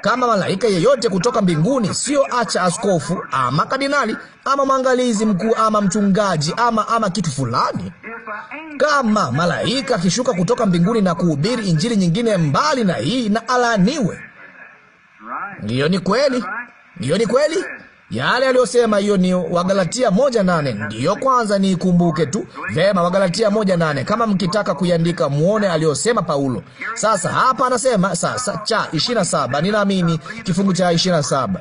Kama malaika yeyote kutoka mbinguni, sio acha askofu ama kardinali ama mwangalizi mkuu ama mchungaji ama ama kitu fulani. Kama malaika akishuka kutoka mbinguni na kuhubiri injili nyingine mbali na hii, na alaniwe. Ndiyo, ni kweli. Ndiyo, ni kweli yale aliyosema. Hiyo ni Wagalatia moja nane. Ndiyo kwanza niikumbuke tu vema, Wagalatia moja nane. Kama mkitaka kuiandika, muone aliyosema Paulo. Sasa hapa anasema sasa, cha 27 ninaamini kifungu cha saba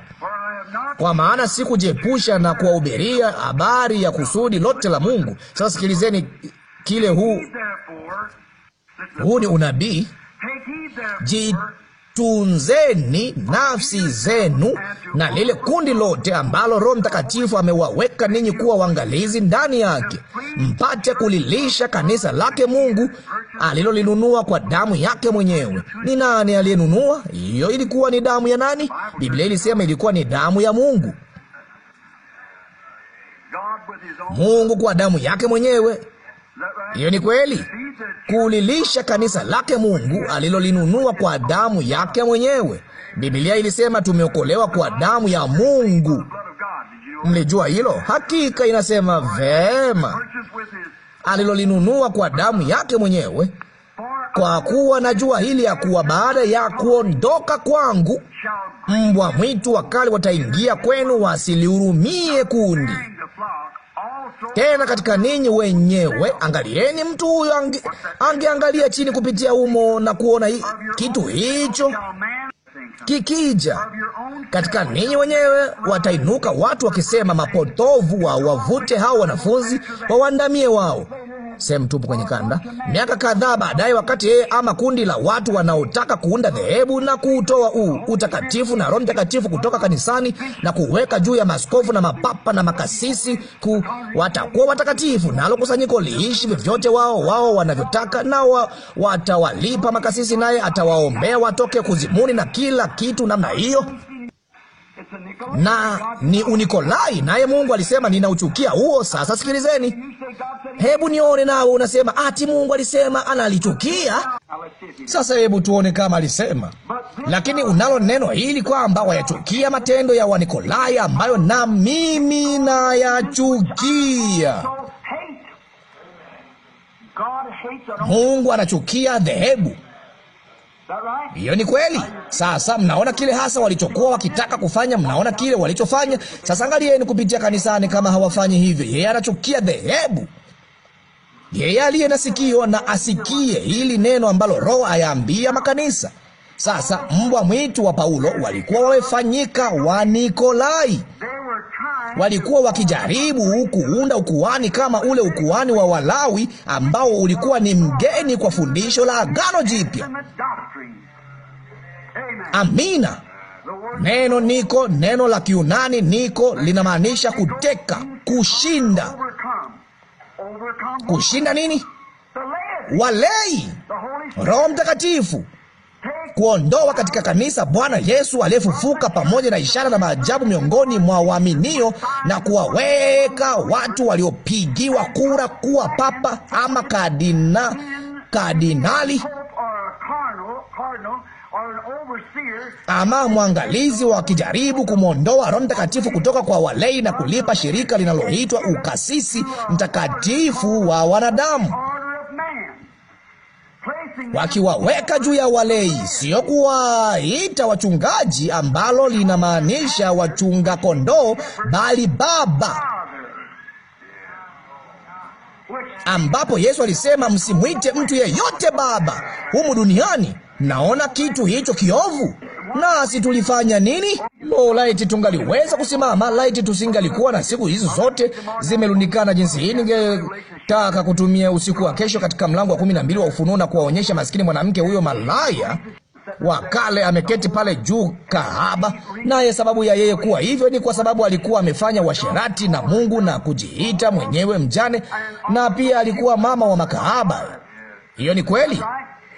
kwa maana sikujepusha na kuwahubiria habari ya kusudi lote la Mungu. Sasa sikilizeni kile huu huu ni unabii tunzeni nafsi zenu na lile kundi lote ambalo Roho Mtakatifu amewaweka ninyi kuwa wangalizi ndani yake, mpate kulilisha kanisa lake Mungu alilolinunua kwa damu yake mwenyewe. Ni nani aliyenunua? Hiyo ilikuwa ni damu ya nani? Biblia ilisema ilikuwa ni damu ya Mungu. Mungu kwa damu yake mwenyewe hiyo ni kweli, kulilisha kanisa lake Mungu alilolinunua kwa damu yake mwenyewe. Biblia ilisema tumeokolewa kwa damu ya Mungu. Mlijua hilo? Hakika inasema vema, alilolinunua kwa damu yake mwenyewe. Kwa kuwa najua hili ya kuwa baada ya kuondoka kwangu, mbwa mwitu wakali wataingia kwenu, wasilihurumie kundi tena katika ninyi wenyewe, angalieni. Mtu huyo angeangalia chini kupitia humo na kuona kitu hicho kikija katika ninyi wenyewe, watainuka watu wakisema, mapotovu wa wavute hao wanafunzi wawaandamie wao sehemu tupu kwenye kanda. Miaka kadhaa baadaye, wakati yeye ama kundi la watu wanaotaka kuunda dhehebu na kuutoa u utakatifu na Roho Mtakatifu kutoka kanisani na kuweka juu ya maskofu na mapapa na makasisi, ku watakuwa watakatifu, nalo kusanyiko liishi vyovyote wao wao wanavyotaka, na wa, watawalipa makasisi, naye atawaombea watoke kuzimuni na kila kitu namna hiyo, na ni Unikolai, naye Mungu alisema ninauchukia huo. Sasa sikilizeni, hebu nione, nawe unasema ati Mungu alisema analichukia. Sasa hebu tuone kama alisema, lakini unalo neno hili kwamba wayachukia matendo ya Wanikolai, ambayo na mimi nayachukia. Mungu anachukia dhehebu hiyo ni kweli. Sasa mnaona kile hasa walichokuwa wakitaka kufanya, mnaona kile walichofanya. Sasa angalieni kupitia kanisani, kama hawafanyi hivyo, yeye anachukia dhehebu. Yeye aliye na sikio na asikie hili neno ambalo Roho ayaambia makanisa. Sasa mbwa mwitu wa Paulo walikuwa wamefanyika nikolai walikuwa wakijaribu kuunda ukuhani kama ule ukuhani wa Walawi ambao ulikuwa ni mgeni kwa fundisho la Agano Jipya. Amina. Neno niko, neno la Kiunani niko, linamaanisha kuteka, kushinda. Kushinda nini? Walei, Roho Mtakatifu kuondoa katika kanisa Bwana Yesu aliyefufuka pamoja na ishara na maajabu miongoni mwa waaminio na kuwaweka watu waliopigiwa kura kuwa papa ama kadina, kardinali ama mwangalizi wakijaribu kumwondoa Roho Mtakatifu kutoka kwa walei na kulipa shirika linaloitwa ukasisi mtakatifu wa wanadamu wakiwaweka juu ya walei, sio kuwaita wachungaji, ambalo linamaanisha wachunga kondoo, bali baba, ambapo Yesu alisema msimwite mtu yeyote baba humu duniani. naona kitu hicho kiovu? nasi tulifanya nini? Lo, oh, laiti tungaliweza kusimama! Laiti tusingalikuwa na siku hizi zote zimerundikana jinsi hii! Ningetaka kutumia usiku wa kesho katika mlango wa kumi na mbili wa Ufunuo na kuwaonyesha maskini mwanamke huyo malaya wa kale ameketi pale juu kahaba, naye sababu ya yeye kuwa hivyo ni kwa sababu alikuwa amefanya uasherati na Mungu na kujiita mwenyewe mjane, na pia alikuwa mama wa makahaba. Hiyo ni kweli.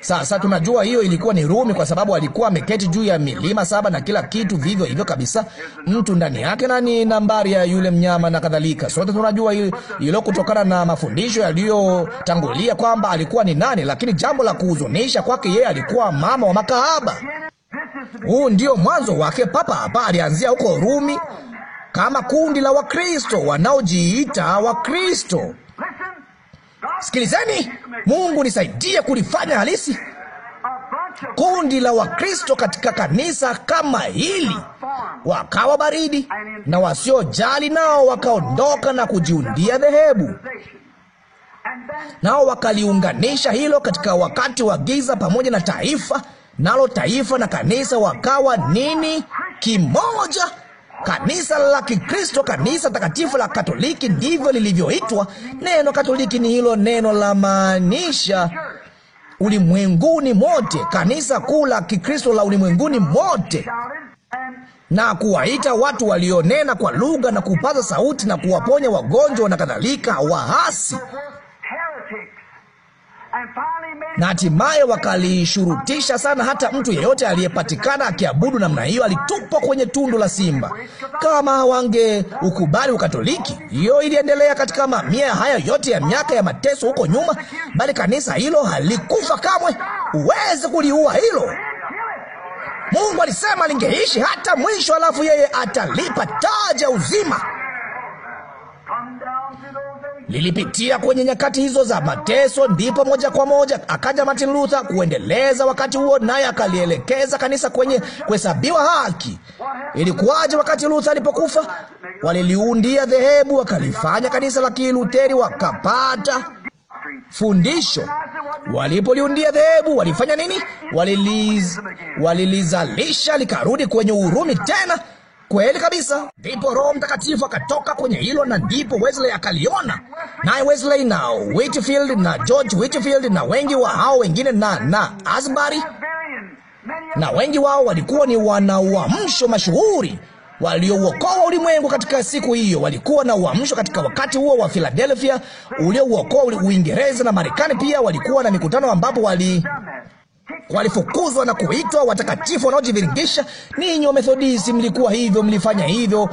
Sasa tunajua hiyo ilikuwa ni Rumi kwa sababu alikuwa ameketi juu ya milima saba na kila kitu vivyo hivyo kabisa, mtu ndani yake na ni nambari ya yule mnyama na kadhalika. Sote tunajua hilo kutokana na mafundisho yaliyotangulia kwamba alikuwa ni nani, lakini jambo la kuhuzunisha kwake, yeye alikuwa mama wa makahaba. Huu ndio mwanzo wake papa hapa, alianzia huko Rumi kama kundi la Wakristo wanaojiita Wakristo. Sikilizeni, Mungu nisaidie kulifanya halisi. Kundi la Wakristo katika kanisa kama hili wakawa baridi na wasiojali, nao wakaondoka na kujiundia dhehebu, nao wakaliunganisha hilo katika wakati wa giza pamoja na taifa, nalo taifa na kanisa wakawa nini? Kimoja. Kanisa la Kikristo, kanisa takatifu la Katoliki, ndivyo lilivyoitwa. Neno Katoliki ni hilo neno la maanisha ulimwenguni mote, kanisa kuu la Kikristo la ulimwenguni mote, na kuwaita watu walionena kwa lugha na kupaza sauti na kuwaponya wagonjwa na kadhalika, wahasi na hatimaye wakalishurutisha sana, hata mtu yeyote aliyepatikana akiabudu namna hiyo alitupwa kwenye tundu la simba. Kama wange ukubali Ukatoliki, hiyo iliendelea katika mamia haya yote ya miaka ya mateso huko nyuma, bali kanisa hilo halikufa kamwe. uweze kuliua hilo. Mungu alisema lingeishi hata mwisho, alafu yeye atalipa taji ya uzima lilipitia kwenye nyakati hizo za mateso, ndipo moja kwa moja akaja Martin Luther kuendeleza wakati huo, naye akalielekeza kanisa kwenye kuhesabiwa haki. Ilikuwaje wakati Luther alipokufa? Waliliundia dhehebu, wakalifanya kanisa la Kiluteri, wakapata fundisho. Walipoliundia dhehebu walifanya nini? Waliliz, walilizalisha likarudi kwenye Urumi tena. Kweli kabisa. Ndipo Roho Mtakatifu akatoka kwenye hilo, na ndipo Wesley akaliona. Naye Wesley na Whitfield na George Whitfield na wengi wa hao wengine na na Asbury na wengi wao walikuwa ni wanauamsho mashuhuri waliouokoa ulimwengu katika siku hiyo. Walikuwa na uamsho katika wakati huo wa Philadelphia uliouokoa Uingereza na Marekani. Pia walikuwa na mikutano ambapo wali walifukuzwa na kuitwa watakatifu wanaojiviringisha. Ninyi wamethodisi mlikuwa hivyo, mlifanya hivyo.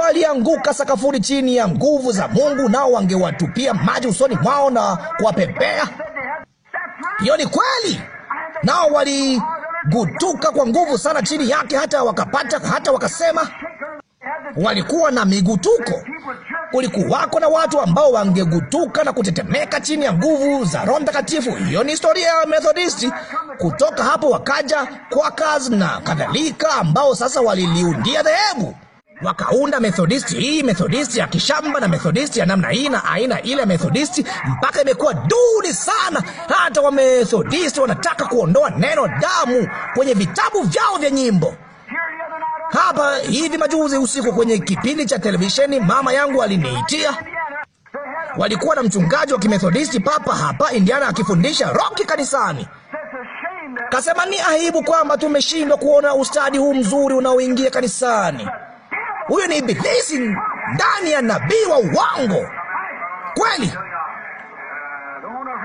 Walianguka sakafuni chini ya nguvu za Mungu, nao wangewatupia maji usoni mwao na kuwapepea. Hiyo ni kweli. Nao waligutuka kwa nguvu sana chini yake, hata wakapata, hata wakasema walikuwa na migutuko. Kulikuwako na watu ambao wangegutuka na kutetemeka chini ya nguvu za Roho Mtakatifu. Hiyo ni historia ya Methodisti. Kutoka hapo wakaja kazi na kadhalika, ambao sasa waliliundia dhehebu wakaunda Methodisti hii, Methodisti ya kishamba na Methodisti ya namna hii na aina ile ya Methodisti, mpaka imekuwa duni sana. Hata Wamethodisti wanataka kuondoa neno damu kwenye vitabu vyao vya nyimbo. Hapa hivi majuzi usiku kwenye kipindi cha televisheni mama yangu aliniitia. Walikuwa na mchungaji wa Kimethodisti papa hapa Indiana akifundisha roki kanisani. Kasema ni aibu kwamba tumeshindwa kuona ustadi huu mzuri unaoingia kanisani. Huyo ni ibilisi ndani ya nabii wa uongo. Kweli.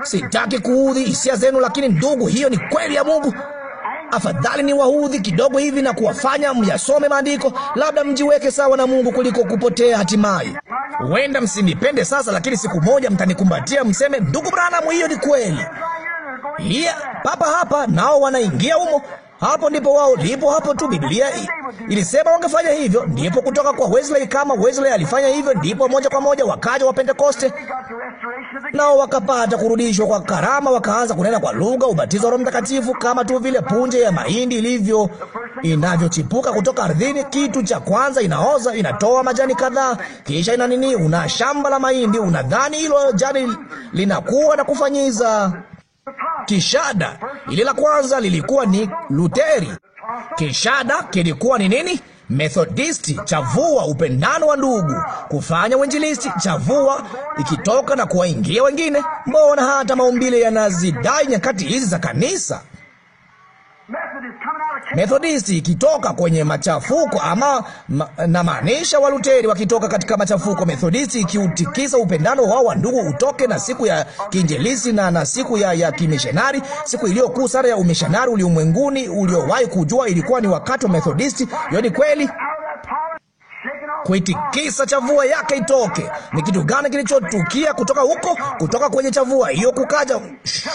Sitaki kuudhi hisia zenu, lakini ndugu, hiyo ni kweli ya Mungu afadhali ni waudhi kidogo hivi na kuwafanya myasome maandiko, labda mjiweke sawa na Mungu kuliko kupotea hatimaye. Huenda msinipende sasa, lakini siku moja mtanikumbatia, mseme, ndugu Branham, hiyo ni kweli. Iya, yeah, papa hapa nao wanaingia humo hapo ndipo wao, ndipo hapo tu Biblia ilisema wangefanya hivyo. Ndipo kutoka kwa Wesley, kama Wesley alifanya hivyo, ndipo moja kwa moja wakaja wa Pentekoste, nao wakapata kurudishwa kwa karama, wakaanza kunena kwa lugha, ubatizo wa Roho Mtakatifu, kama tu vile punje ya mahindi ilivyo inavyochipuka kutoka ardhini. Kitu cha kwanza inaoza, inatoa majani kadhaa, kisha ina nini? Una shamba la mahindi, unadhani hilo jani linakuwa na kufanyiza Kishada. Ile la kwanza lilikuwa ni Luteri. Kishada kilikuwa ni nini? Methodisti, chavua upendano wa ndugu, kufanya uinjilisti, chavua ikitoka na kuwaingia wengine. Mbona hata maumbile yanazidai nyakati hizi za kanisa. Methodisti ikitoka kwenye machafuko ama ma, na maanisha Waluteri wakitoka katika machafuko, Methodisti ikiutikisa upendano wao wa ndugu utoke, na siku ya kiinjilisi na na siku ya, ya kimishonari, siku iliyokuu sana ya umishonari ulimwenguni uliowahi kujua ilikuwa ni wakati wa Methodisti. Hiyo ni kweli kuitikisa chavua yake itoke. Ni kitu gani kilichotukia kutoka huko? Kutoka kwenye chavua hiyo kukaja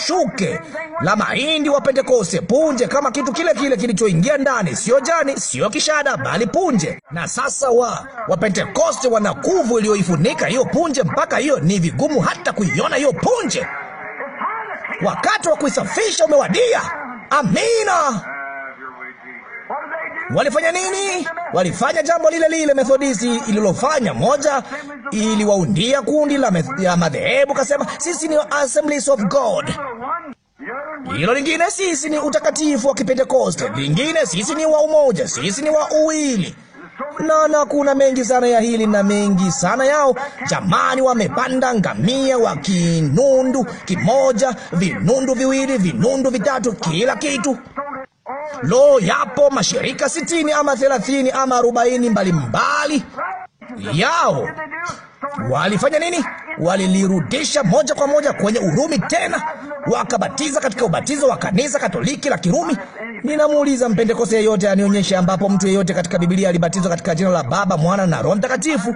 shuke la mahindi wa Pentekoste, punje kama kitu kile kile kilichoingia ndani, sio jani, sio kishada, bali punje. Na sasa wa wa Pentekoste wana kuvu iliyoifunika hiyo punje, mpaka hiyo ni vigumu hata kuiona hiyo punje. Wakati wa kuisafisha umewadia. Amina. Walifanya nini? Walifanya jambo lile lile Methodisti ililofanya. Moja iliwaundia kundi la ya madhehebu, kasema sisi ni Assemblies of God. Hilo lingine, sisi ni utakatifu wa Kipentekoste. Lingine, sisi ni wa umoja, sisi ni wa uwili na na kuna mengi sana ya hili na mengi sana yao. Jamani, wamepanda ngamia wa kinundu kimoja, vinundu viwili, vinundu vitatu, kila kitu Lo, yapo mashirika sitini ama thelathini ama arobaini mbalimbali yao. Walifanya nini? Walilirudisha moja kwa moja kwenye Urumi tena, wakabatiza katika ubatizo wa kanisa Katoliki la Kirumi. Ninamuuliza mpentekoste yeyote anionyeshe ambapo mtu yeyote katika Biblia alibatizwa katika jina la Baba, Mwana na Roho Mtakatifu.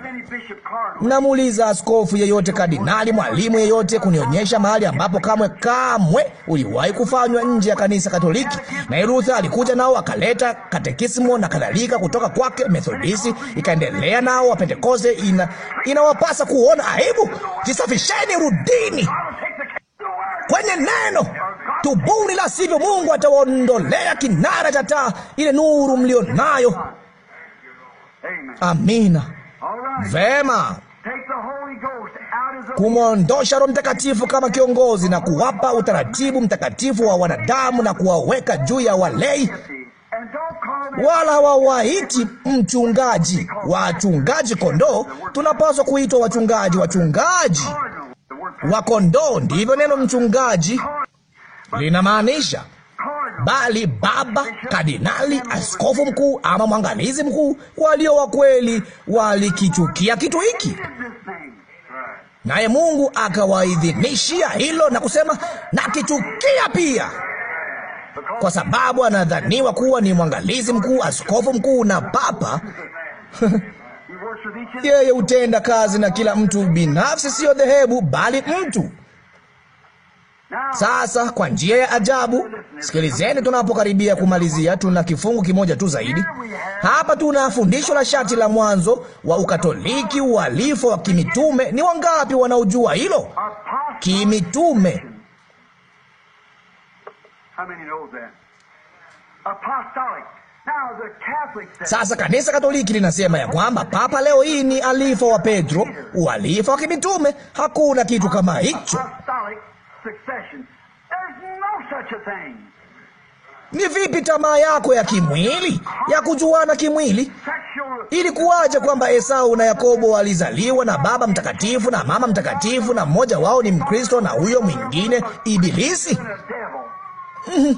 Namuuliza askofu yeyote, kardinali, mwalimu yeyote kunionyesha mahali ambapo kamwe kamwe uliwahi kufanywa nje ya kanisa Katoliki. Na Luther alikuja nao akaleta katekismo na kadhalika kutoka kwake, methodisi ikaendelea nao Wapentekoste. Ina inawapasa kuona aibu. Jisafisheni, rudini kwenye neno Tubuni, la sivyo Mungu atawaondolea kinara cha taa, ile nuru mlionayo. Amina. Vema, kumwondosha Roho Mtakatifu kama kiongozi na kuwapa utaratibu mtakatifu wa wanadamu na kuwaweka juu ya walei wala hawawaiti mchungaji, wachungaji kondoo. Tunapaswa kuitwa wachungaji, wachungaji wa kondoo. Ndivyo neno mchungaji linamaanisha bali baba kardinali, askofu mkuu ama mwangalizi mkuu, walio wa kweli walikichukia kitu hiki, naye Mungu akawaidhinishia hilo na kusema, nakichukia pia, kwa sababu anadhaniwa kuwa ni mwangalizi mkuu, askofu mkuu na papa yeye hutenda kazi na kila mtu binafsi, siyo dhehebu, bali mtu sasa kwa njia ya ajabu, sikilizeni, tunapokaribia kumalizia, tuna kifungu kimoja tu zaidi hapa. Tuna fundisho la sharti la mwanzo wa Ukatoliki, uhalifu wa kimitume. Ni wangapi wanaojua hilo? Kimitume. Sasa kanisa Katoliki linasema ya kwamba Papa leo hii ni alifa wa Petro, uhalifa wa kimitume. Hakuna kitu kama hicho. Ni vipi tamaa yako ya kimwili ya kujuana kimwili? Ilikuwaje kwamba Esau na Yakobo walizaliwa na baba mtakatifu na mama mtakatifu, na mmoja wao ni Mkristo na huyo mwingine Ibilisi? Mhm.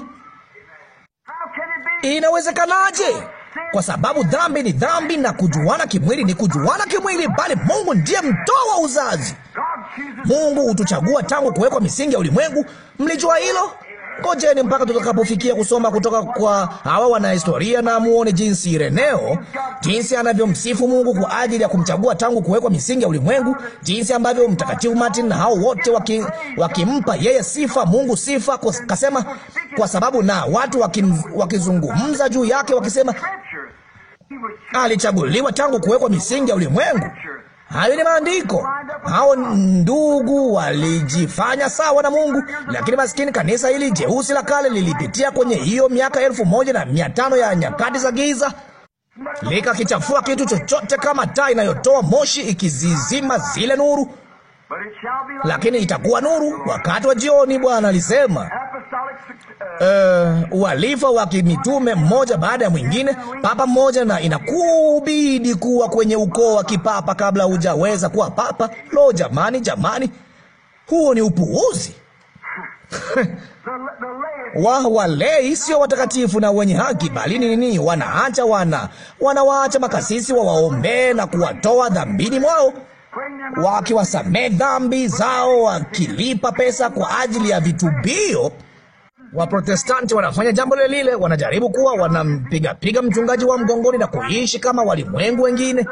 Inawezekanaje? kwa sababu dhambi ni dhambi na kujuana kimwili ni kujuana kimwili, bali Mungu ndiye mtoa wa uzazi. Mungu hutuchagua tangu kuwekwa misingi ya ulimwengu. Mlijua hilo? Ngojeni mpaka tutakapofikia kusoma kutoka kwa hawa wanahistoria na muone jinsi Ireneo, jinsi anavyomsifu Mungu kwa ajili ya kumchagua tangu kuwekwa misingi ya ulimwengu, jinsi ambavyo mtakatifu Martin na hao wote waki, wakimpa yeye sifa Mungu sifa kasema, kwa sababu na watu wakizungumza waki juu yake wakisema alichaguliwa tangu kuwekwa misingi ya ulimwengu. Hayo ni maandiko. Hao ndugu walijifanya sawa na Mungu, lakini maskini kanisa hili jeusi la kale lilipitia kwenye hiyo miaka elfu moja na mia tano ya nyakati za giza likakichafua kitu chochote kama taa inayotoa moshi ikizizima zile nuru, lakini itakuwa nuru wakati wa jioni, Bwana alisema uh, walifa wa kimitume mmoja baada ya mwingine, papa mmoja, na inakubidi kuwa kwenye ukoo wa kipapa kabla hujaweza kuwa papa. Lo, jamani, jamani, huo ni upuuzi. wa walei sio watakatifu na wenye haki, bali nini? Wanaacha wana wanawaacha makasisi wawaombee na kuwatoa dhambini mwao, wakiwasamee dhambi zao, wakilipa pesa kwa ajili ya vitubio. Waprotestanti wanafanya jambo lile lile, wanajaribu kuwa wanampigapiga mchungaji wa mgongoni na kuishi kama walimwengu wengine,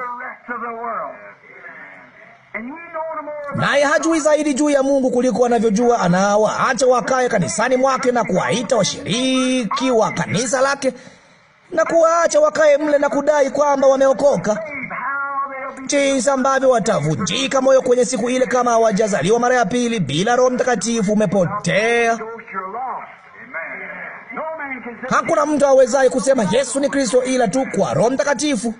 naye hajui zaidi juu ya Mungu kuliko anavyojua. Anawaacha wakae kanisani mwake na kuwaita washiriki wa kanisa lake na kuwaacha wakae mle na kudai kwamba wameokoka. Jinsi ambavyo watavunjika moyo kwenye siku ile kama hawajazaliwa mara ya pili. Bila Roho Mtakatifu umepotea. Hakuna mtu awezaye kusema Yesu ni Kristo ila tu kwa Roho Mtakatifu.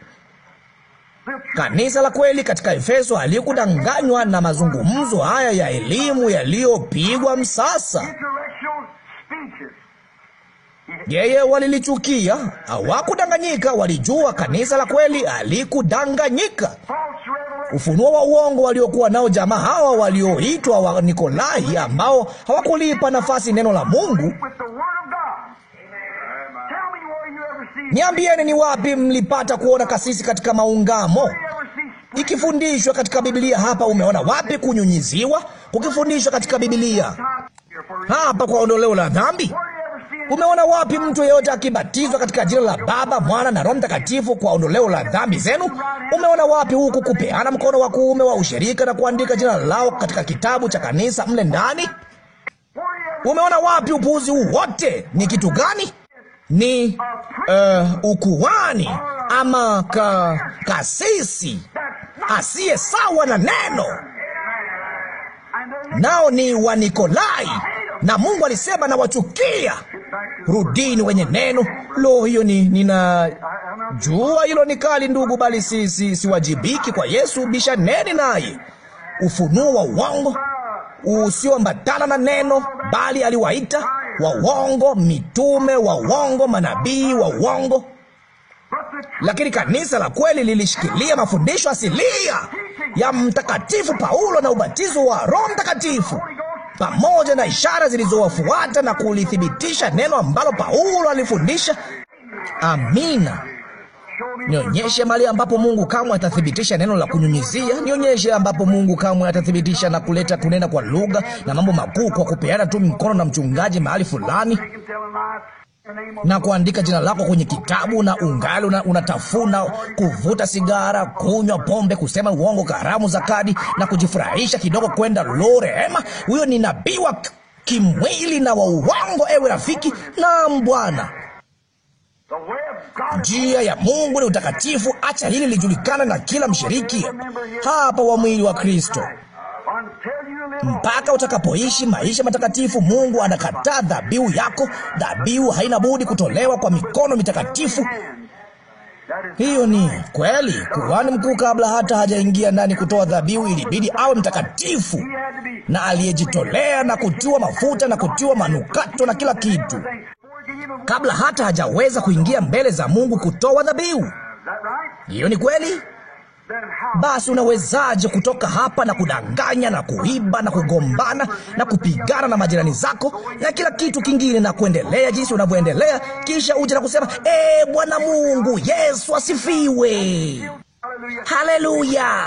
Kanisa la kweli katika Efeso halikudanganywa na mazungumzo haya ya elimu yaliyopigwa msasa. Yeye walilichukia, hawakudanganyika. Walijua kanisa la kweli halikudanganyika. Ufunuo wa uongo waliokuwa nao jamaa hawa walioitwa wa Nikolai, ambao hawakulipa nafasi neno la Mungu Niambieni, ni wapi mlipata kuona kasisi katika maungamo ikifundishwa katika Biblia? Hapa umeona wapi kunyunyiziwa kukifundishwa katika Biblia? Hapa kwa ondoleo la dhambi. Umeona wapi mtu yeyote akibatizwa katika jina la Baba, Mwana na Roho Mtakatifu kwa ondoleo la dhambi zenu? Umeona wapi huku kupeana mkono wa kuume wa ushirika na kuandika jina lao katika kitabu cha kanisa mle ndani? Umeona wapi upuuzi huu wote? Ni kitu gani? ni uh, ukuhani ama ka, kasisi asiye sawa na neno, nao ni wanikolai Na Mungu alisema nawachukia, rudini wenye neno. Lo, hiyo ni nina jua hilo ni kali ndugu, bali si, si, siwajibiki kwa Yesu. Bishaneni naye. Ufunuo wa uongo usioambatana na neno, bali aliwaita wa uongo, mitume wa uongo, manabii wa uongo, lakini kanisa la kweli lilishikilia mafundisho asilia ya Mtakatifu Paulo na ubatizo wa Roho Mtakatifu pamoja na ishara zilizowafuata na kulithibitisha neno ambalo Paulo alifundisha. Amina. Nionyeshe mahali ambapo Mungu kamwe atathibitisha neno la kunyunyizia. Nionyeshe ambapo Mungu kamwe atathibitisha na kuleta kunena kwa lugha na mambo makuu kwa kupeana tu mkono na mchungaji mahali fulani na kuandika jina lako kwenye kitabu, na ungali unatafuna kuvuta sigara, kunywa pombe, kusema uongo, karamu za kadi na kujifurahisha kidogo, kwenda lo, rehema, huyo ni nabii wa kimwili na wa uongo, ewe rafiki. Naam, Bwana Njia ya Mungu ni utakatifu. Acha hili lijulikana na kila mshiriki hapa wa mwili wa Kristo mpaka utakapoishi maisha matakatifu. Mungu anakataa dhabihu yako. Dhabihu haina budi kutolewa kwa mikono mitakatifu. Hiyo ni kweli. Kuhani mkuu kabla hata hajaingia ndani kutoa dhabihu, ilibidi awe mtakatifu na aliyejitolea na kutiwa mafuta na kutiwa manukato na kila kitu kabla hata hajaweza kuingia mbele za Mungu kutoa dhabihu. Hiyo ni kweli. Basi unawezaje kutoka hapa na kudanganya na kuiba na kugombana na kupigana na majirani zako na kila kitu kingine na kuendelea jinsi unavyoendelea, kisha uje na kusema ee, Bwana Mungu, Yesu asifiwe, haleluya.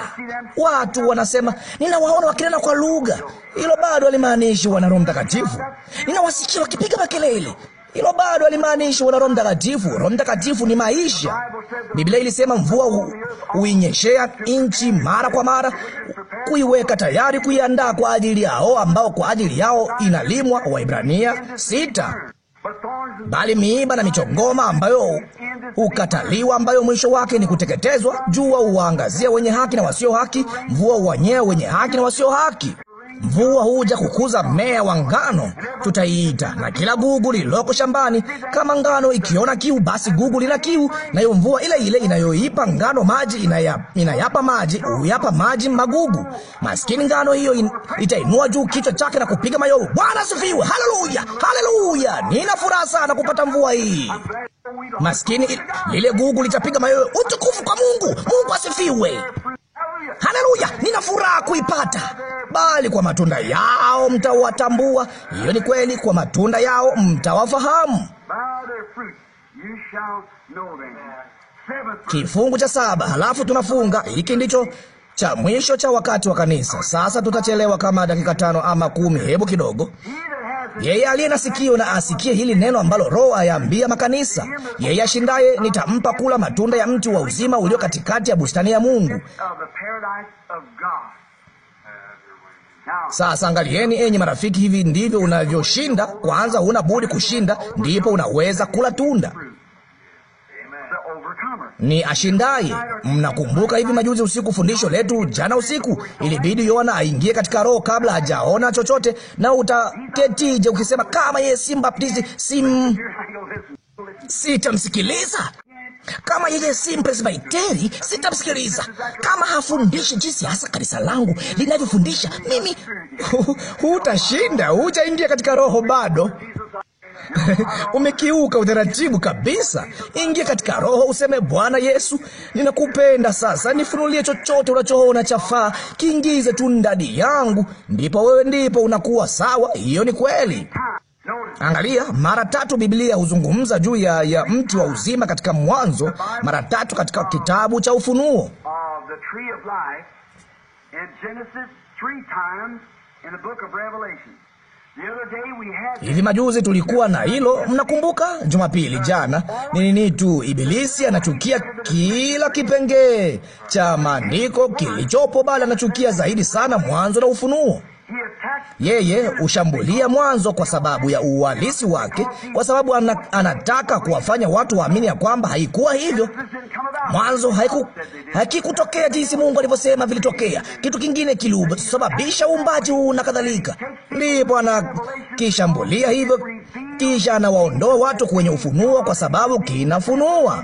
Watu wanasema ninawaona wakinena kwa lugha, hilo bado halimaanishi wana Roho Mtakatifu. Ninawasikia wakipiga makelele hilo bado alimaanisha wana Roho Mtakatifu. Roho Mtakatifu ni maisha. Biblia ilisema mvua huinyeshea nchi mara kwa mara, kuiweka tayari, kuiandaa kwa ajili yao ambao kwa ajili yao inalimwa. Waibrania sita. Bali miiba na michongoma ambayo hukataliwa, ambayo mwisho wake ni kuteketezwa. Jua huwaangazia wenye haki na wasio haki, mvua huwanyea wenye haki na wasio haki. Mvua huja kukuza mmea wa ngano, tutaiita, na kila gugu liloko shambani. Kama ngano ikiona kiu, basi gugu lina kiu, nayo mvua ile ile inayoipa ngano maji inayapa maji uyapa maji magugu. Maskini ngano hiyo in, itainua juu kichwa chake na kupiga mayowe. Bwana sifiwe! Haleluya, haleluya! Nina furaha sana kupata mvua hii. Maskini lile gugu litapiga mayowe. Utukufu kwa Mungu! Mungu asifiwe! Haleluya, nina furaha kuipata. Bali kwa matunda yao mtawatambua. Hiyo ni kweli, kwa matunda yao mtawafahamu. Kifungu cha saba, halafu tunafunga. Hiki ndicho cha mwisho cha wakati wa kanisa. Sasa tutachelewa kama dakika tano ama kumi. Hebu kidogo. Yeye aliye na sikio na asikie hili neno ambalo Roho ayaambia makanisa. Yeye ashindaye nitampa kula matunda ya mti wa uzima ulio katikati ya bustani ya Mungu. Sasa angalieni, enyi marafiki, hivi ndivyo unavyoshinda. Kwanza huna budi kushinda, ndipo unaweza kula tunda ni ashindaye. Mnakumbuka hivi majuzi usiku, fundisho letu jana usiku, ilibidi Yohana aingie katika roho kabla hajaona chochote. Na utaketije ukisema kama yeye si mbaptisti, sim sitamsikiliza kama yeye si mpresbiteri sitamsikiliza. Kama hafundishi jinsi hasa kanisa langu linavyofundisha mimi, hutashinda. Hujaingia katika roho bado. umekiuka utaratibu kabisa. Ingia katika roho, useme Bwana Yesu, ninakupenda sasa, nifunulie chochote unachoona chafaa, kiingize tu ndani yangu, ndipo wewe, ndipo unakuwa sawa. Hiyo ni kweli. Angalia, mara tatu Biblia huzungumza juu ya, ya mti wa uzima katika Mwanzo, mara tatu katika kitabu cha Ufunuo. In the book of Revelation. Hivi majuzi tulikuwa na hilo, mnakumbuka? Jumapili jana ni nini tu, Ibilisi anachukia kila kipengee cha maandiko kilichopo, bali anachukia zaidi sana Mwanzo na Ufunuo. Yeye hushambulia mwanzo kwa sababu ya uhalisi wake, kwa sababu anataka kuwafanya watu waamini ya kwamba haikuwa hivyo mwanzo. Haiku, hakikutokea jinsi Mungu alivyosema vilitokea. Kitu kingine kilisababisha uumbaji huu na kadhalika. Ndipo anakishambulia hivyo, kisha anawaondoa watu kwenye ufunuo kwa sababu kinafunua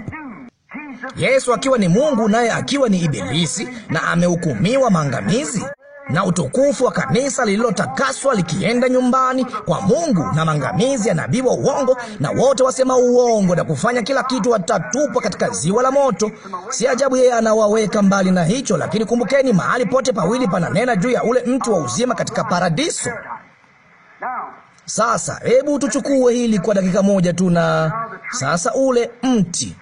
Yesu akiwa ni Mungu naye akiwa ni Ibilisi na amehukumiwa maangamizi na utukufu wa kanisa lililotakaswa likienda nyumbani kwa Mungu, na mangamizi ya nabii wa uongo na wote wasema uongo na kufanya kila kitu watatupwa katika ziwa la moto. Si ajabu yeye anawaweka mbali na hicho, lakini kumbukeni, mahali pote pawili pananena juu ya ule mtu wa uzima katika paradiso. Sasa hebu tuchukue hili kwa dakika moja tu, na sasa ule mti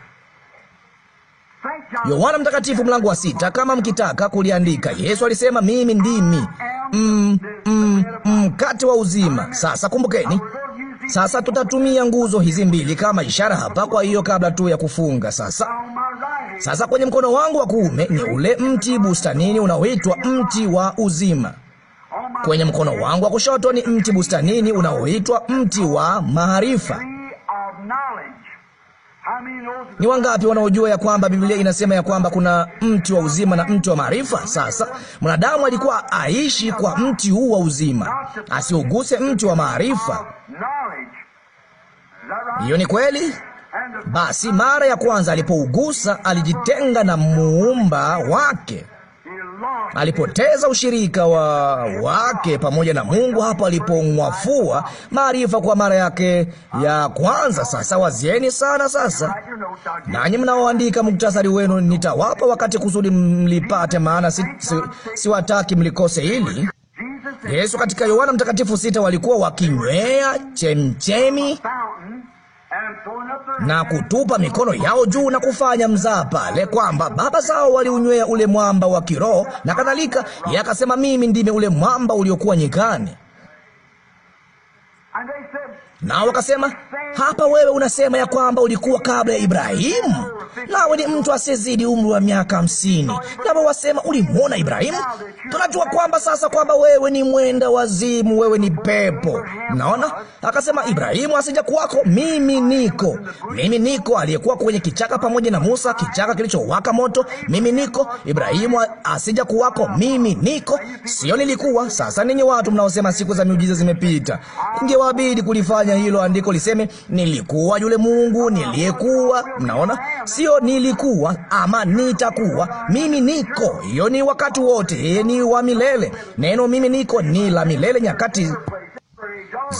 Yohana Mtakatifu mlango wa sita, kama mkitaka kuliandika. Yesu alisema mimi ndimi mm, mm, mkate wa uzima. Sasa kumbukeni, sasa tutatumia nguzo hizi mbili kama ishara hapa. Kwa hiyo kabla tu ya kufunga sasa, sasa kwenye mkono wangu wa kuume ni ule mti bustanini unaoitwa mti wa uzima. Kwenye mkono wangu wa kushoto ni mti bustanini unaoitwa mti wa maarifa. Ni wangapi wanaojua ya kwamba Biblia inasema ya kwamba kuna mti wa uzima na mti wa maarifa? Sasa mwanadamu alikuwa aishi kwa mti huu wa uzima, asiuguse mti wa maarifa. Hiyo ni kweli. Basi mara ya kwanza alipougusa alijitenga na muumba wake. Alipoteza ushirika wa wake pamoja na Mungu hapo alipomwafua maarifa kwa mara yake ya kwanza. Sasa wazieni sana sasa, nanyi mnaoandika muktasari wenu nitawapa wakati kusudi mlipate, maana siwataki si, si mlikose hili. Yesu katika Yohana Mtakatifu sita walikuwa wakinywea chemchemi na kutupa mikono yao juu na kufanya mzaa pale, kwamba baba zao waliunywea ule mwamba wa kiroho na kadhalika. Yakasema, mimi ndime ule mwamba uliokuwa nyikani, na wakasema hapa, wewe unasema ya kwamba ulikuwa kabla ya Ibrahimu nawe ni mtu asiyezidi umri wa miaka hamsini. Nao wasema ulimwona Ibrahimu. Tunajua kwamba sasa kwamba wewe ni mwenda wazimu, wewe ni pepo. Naona akasema Ibrahimu asija kuwako, mimi niko, mimi niko aliyekuwa kwenye kichaka pamoja na Musa, kichaka kilichowaka moto. Mimi niko Ibrahimu asija kuwako, mimi niko. Sio nilikuwa. Sasa ninyi watu mnaosema siku za miujiza zimepita, ingewabidi kulifanya hilo andiko liseme nilikuwa yule Mungu niliyekuwa. Mnaona sio nilikuwa ama nitakuwa. Mimi niko, hiyo ni wakati wote, yeye ni wa milele. Neno mimi niko ni la milele nyakati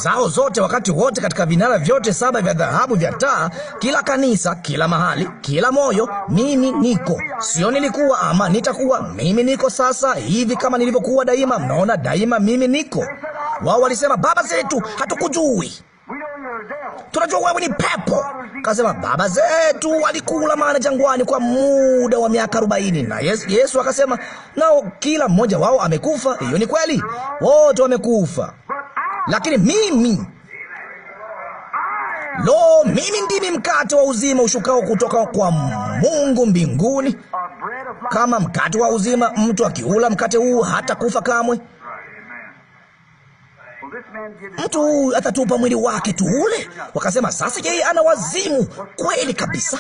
zao zote wakati wote, katika vinara vyote saba vya dhahabu vya taa, kila kanisa, kila mahali, kila moyo. Mimi niko, sio nilikuwa ama nitakuwa. Mimi niko sasa hivi kama nilivyokuwa daima. Mnaona, daima mimi niko. Wao walisema baba zetu hatukujui tunajua wewe ni pepo. Kasema baba zetu walikula maana jangwani kwa muda wa miaka arobaini na Yesu, Yesu akasema nao kila mmoja wao amekufa. Hiyo ni kweli, wote wamekufa, lakini mimi Lo, mimi ndimi mkate wa uzima ushukao kutoka kwa Mungu mbinguni. Kama mkate wa uzima, mtu akiula mkate huu hata kufa kamwe. Atu atatupa mwili wake tu ule. Wakasema sasa yeye ana wazimu kweli kabisa.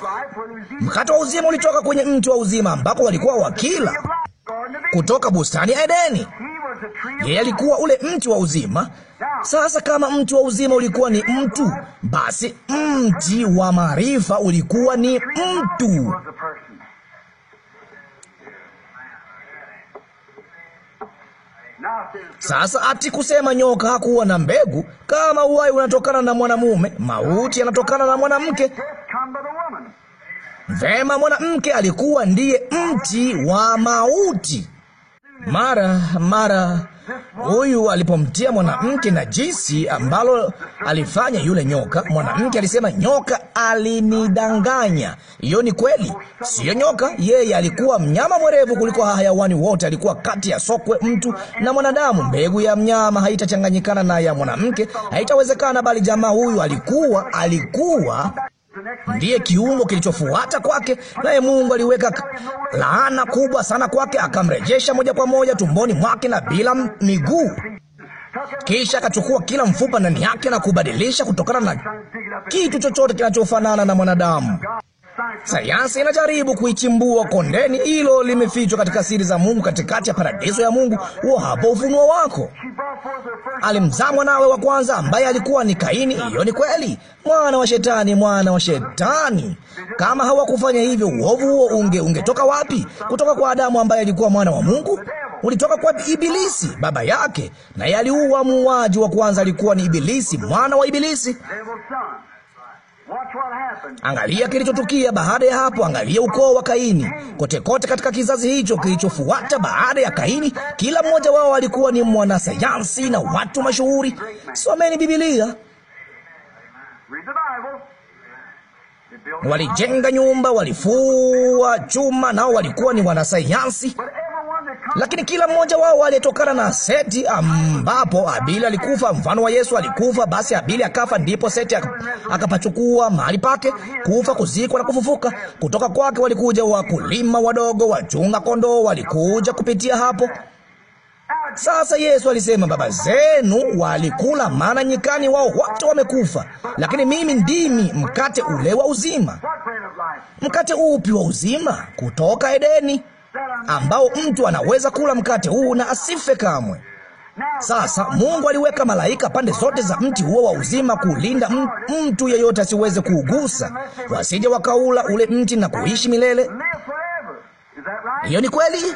Mkate wa uzima ulitoka kwenye mti wa uzima ambako walikuwa wakila kutoka bustani ya Edeni. Yeye alikuwa ule mti wa uzima. Sasa kama mti wa uzima ulikuwa ni mtu, basi mti wa maarifa ulikuwa ni mtu. Sasa ati kusema nyoka hakuwa na mbegu. Kama uhai unatokana na mwanamume, mauti yanatokana na mwanamke. Vema, mwanamke alikuwa ndiye mti wa mauti. Mara mara huyu alipomtia mwanamke na jinsi ambalo alifanya yule nyoka. Mwanamke alisema nyoka alinidanganya. Hiyo ni kweli, siyo nyoka. Yeye alikuwa mnyama mwerevu kuliko hayawani wote, alikuwa kati ya sokwe, mtu na mwanadamu. Mbegu ya mnyama haitachanganyikana na ya mwanamke, haitawezekana. Bali jamaa huyu alikuwa alikuwa ndiye kiungo kilichofuata kwake, naye Mungu aliweka laana kubwa sana kwake, akamrejesha moja kwa moja tumboni mwake na bila miguu kisha akachukua kila mfupa ndani yake na kubadilisha kutokana na kitu chochote kinachofanana na mwanadamu. Sayansi inajaribu kuichimbua kondeni, hilo limefichwa katika siri za Mungu, katikati ya paradiso ya Mungu. Huo hapo ufunuo wako. Alimzaa mwanawe wa kwanza ambaye alikuwa ni Kaini. Hiyo ni kweli, mwana wa Shetani, mwana wa Shetani. Kama hawakufanya hivyo, uovu huo unge ungetoka wapi? Kutoka kwa Adamu ambaye alikuwa mwana wa Mungu, ulitoka kwa Ibilisi baba yake, naye aliua. Muuaji wa kwanza alikuwa ni Ibilisi, mwana wa Ibilisi. Angalia kilichotukia baada ya hapo. Angalia ukoo wa Kaini kote kote, katika kizazi hicho kilichofuata baada ya Kaini, kila mmoja wao alikuwa ni mwanasayansi na watu mashuhuri. Someni Biblia. Walijenga nyumba, walifua chuma, nao walikuwa ni wanasayansi lakini kila mmoja wao aliyetokana na Seti, ambapo Abili alikufa, mfano wa Yesu alikufa, basi Abili akafa, ndipo Seti akapachukua mahali pake. Kufa, kuzikwa na kufufuka kutoka kwake. Walikuja wakulima wadogo, wachunga kondoo, walikuja kupitia hapo. Sasa Yesu alisema, baba zenu walikula mana nyikani, wao wote wamekufa, lakini mimi ndimi mkate ule wa uzima. Mkate upi wa uzima? Kutoka Edeni ambao mtu anaweza kula mkate huu na asife kamwe. Sasa Mungu aliweka malaika pande zote za mti huo wa uzima kuulinda mtu yeyote asiweze kuugusa, wasije wakaula ule mti na kuishi milele. Hiyo ni kweli?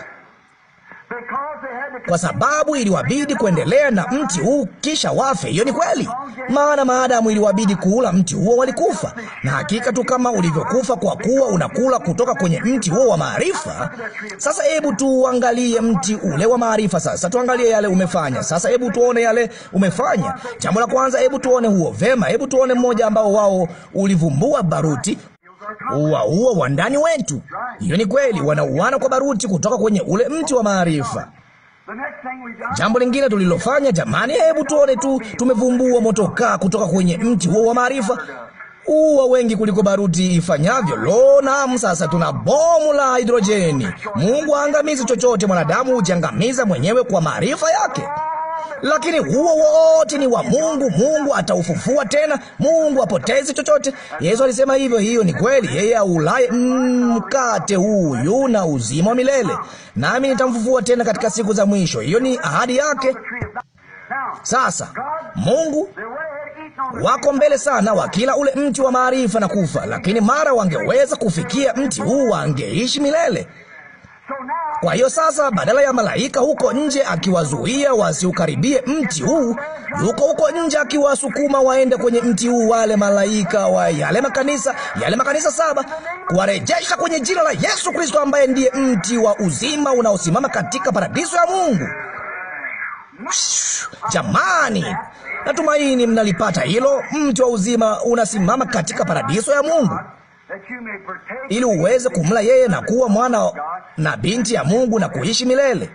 kwa sababu iliwabidi kuendelea na mti huu kisha wafe. Hiyo ni kweli, maana maadamu iliwabidi kuula mti huo walikufa, na hakika tu kama ulivyokufa, kwa kuwa unakula kutoka kwenye mti huo wa maarifa. Sasa hebu tuangalie mti ule wa maarifa. Sasa tuangalie yale umefanya. Sasa hebu tuone yale umefanya. Jambo la kwanza, hebu tuone huo vema. Hebu tuone mmoja ambao wao ulivumbua baruti, uwaua wandani wetu. Hiyo ni kweli, wanauana kwa baruti kutoka kwenye ule mti wa maarifa. Jambo lingine tulilofanya, jamani, hebu tuone tu tumevumbua motokaa kutoka kwenye mti huo wa maarifa uwa wengi kuliko baruti ifanyavyo. Lo, naam, sasa tuna bomu la hidrojeni. Mungu haangamizi chochote, mwanadamu hujiangamiza mwenyewe kwa maarifa yake lakini huo wote ni wa Mungu. Mungu ataufufua tena. Mungu apotezi chochote. Yesu alisema hivyo. Hiyo ni kweli. Yeye aulaye mkate mm, huu yuna uzima wa milele, nami nitamfufua tena katika siku za mwisho. Hiyo ni ahadi yake. Sasa Mungu wako mbele sana, wakila ule mti wa maarifa na kufa, lakini mara wangeweza kufikia mti huu wangeishi milele. Kwa hiyo sasa, badala ya malaika huko nje akiwazuia wasiukaribie mti huu, yuko huko nje akiwasukuma waende kwenye mti huu, wale malaika wa yale makanisa, yale makanisa saba, kuwarejesha kwenye jina la Yesu Kristo, ambaye ndiye mti wa uzima unaosimama katika paradiso ya Mungu. Jamani, natumaini mnalipata hilo. Mti wa uzima unasimama katika paradiso ya Mungu ili uweze kumla yeye na kuwa mwana na binti ya Mungu na kuishi milele.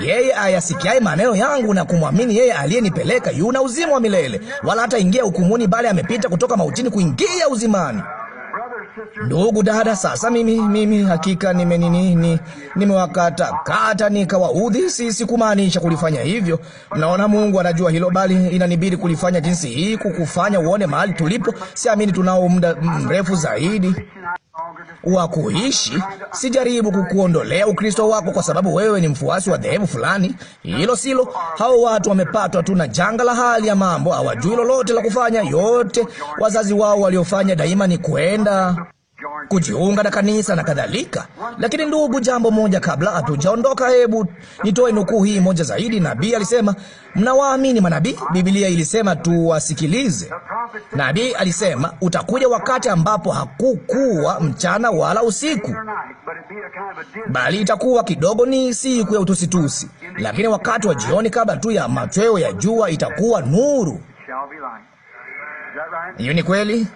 Yeye ayasikiaye maneno yangu na kumwamini yeye aliyenipeleka yuna uzima wa milele, wala hataingia hukumuni, bali amepita kutoka mautini kuingia uzimani ndugu dada, sasa mimi mimi hakika nimenini nimewakatakata nikawaudhi. Si sikumaanisha kulifanya hivyo, mnaona, Mungu anajua hilo, bali inanibidi kulifanya jinsi hii, kukufanya uone mahali tulipo. Siamini tunao muda mrefu zaidi wa kuishi. Sijaribu kukuondolea Ukristo wako kwa sababu wewe ni mfuasi wa dhehebu fulani, hilo silo. Hao watu wamepatwa tu na janga la hali ya mambo, hawajui lolote la kufanya. Yote wazazi wao waliofanya daima ni kwenda kujiunga na kanisa na kadhalika. Lakini ndugu, jambo moja kabla hatujaondoka, hebu nitoe nukuu hii moja zaidi. Nabii alisema, mnawaamini manabii? Biblia ilisema tuwasikilize. Nabii alisema, utakuja wakati ambapo hakukuwa mchana wala usiku, bali itakuwa kidogo ni siku ya utusitusi, lakini wakati wa jioni, kabla tu ya machweo ya jua, itakuwa nuru. Hiyo ni kweli.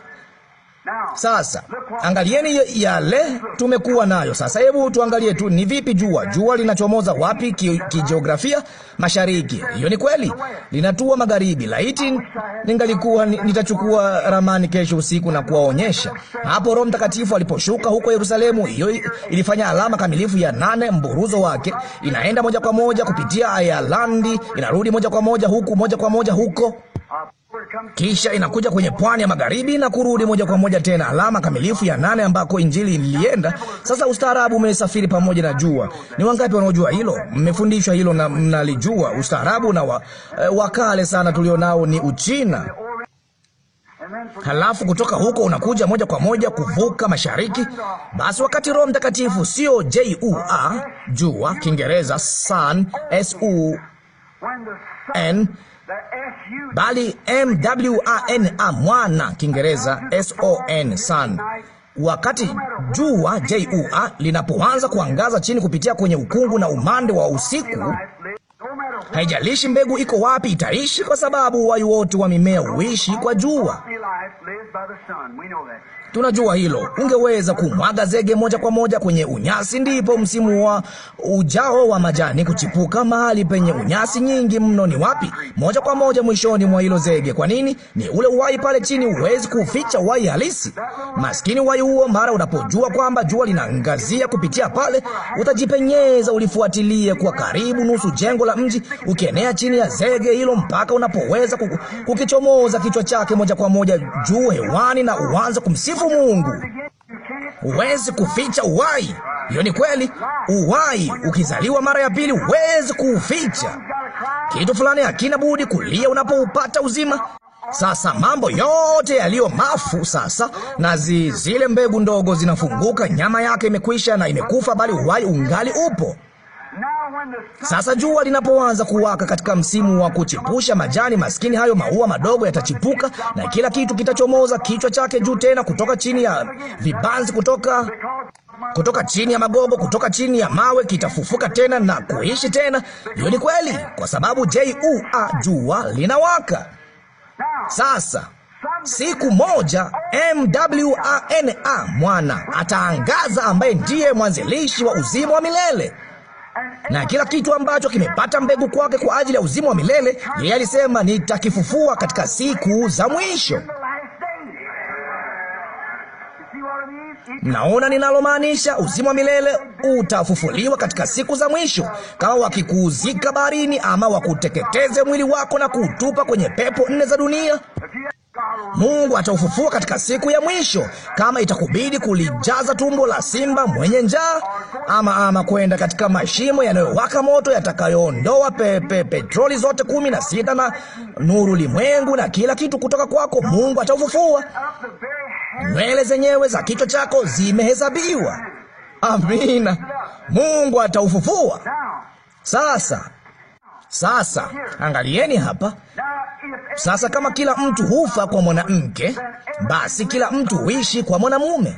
Sasa angalieni yale tumekuwa nayo sasa. Hebu tuangalie tu ni vipi jua jua linachomoza wapi kijiografia? Ki mashariki. Hiyo ni kweli, linatua magharibi. Laiti ningalikuwa nitachukua ramani kesho usiku na kuwaonyesha hapo. Roho Mtakatifu aliposhuka huko Yerusalemu, hiyo ilifanya alama kamilifu ya nane. Mburuzo wake inaenda moja kwa moja kupitia Ayalandi, inarudi moja kwa moja huku, moja kwa moja huko kisha inakuja kwenye pwani ya magharibi na kurudi moja kwa moja tena, alama kamilifu ya nane ambako injili ilienda. Sasa ustaarabu umesafiri pamoja na jua. Ni wangapi wanaojua hilo? Mmefundishwa hilo na mnalijua. Ustaarabu na wa, e, kale sana tulionao ni Uchina. Halafu kutoka huko unakuja moja kwa moja kuvuka mashariki. Basi wakati Roho Mtakatifu, sio jua jua, Kiingereza sun s n bali mwana mwana, Kiingereza son sun Wakati jua jua linapoanza kuangaza chini kupitia kwenye ukungu na umande wa usiku, haijalishi mbegu iko wapi, itaishi, kwa sababu uhai wote wa mimea huishi kwa jua. Tunajua hilo. Ungeweza kumwaga zege moja kwa moja kwenye unyasi, ndipo msimu wa ujao wa majani kuchipuka. Mahali penye unyasi nyingi mno ni wapi? Moja kwa moja mwishoni mwa hilo zege. Kwa nini? Ni ule uwai pale chini, huwezi kuficha uwai halisi. Maskini uwai huo, mara unapojua kwamba jua linaangazia kupitia pale, utajipenyeza ulifuatilie kwa karibu nusu jengo la mji, ukienea chini ya zege hilo mpaka unapoweza kukichomoza kichwa chake moja kwa moja juu hewani na uanze kumsifu kumsifu Mungu. Huwezi kuficha uhai. Hiyo ni kweli. Uhai ukizaliwa mara ya pili, huwezi kuuficha. Kitu fulani hakina budi kulia unapoupata uzima. Sasa mambo yote yaliyo mafu sasa, na zile mbegu ndogo zinafunguka, nyama yake imekwisha na imekufa, bali uhai ungali upo. Sasa jua linapoanza kuwaka katika msimu wa kuchipusha majani, maskini hayo maua madogo yatachipuka na kila kitu kitachomoza kichwa chake juu tena, kutoka chini ya vibanzi, kutoka kutoka chini ya magogo, kutoka chini ya mawe, kitafufuka tena na kuishi tena. Hiyo ni kweli, kwa sababu jua jua linawaka sasa. Siku moja MWANA mwana ataangaza, ambaye ndiye mwanzilishi wa uzima wa milele na kila kitu ambacho kimepata mbegu kwake kwa ajili ya uzima wa milele, yeye alisema nitakifufua katika siku za mwisho. Naona ninalomaanisha, uzima wa milele utafufuliwa katika siku za mwisho. Kama wakikuuzika baharini, ama wakuteketeze mwili wako na kuutupa kwenye pepo nne za dunia Mungu ataufufua katika siku ya mwisho, kama itakubidi kulijaza tumbo la simba mwenye njaa, ama ama kwenda katika mashimo yanayowaka moto yatakayoondoa pepe petroli zote kumi na sita na nuru limwengu na kila kitu kutoka kwako. Mungu ataufufua. Nywele zenyewe za kichwa chako zimehesabiwa. Amina. Mungu ataufufua. Sasa sasa angalieni hapa sasa. Kama kila mtu hufa kwa mwanamke, basi kila mtu huishi kwa mwanamume.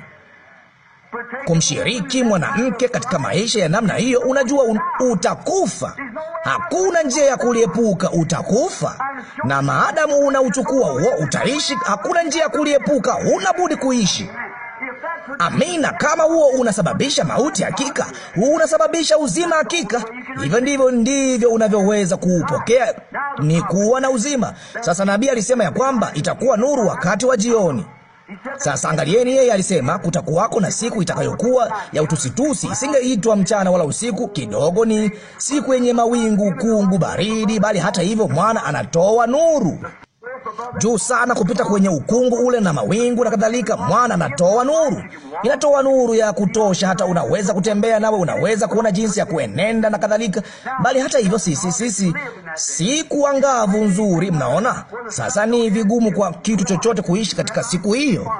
Kumshiriki mwanamke katika maisha ya namna hiyo, unajua un utakufa. Hakuna njia ya kuliepuka, utakufa. Na maadamu unauchukua huo, utaishi. Hakuna njia ya kuliepuka, huna budi kuishi. Amina. Kama huo unasababisha mauti, hakika huo unasababisha uzima, hakika hivyo ndivyo ndivyo unavyoweza kuupokea, ni kuwa na uzima. Sasa nabii alisema ya kwamba itakuwa nuru wakati wa jioni. Sasa angalieni, yeye alisema kutakuwako na siku itakayokuwa ya utusitusi, isingeitwa mchana wala usiku, kidogo ni siku yenye mawingu, kungu, baridi, bali hata hivyo mwana anatoa nuru juu sana kupita kwenye ukungu ule na mawingu na kadhalika. Mwana anatoa nuru, inatoa nuru ya kutosha, hata unaweza kutembea nawe, unaweza kuona jinsi ya kuenenda na kadhalika. Bali hata hivyo, sisi sisi siku angavu nzuri, mnaona. Sasa ni vigumu kwa kitu chochote kuishi katika siku hiyo.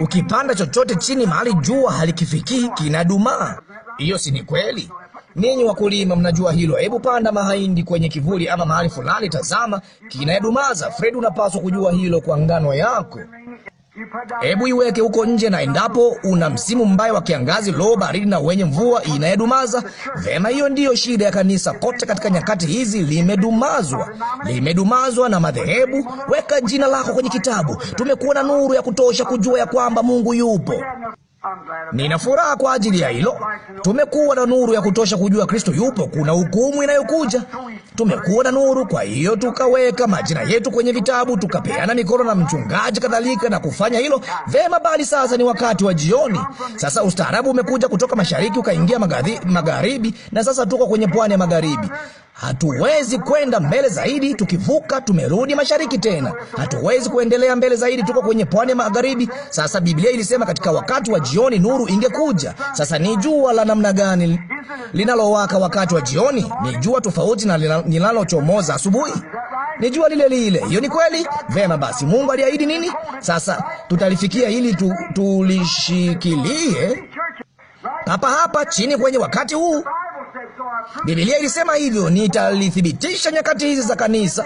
Ukipanda chochote chini mahali jua halikifikii, kinadumaa. Hiyo si ni kweli? Ninyi wakulima mnajua hilo. Hebu panda mahindi kwenye kivuli ama mahali fulani, tazama kinayedumaza. Fred, unapaswa kujua hilo kwa ngano yako. Hebu iweke huko nje, na endapo una msimu mbaya wa kiangazi, lo baridi na wenye mvua, inayedumaza vema. Hiyo ndiyo shida ya kanisa kote katika nyakati hizi, limedumazwa, limedumazwa na madhehebu. Weka jina lako kwenye kitabu. Tumekuwa na nuru ya kutosha kujua ya kwamba Mungu yupo. Nina furaha kwa ajili ya hilo. Tumekuwa na nuru ya kutosha kujua Kristo yupo, kuna hukumu inayokuja. Tumekuwa na nuru, kwa hiyo tukaweka majina yetu kwenye vitabu, tukapeana mikono na mchungaji kadhalika, na kufanya hilo vema. Bali sasa ni wakati wa jioni. Sasa ustaarabu umekuja kutoka mashariki ukaingia magharibi, na sasa tuko kwenye pwani ya magharibi. Hatuwezi kwenda mbele zaidi. Tukivuka tumerudi mashariki tena, hatuwezi kuendelea mbele zaidi. Tuko kwenye pwani magharibi sasa. Biblia ilisema katika wakati wa jioni nuru ingekuja. Sasa ni jua la namna gani linalowaka wakati wa jioni? Ni jua tofauti na linalochomoza asubuhi. Ni jua lile lile. Hiyo ni kweli. Vema basi, Mungu aliahidi nini? Sasa tutalifikia hili tu, tulishikilie hapa hapa chini kwenye wakati huu Bibilia ilisema hivyo, nitalithibitisha nyakati hizi za kanisa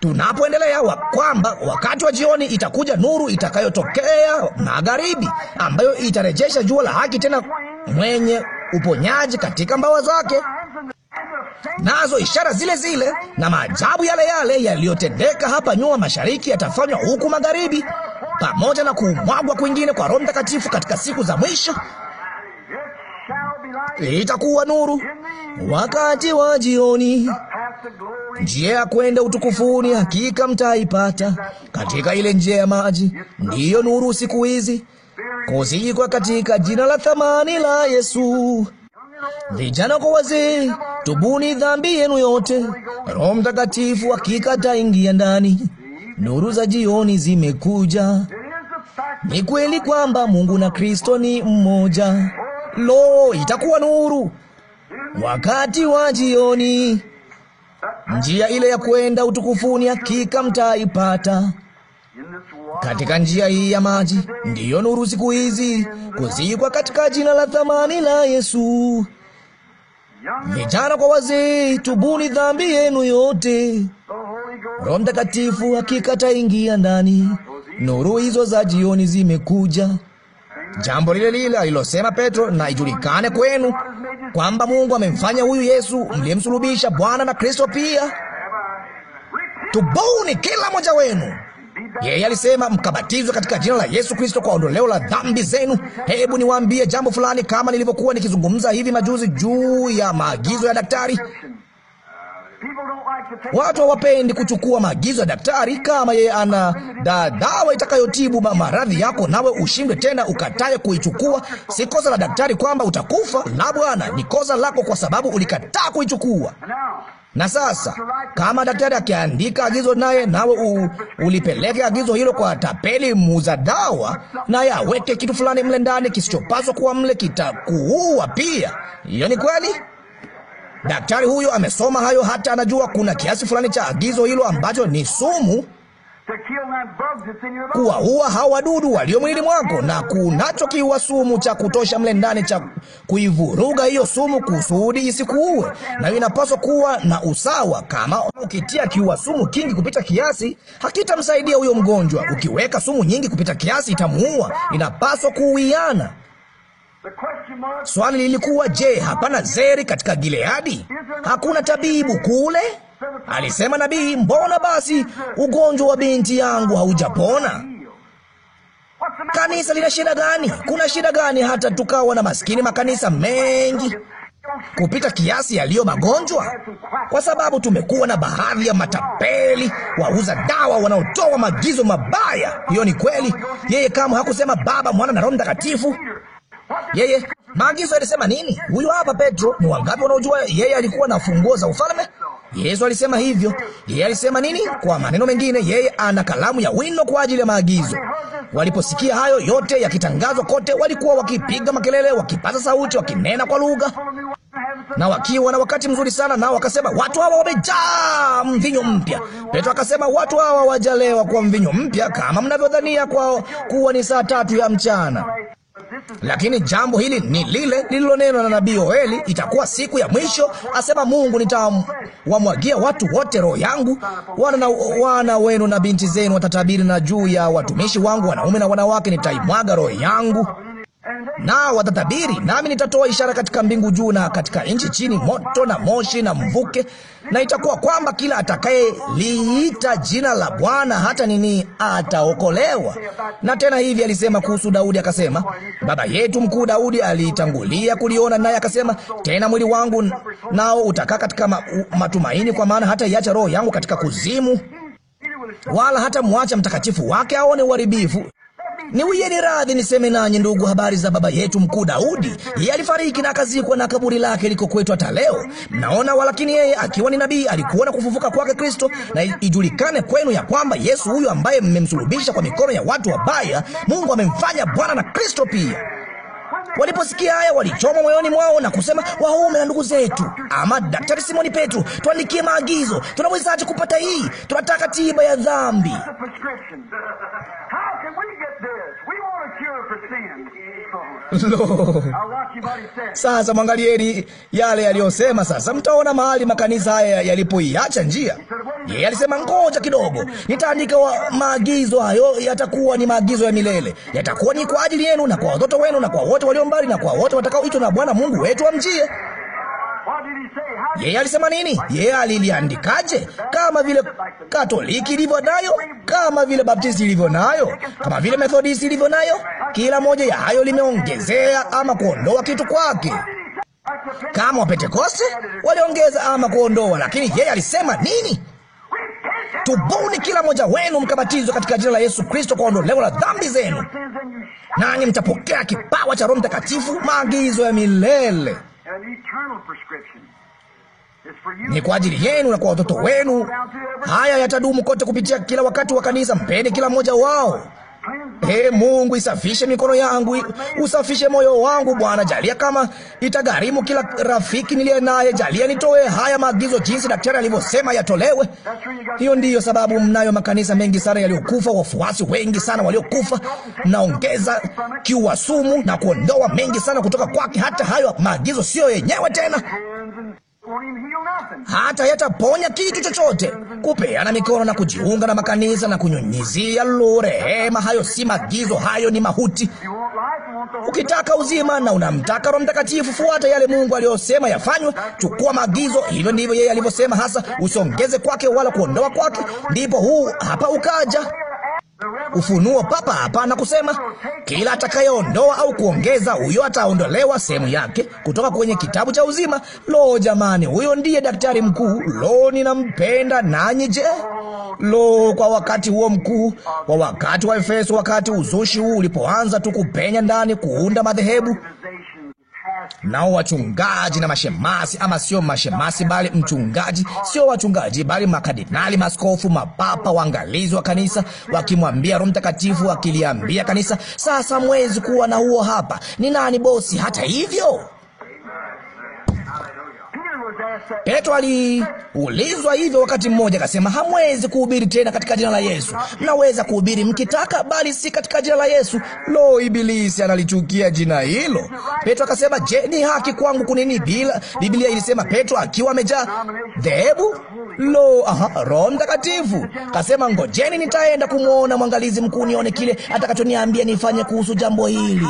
tunapoendelea wa kwamba wakati wa jioni itakuja nuru itakayotokea magharibi, ambayo itarejesha jua la haki tena mwenye uponyaji katika mbawa zake, nazo ishara zile zile na maajabu yale yale yaliyotendeka hapa nyuma mashariki yatafanywa huku magharibi, pamoja na kumwagwa kwingine kwa Roho Mtakatifu katika siku za mwisho itakuwa nuru wakati wa jioni, njia ya kwenda utukufuni, hakika mtaipata katika ile njia ya maji, ndiyo nuru siku hizi kuzikwa katika jina la thamani la Yesu. Vijana kwa wazee, tubuni dhambi yenu yote. Roho Mtakatifu hakika ataingia ndani. Nuru za jioni zimekuja. Ni kweli kwamba Mungu na Kristo ni mmoja. Lo, itakuwa nuru wakati wa jioni. Njia ile ya kwenda utukufuni hakika mtaipata. Katika njia hii ya maji ndiyo nuru siku hizi kuzikwa katika jina la thamani la Yesu. Vijana kwa wazee, tubuni dhambi yenu yote. Roho Mtakatifu hakika taingia ndani. Nuru hizo za jioni zimekuja jambo lile lile alilosema Petro, na ijulikane kwenu kwamba Mungu amemfanya huyu Yesu mliyemsulubisha Bwana na Kristo pia. Tubuni kila mmoja wenu. Yeye alisema mkabatizwe katika jina la Yesu Kristo kwa ondoleo la dhambi zenu. Hebu niwaambie jambo fulani, kama nilivyokuwa nikizungumza hivi majuzi juu ya maagizo ya daktari Watu hawapendi kuchukua maagizo ya daktari. Kama yeye ana dawa itakayotibu maradhi yako, nawe ushindwe tena ukataye kuichukua, si kosa la daktari kwamba utakufa. La, bwana, ni kosa lako kwa sababu ulikataa kuichukua. Na sasa kama daktari akiandika agizo naye nawe ulipeleke agizo hilo kwa tapeli muuza dawa, naye aweke kitu fulani mle ndani kisichopaswa kuwa mle, kitakuua pia. Hiyo ni kweli. Daktari huyo amesoma hayo, hata anajua kuna kiasi fulani cha agizo hilo ambacho ni sumu kuwaua hao wadudu walio mwili mwako, na kunacho kiua sumu cha kutosha mle ndani cha kuivuruga hiyo sumu kusudi isikuue. Nayo inapaswa kuwa na usawa. Kama ukitia kiwa sumu kingi kupita kiasi, hakitamsaidia huyo mgonjwa. Ukiweka sumu nyingi kupita kiasi, itamuua. Inapaswa kuwiana. Swali lilikuwa je, hapana zeri katika Gileadi? Hakuna tabibu kule? Alisema nabii, mbona basi ugonjwa wa binti yangu haujapona? Kanisa lina shida gani? Kuna shida gani hata tukawa na maskini makanisa mengi kupita kiasi yaliyo magonjwa? Kwa sababu tumekuwa na baadhi ya matapeli wauza dawa wanaotoa maagizo mabaya. Hiyo ni kweli. Yeye kamwe hakusema Baba, Mwana na Roho Mtakatifu yeye. Maagizo yalisema nini? Huyu hapa Petro. Ni wangapi wanaojua yeye alikuwa na funguo za ufalme? Yesu alisema hivyo. Yeye alisema nini? Kwa maneno mengine, yeye ana kalamu ya wino kwa ajili ya maagizo. Waliposikia hayo yote yakitangazwa kote, walikuwa wakipiga makelele, wakipaza sauti, wakinena kwa lugha na wakiwa na wakati mzuri sana nao wakasema, watu hawa wamejaa mvinyo mpya. Petro akasema, watu hawa wajalewa kwa mvinyo mpya kama mnavyodhania, kwao kuwa ni saa tatu ya mchana. Lakini jambo hili ni lile lililonenwa na nabii Yoeli, itakuwa siku ya mwisho, asema Mungu, nitawamwagia watu wote roho yangu. Wana, na, wana wenu na binti zenu watatabiri, na juu ya watumishi wangu wanaume na wanawake nitaimwaga roho yangu na watatabiri, nami nitatoa ishara katika mbingu juu na katika nchi chini, moto na moshi na mvuke, na itakuwa kwamba kila atakaye liita jina la Bwana hata nini ataokolewa. Na tena hivi alisema kuhusu Daudi, akasema, baba yetu mkuu Daudi alitangulia kuliona, naye akasema, tena mwili wangu nao utakaa katika matumaini, kwa maana hata iacha roho yangu katika kuzimu, wala hata mwacha mtakatifu wake aone uharibifu. Niwieni radhi niseme nanyi ndugu, habari za baba yetu mkuu Daudi. Yeye alifariki na akazikwa, na kaburi lake liko kwetu hata leo. Mnaona, walakini yeye akiwa ni nabii alikuona kufufuka kwake Kristo, na ijulikane kwenu ya kwamba Yesu huyu ambaye mmemsulubisha kwa mikono ya watu wabaya, Mungu amemfanya Bwana na Kristo pia. Waliposikia haya walichoma moyoni mwao na kusema, waume na ndugu zetu, ama Daktari Simoni Petro, tuandikie maagizo. Tunawezaje kupata hii? Tunataka tiba ya dhambi. Lo, sasa mwangalieni yale yaliyosema. Sasa mtaona mahali makanisa haya yalipoiacha njia. Yeye alisema ngoja kidogo, nitaandika maagizo hayo, yatakuwa ni maagizo ya milele, yatakuwa ni kwa ajili yenu na kwa watoto wenu na kwa wote walio mbali na kwa wote watakaoitwa na Bwana Mungu wetu amjie. Yeye alisema nini? Yeye aliliandikaje? Kama vile Katoliki ilivyo nayo, kama vile Baptisti ilivyo nayo, kama vile Methodisti ilivyo nayo, kila moja ya hayo limeongezea ama kuondoa kitu kwake kama Wapentekoste waliongeza ama kuondoa. Lakini yeye alisema nini? Tubuni kila mmoja wenu mkabatizwe katika jina la Yesu Kristo kwa ondoleo la dhambi zenu, nanyi mtapokea kipawa cha Roho Mtakatifu, maagizo ya milele ni kwa ajili yenu na kwa watoto wenu. Haya yatadumu kote kupitia kila wakati wa kanisa. Mpeni kila mmoja wao. Ee Mungu, isafishe mikono yangu, usafishe moyo wangu Bwana. Jalia kama itagharimu kila rafiki niliye naye, jalia nitoe haya maagizo jinsi daktari alivyosema yatolewe. Hiyo ndiyo sababu mnayo makanisa mengi sana yaliyokufa, wafuasi wengi sana waliokufa. Naongeza kiuwasumu na kuondoa mengi sana kutoka kwake, hata hayo maagizo siyo yenyewe tena hata yataponya kitu chochote. Kupeana mikono na kujiunga na makanisa na kunyunyizia lulu rehema, hayo si maagizo, hayo ni mahuti. Ukitaka uzima na unamtaka Roho Mtakatifu, fuata yale Mungu aliyosema yafanywe. Chukua maagizo, hivyo ndivyo yeye alivyosema hasa, usiongeze kwake wala kuondoa kwake. Ndipo huu hapa ukaja ufunuo papa hapa na kusema, kila atakayeondoa au kuongeza huyo ataondolewa sehemu yake kutoka kwenye kitabu cha uzima. Lo, jamani, huyo ndiye daktari mkuu. Lo, ninampenda. Nanyi je? Lo, kwa wakati huo mkuu wa wakati wa Efeso, wakati uzushi huu ulipoanza tu kupenya ndani, kuunda madhehebu nao wachungaji na mashemasi, ama sio mashemasi, bali mchungaji, sio wachungaji, bali makardinali, maskofu, mapapa, waangalizi wa kanisa, wakimwambia Roho Mtakatifu, akiliambia kanisa, sasa mwezi kuwa na huo hapa, ni nani bosi? Hata hivyo Petro aliulizwa hivyo wakati mmoja, akasema, hamwezi kuhubiri tena katika jina la Yesu. Mnaweza kuhubiri mkitaka, bali si katika jina la Yesu. Lo, ibilisi analichukia jina hilo. Petro akasema, je, ni haki kwangu kunini? Bila Biblia ilisema Petro akiwa amejaa dhehebu. Lo, aha, Roho Mtakatifu akasema, ngojeni nitaenda kumwona mwangalizi mkuu, nione kile atakachoniambia nifanye kuhusu jambo hili.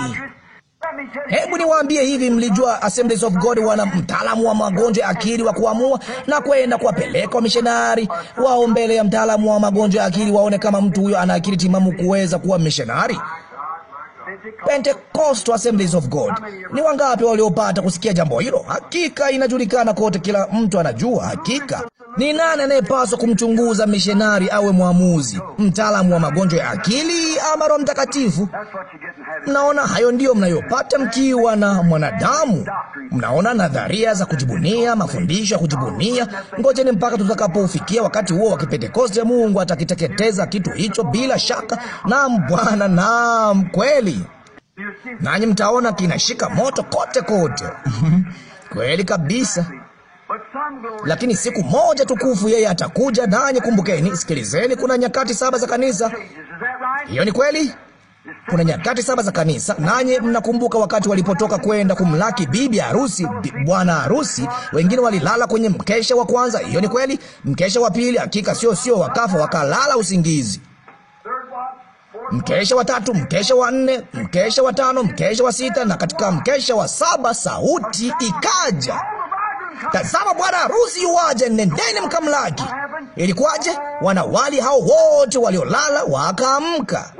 Hebu niwaambie hivi, mlijua Assemblies of God wana mtaalamu wa magonjwa ya akili wa kuamua na kwenda kuwapeleka wamishonari wao mbele ya mtaalamu wa magonjwa ya akili, waone kama mtu huyo ana akili timamu kuweza kuwa mishonari. Pentecostal Assemblies of God. Ni wangapi waliopata kusikia jambo hilo? Hakika inajulikana kote, kila mtu anajua. Hakika ni nani anayepaswa kumchunguza mishenari awe mwamuzi, mtaalamu wa magonjwa ya akili ama Roho Mtakatifu? Mnaona, hayo ndiyo mnayopata mkiwa na mwanadamu. Mnaona nadharia za kujibunia, mafundisho ya kujibunia. Ngojeni mpaka tutakapofikia wakati huo wa Kipentekoste. Mungu atakiteketeza kitu hicho bila shaka. Naam Bwana, naam kweli nanyi mtaona kinashika moto kote kote. Mhm. Kweli kabisa. Lakini siku moja tukufu yeye atakuja. Nanyi kumbukeni, sikilizeni, kuna nyakati saba za kanisa. Hiyo ni kweli. Kuna nyakati saba za kanisa, nanyi mnakumbuka wakati walipotoka kwenda kumlaki bibi harusi, bwana harusi, wengine walilala kwenye mkesha wa kwanza. Hiyo ni kweli. Mkesha wa pili, hakika sio sio, wakafa wakalala usingizi mkesha wa tatu, mkesha wa nne, mkesha wa tano, mkesha wa sita, na katika mkesha wa saba sauti ikaja, tazama bwana harusi yuwaje, nendeni mkamlaki. Ilikuwaje? Wanawali hao wote waliolala wakaamka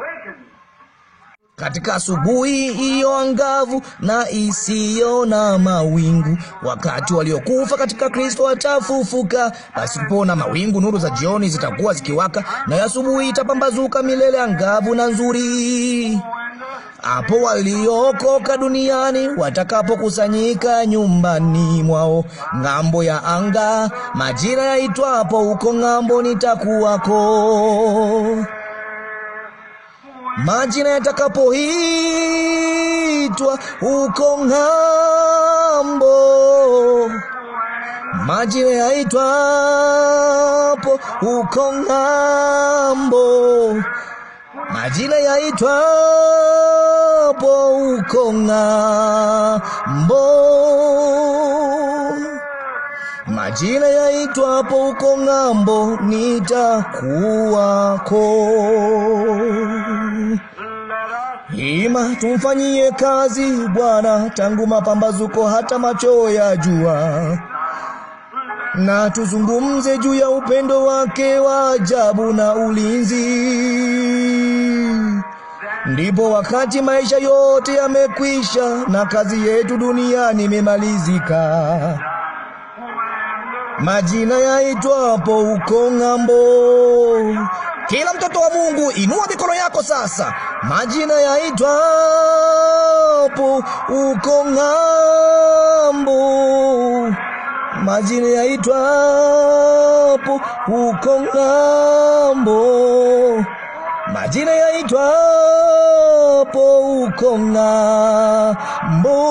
katika asubuhi hiyo angavu na isiyo na mawingu, wakati waliokufa katika Kristo watafufuka basi kupona mawingu. Nuru za jioni zitakuwa zikiwaka, na asubuhi itapambazuka milele angavu na nzuri. Hapo waliokoka duniani watakapokusanyika nyumbani mwao ng'ambo ya anga, majira yaitwapo huko ng'ambo nitakuwako majina yatakapoitwa huko ng'ambo, majina yaitwapo huko ng'ambo, majina yaitwapo huko ng'ambo Majina yaitwa hapo uko ng'ambo, nitakuwako. Ima tumfanyie kazi Bwana tangu mapambazuko hata macho ya jua, na tuzungumze juu ya upendo wake wa ajabu na ulinzi. Ndipo wakati maisha yote yamekwisha na kazi yetu duniani imemalizika majina yaitwapo uko ng'ambo. Kila mtoto wa Mungu inua mikono yako sasa. Majina yaitwapo uko ng'ambo, majina yaitwapo uko ng'ambo, majina yaitwapo uko ng'ambo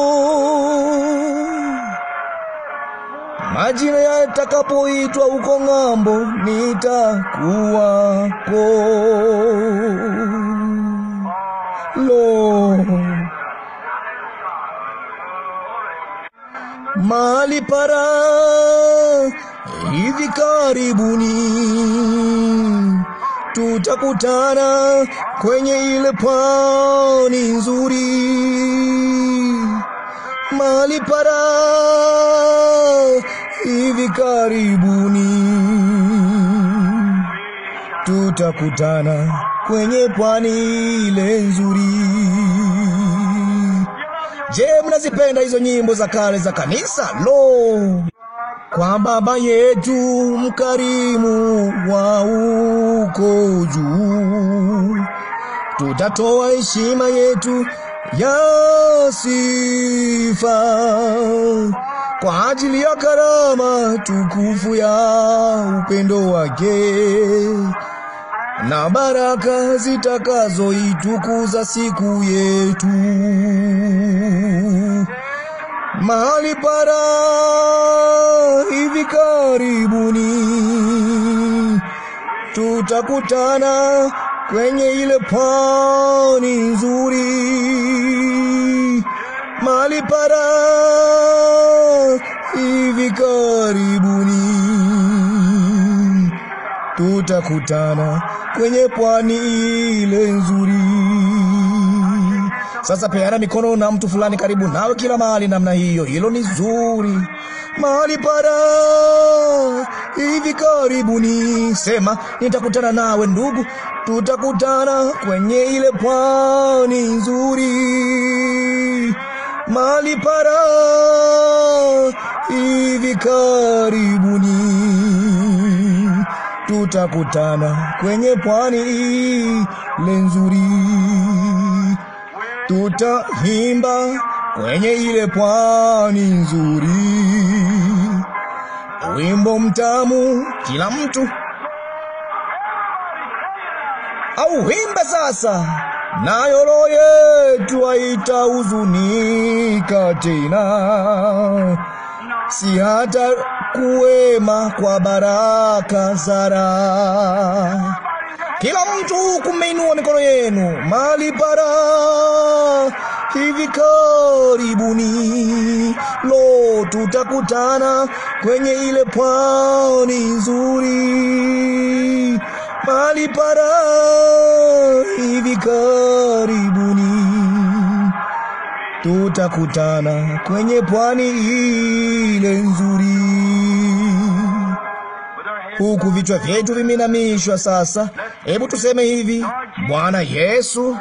majina yatakapoitwa huko ng'ambo, nitakuwako. Lo, mali para hivi karibuni tutakutana kwenye ile pwani nzuri, mali para hivi karibuni tutakutana kwenye pwani ile nzuri. Je, mnazipenda hizo nyimbo za kale za kanisa? Lo, kwa Baba yetu mkarimu wa uko juu, tutatoa heshima yetu ya sifa kwa ajili ya karama tukufu ya upendo wake na baraka zitakazoitukuza siku yetu. Mahali para hivi karibuni tutakutana kwenye ile pwani nzuri mahali para hivi karibuni tutakutana kwenye pwani ile nzuri. Sasa peana mikono na mtu fulani karibu nawe kila mahali namna hiyo. Hilo ni zuri. Mahali para hivi karibuni, sema nitakutana nawe ndugu, tutakutana kwenye ile pwani nzuri mali para hivi karibuni tutakutana kwenye pwani ile nzuri, tutahimba kwenye ile pwani nzuri, wimbo mtamu kila mtu auimbe sasa nayo roho yetu haitahuzunika tena, si hata kuwema kwa baraka za raha. Kila mtu kumeinua mikono yenu mali para hivi karibuni, lo, tutakutana kwenye ile pwani nzuri mali para hivi karibuni tutakutana kwenye pwani ile nzuri, huku vichwa vyetu viminamishwa. Sasa hebu tuseme hivi: Bwana Yesu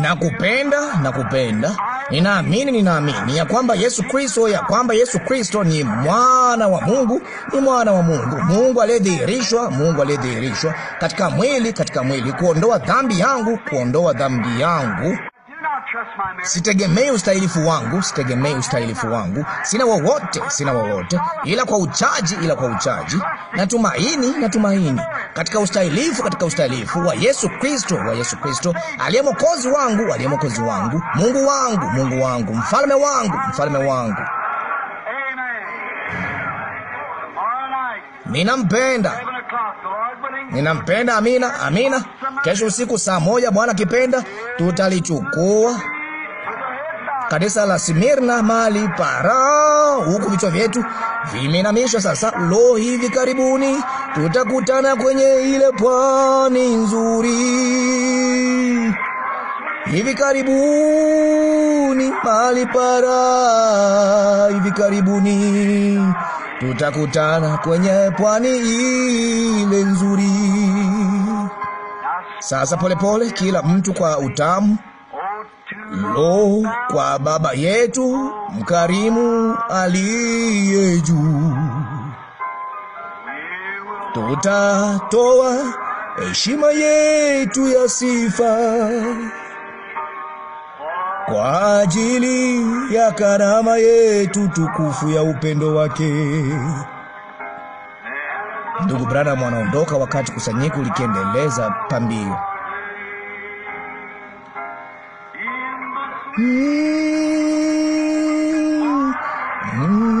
nakupenda, nakupenda. Ninaamini, ninaamini ya kwamba Yesu Kristo, ya kwamba Yesu Kristo ni mwana wa Mungu, ni mwana wa Mungu, Mungu aliyedhihirishwa, Mungu aliyedhihirishwa katika mwili, katika mwili, kuondoa dhambi yangu, kuondoa dhambi yangu. Sitegemei ustahilifu wangu, sitegemei ustahilifu wangu, sina wowote, sina wowote, ila kwa uchaji, ila kwa uchaji, natumaini, natumaini katika ustahilifu, katika ustahilifu wa Yesu Kristo, wa Yesu Kristo aliye Mwokozi wangu, aliye Mwokozi wangu, Mungu wangu, Mungu wangu, mfalme wangu, mfalme wangu. Ninampenda. Ninampenda. Amina, amina. Kesho usiku saa moja, Bwana kipenda, tutalichukua kanisa la Smirna mali para huku, vichwa vyetu vimeinamishwa. Sasa lo, hivi karibuni tutakutana kwenye ile pwani nzuri hivi karibuni, mali para hivi karibuni tutakutana kwenye pwani ile nzuri. Sasa polepole pole, kila mtu kwa utamu. Lo, kwa Baba yetu mkarimu aliye juu, tutatoa heshima yetu ya sifa kwa ajili ya karama yetu tukufu ya upendo wake. Ndugu Branham anaondoka wakati kusanyiko likiendeleza pambio. Mm. Mm.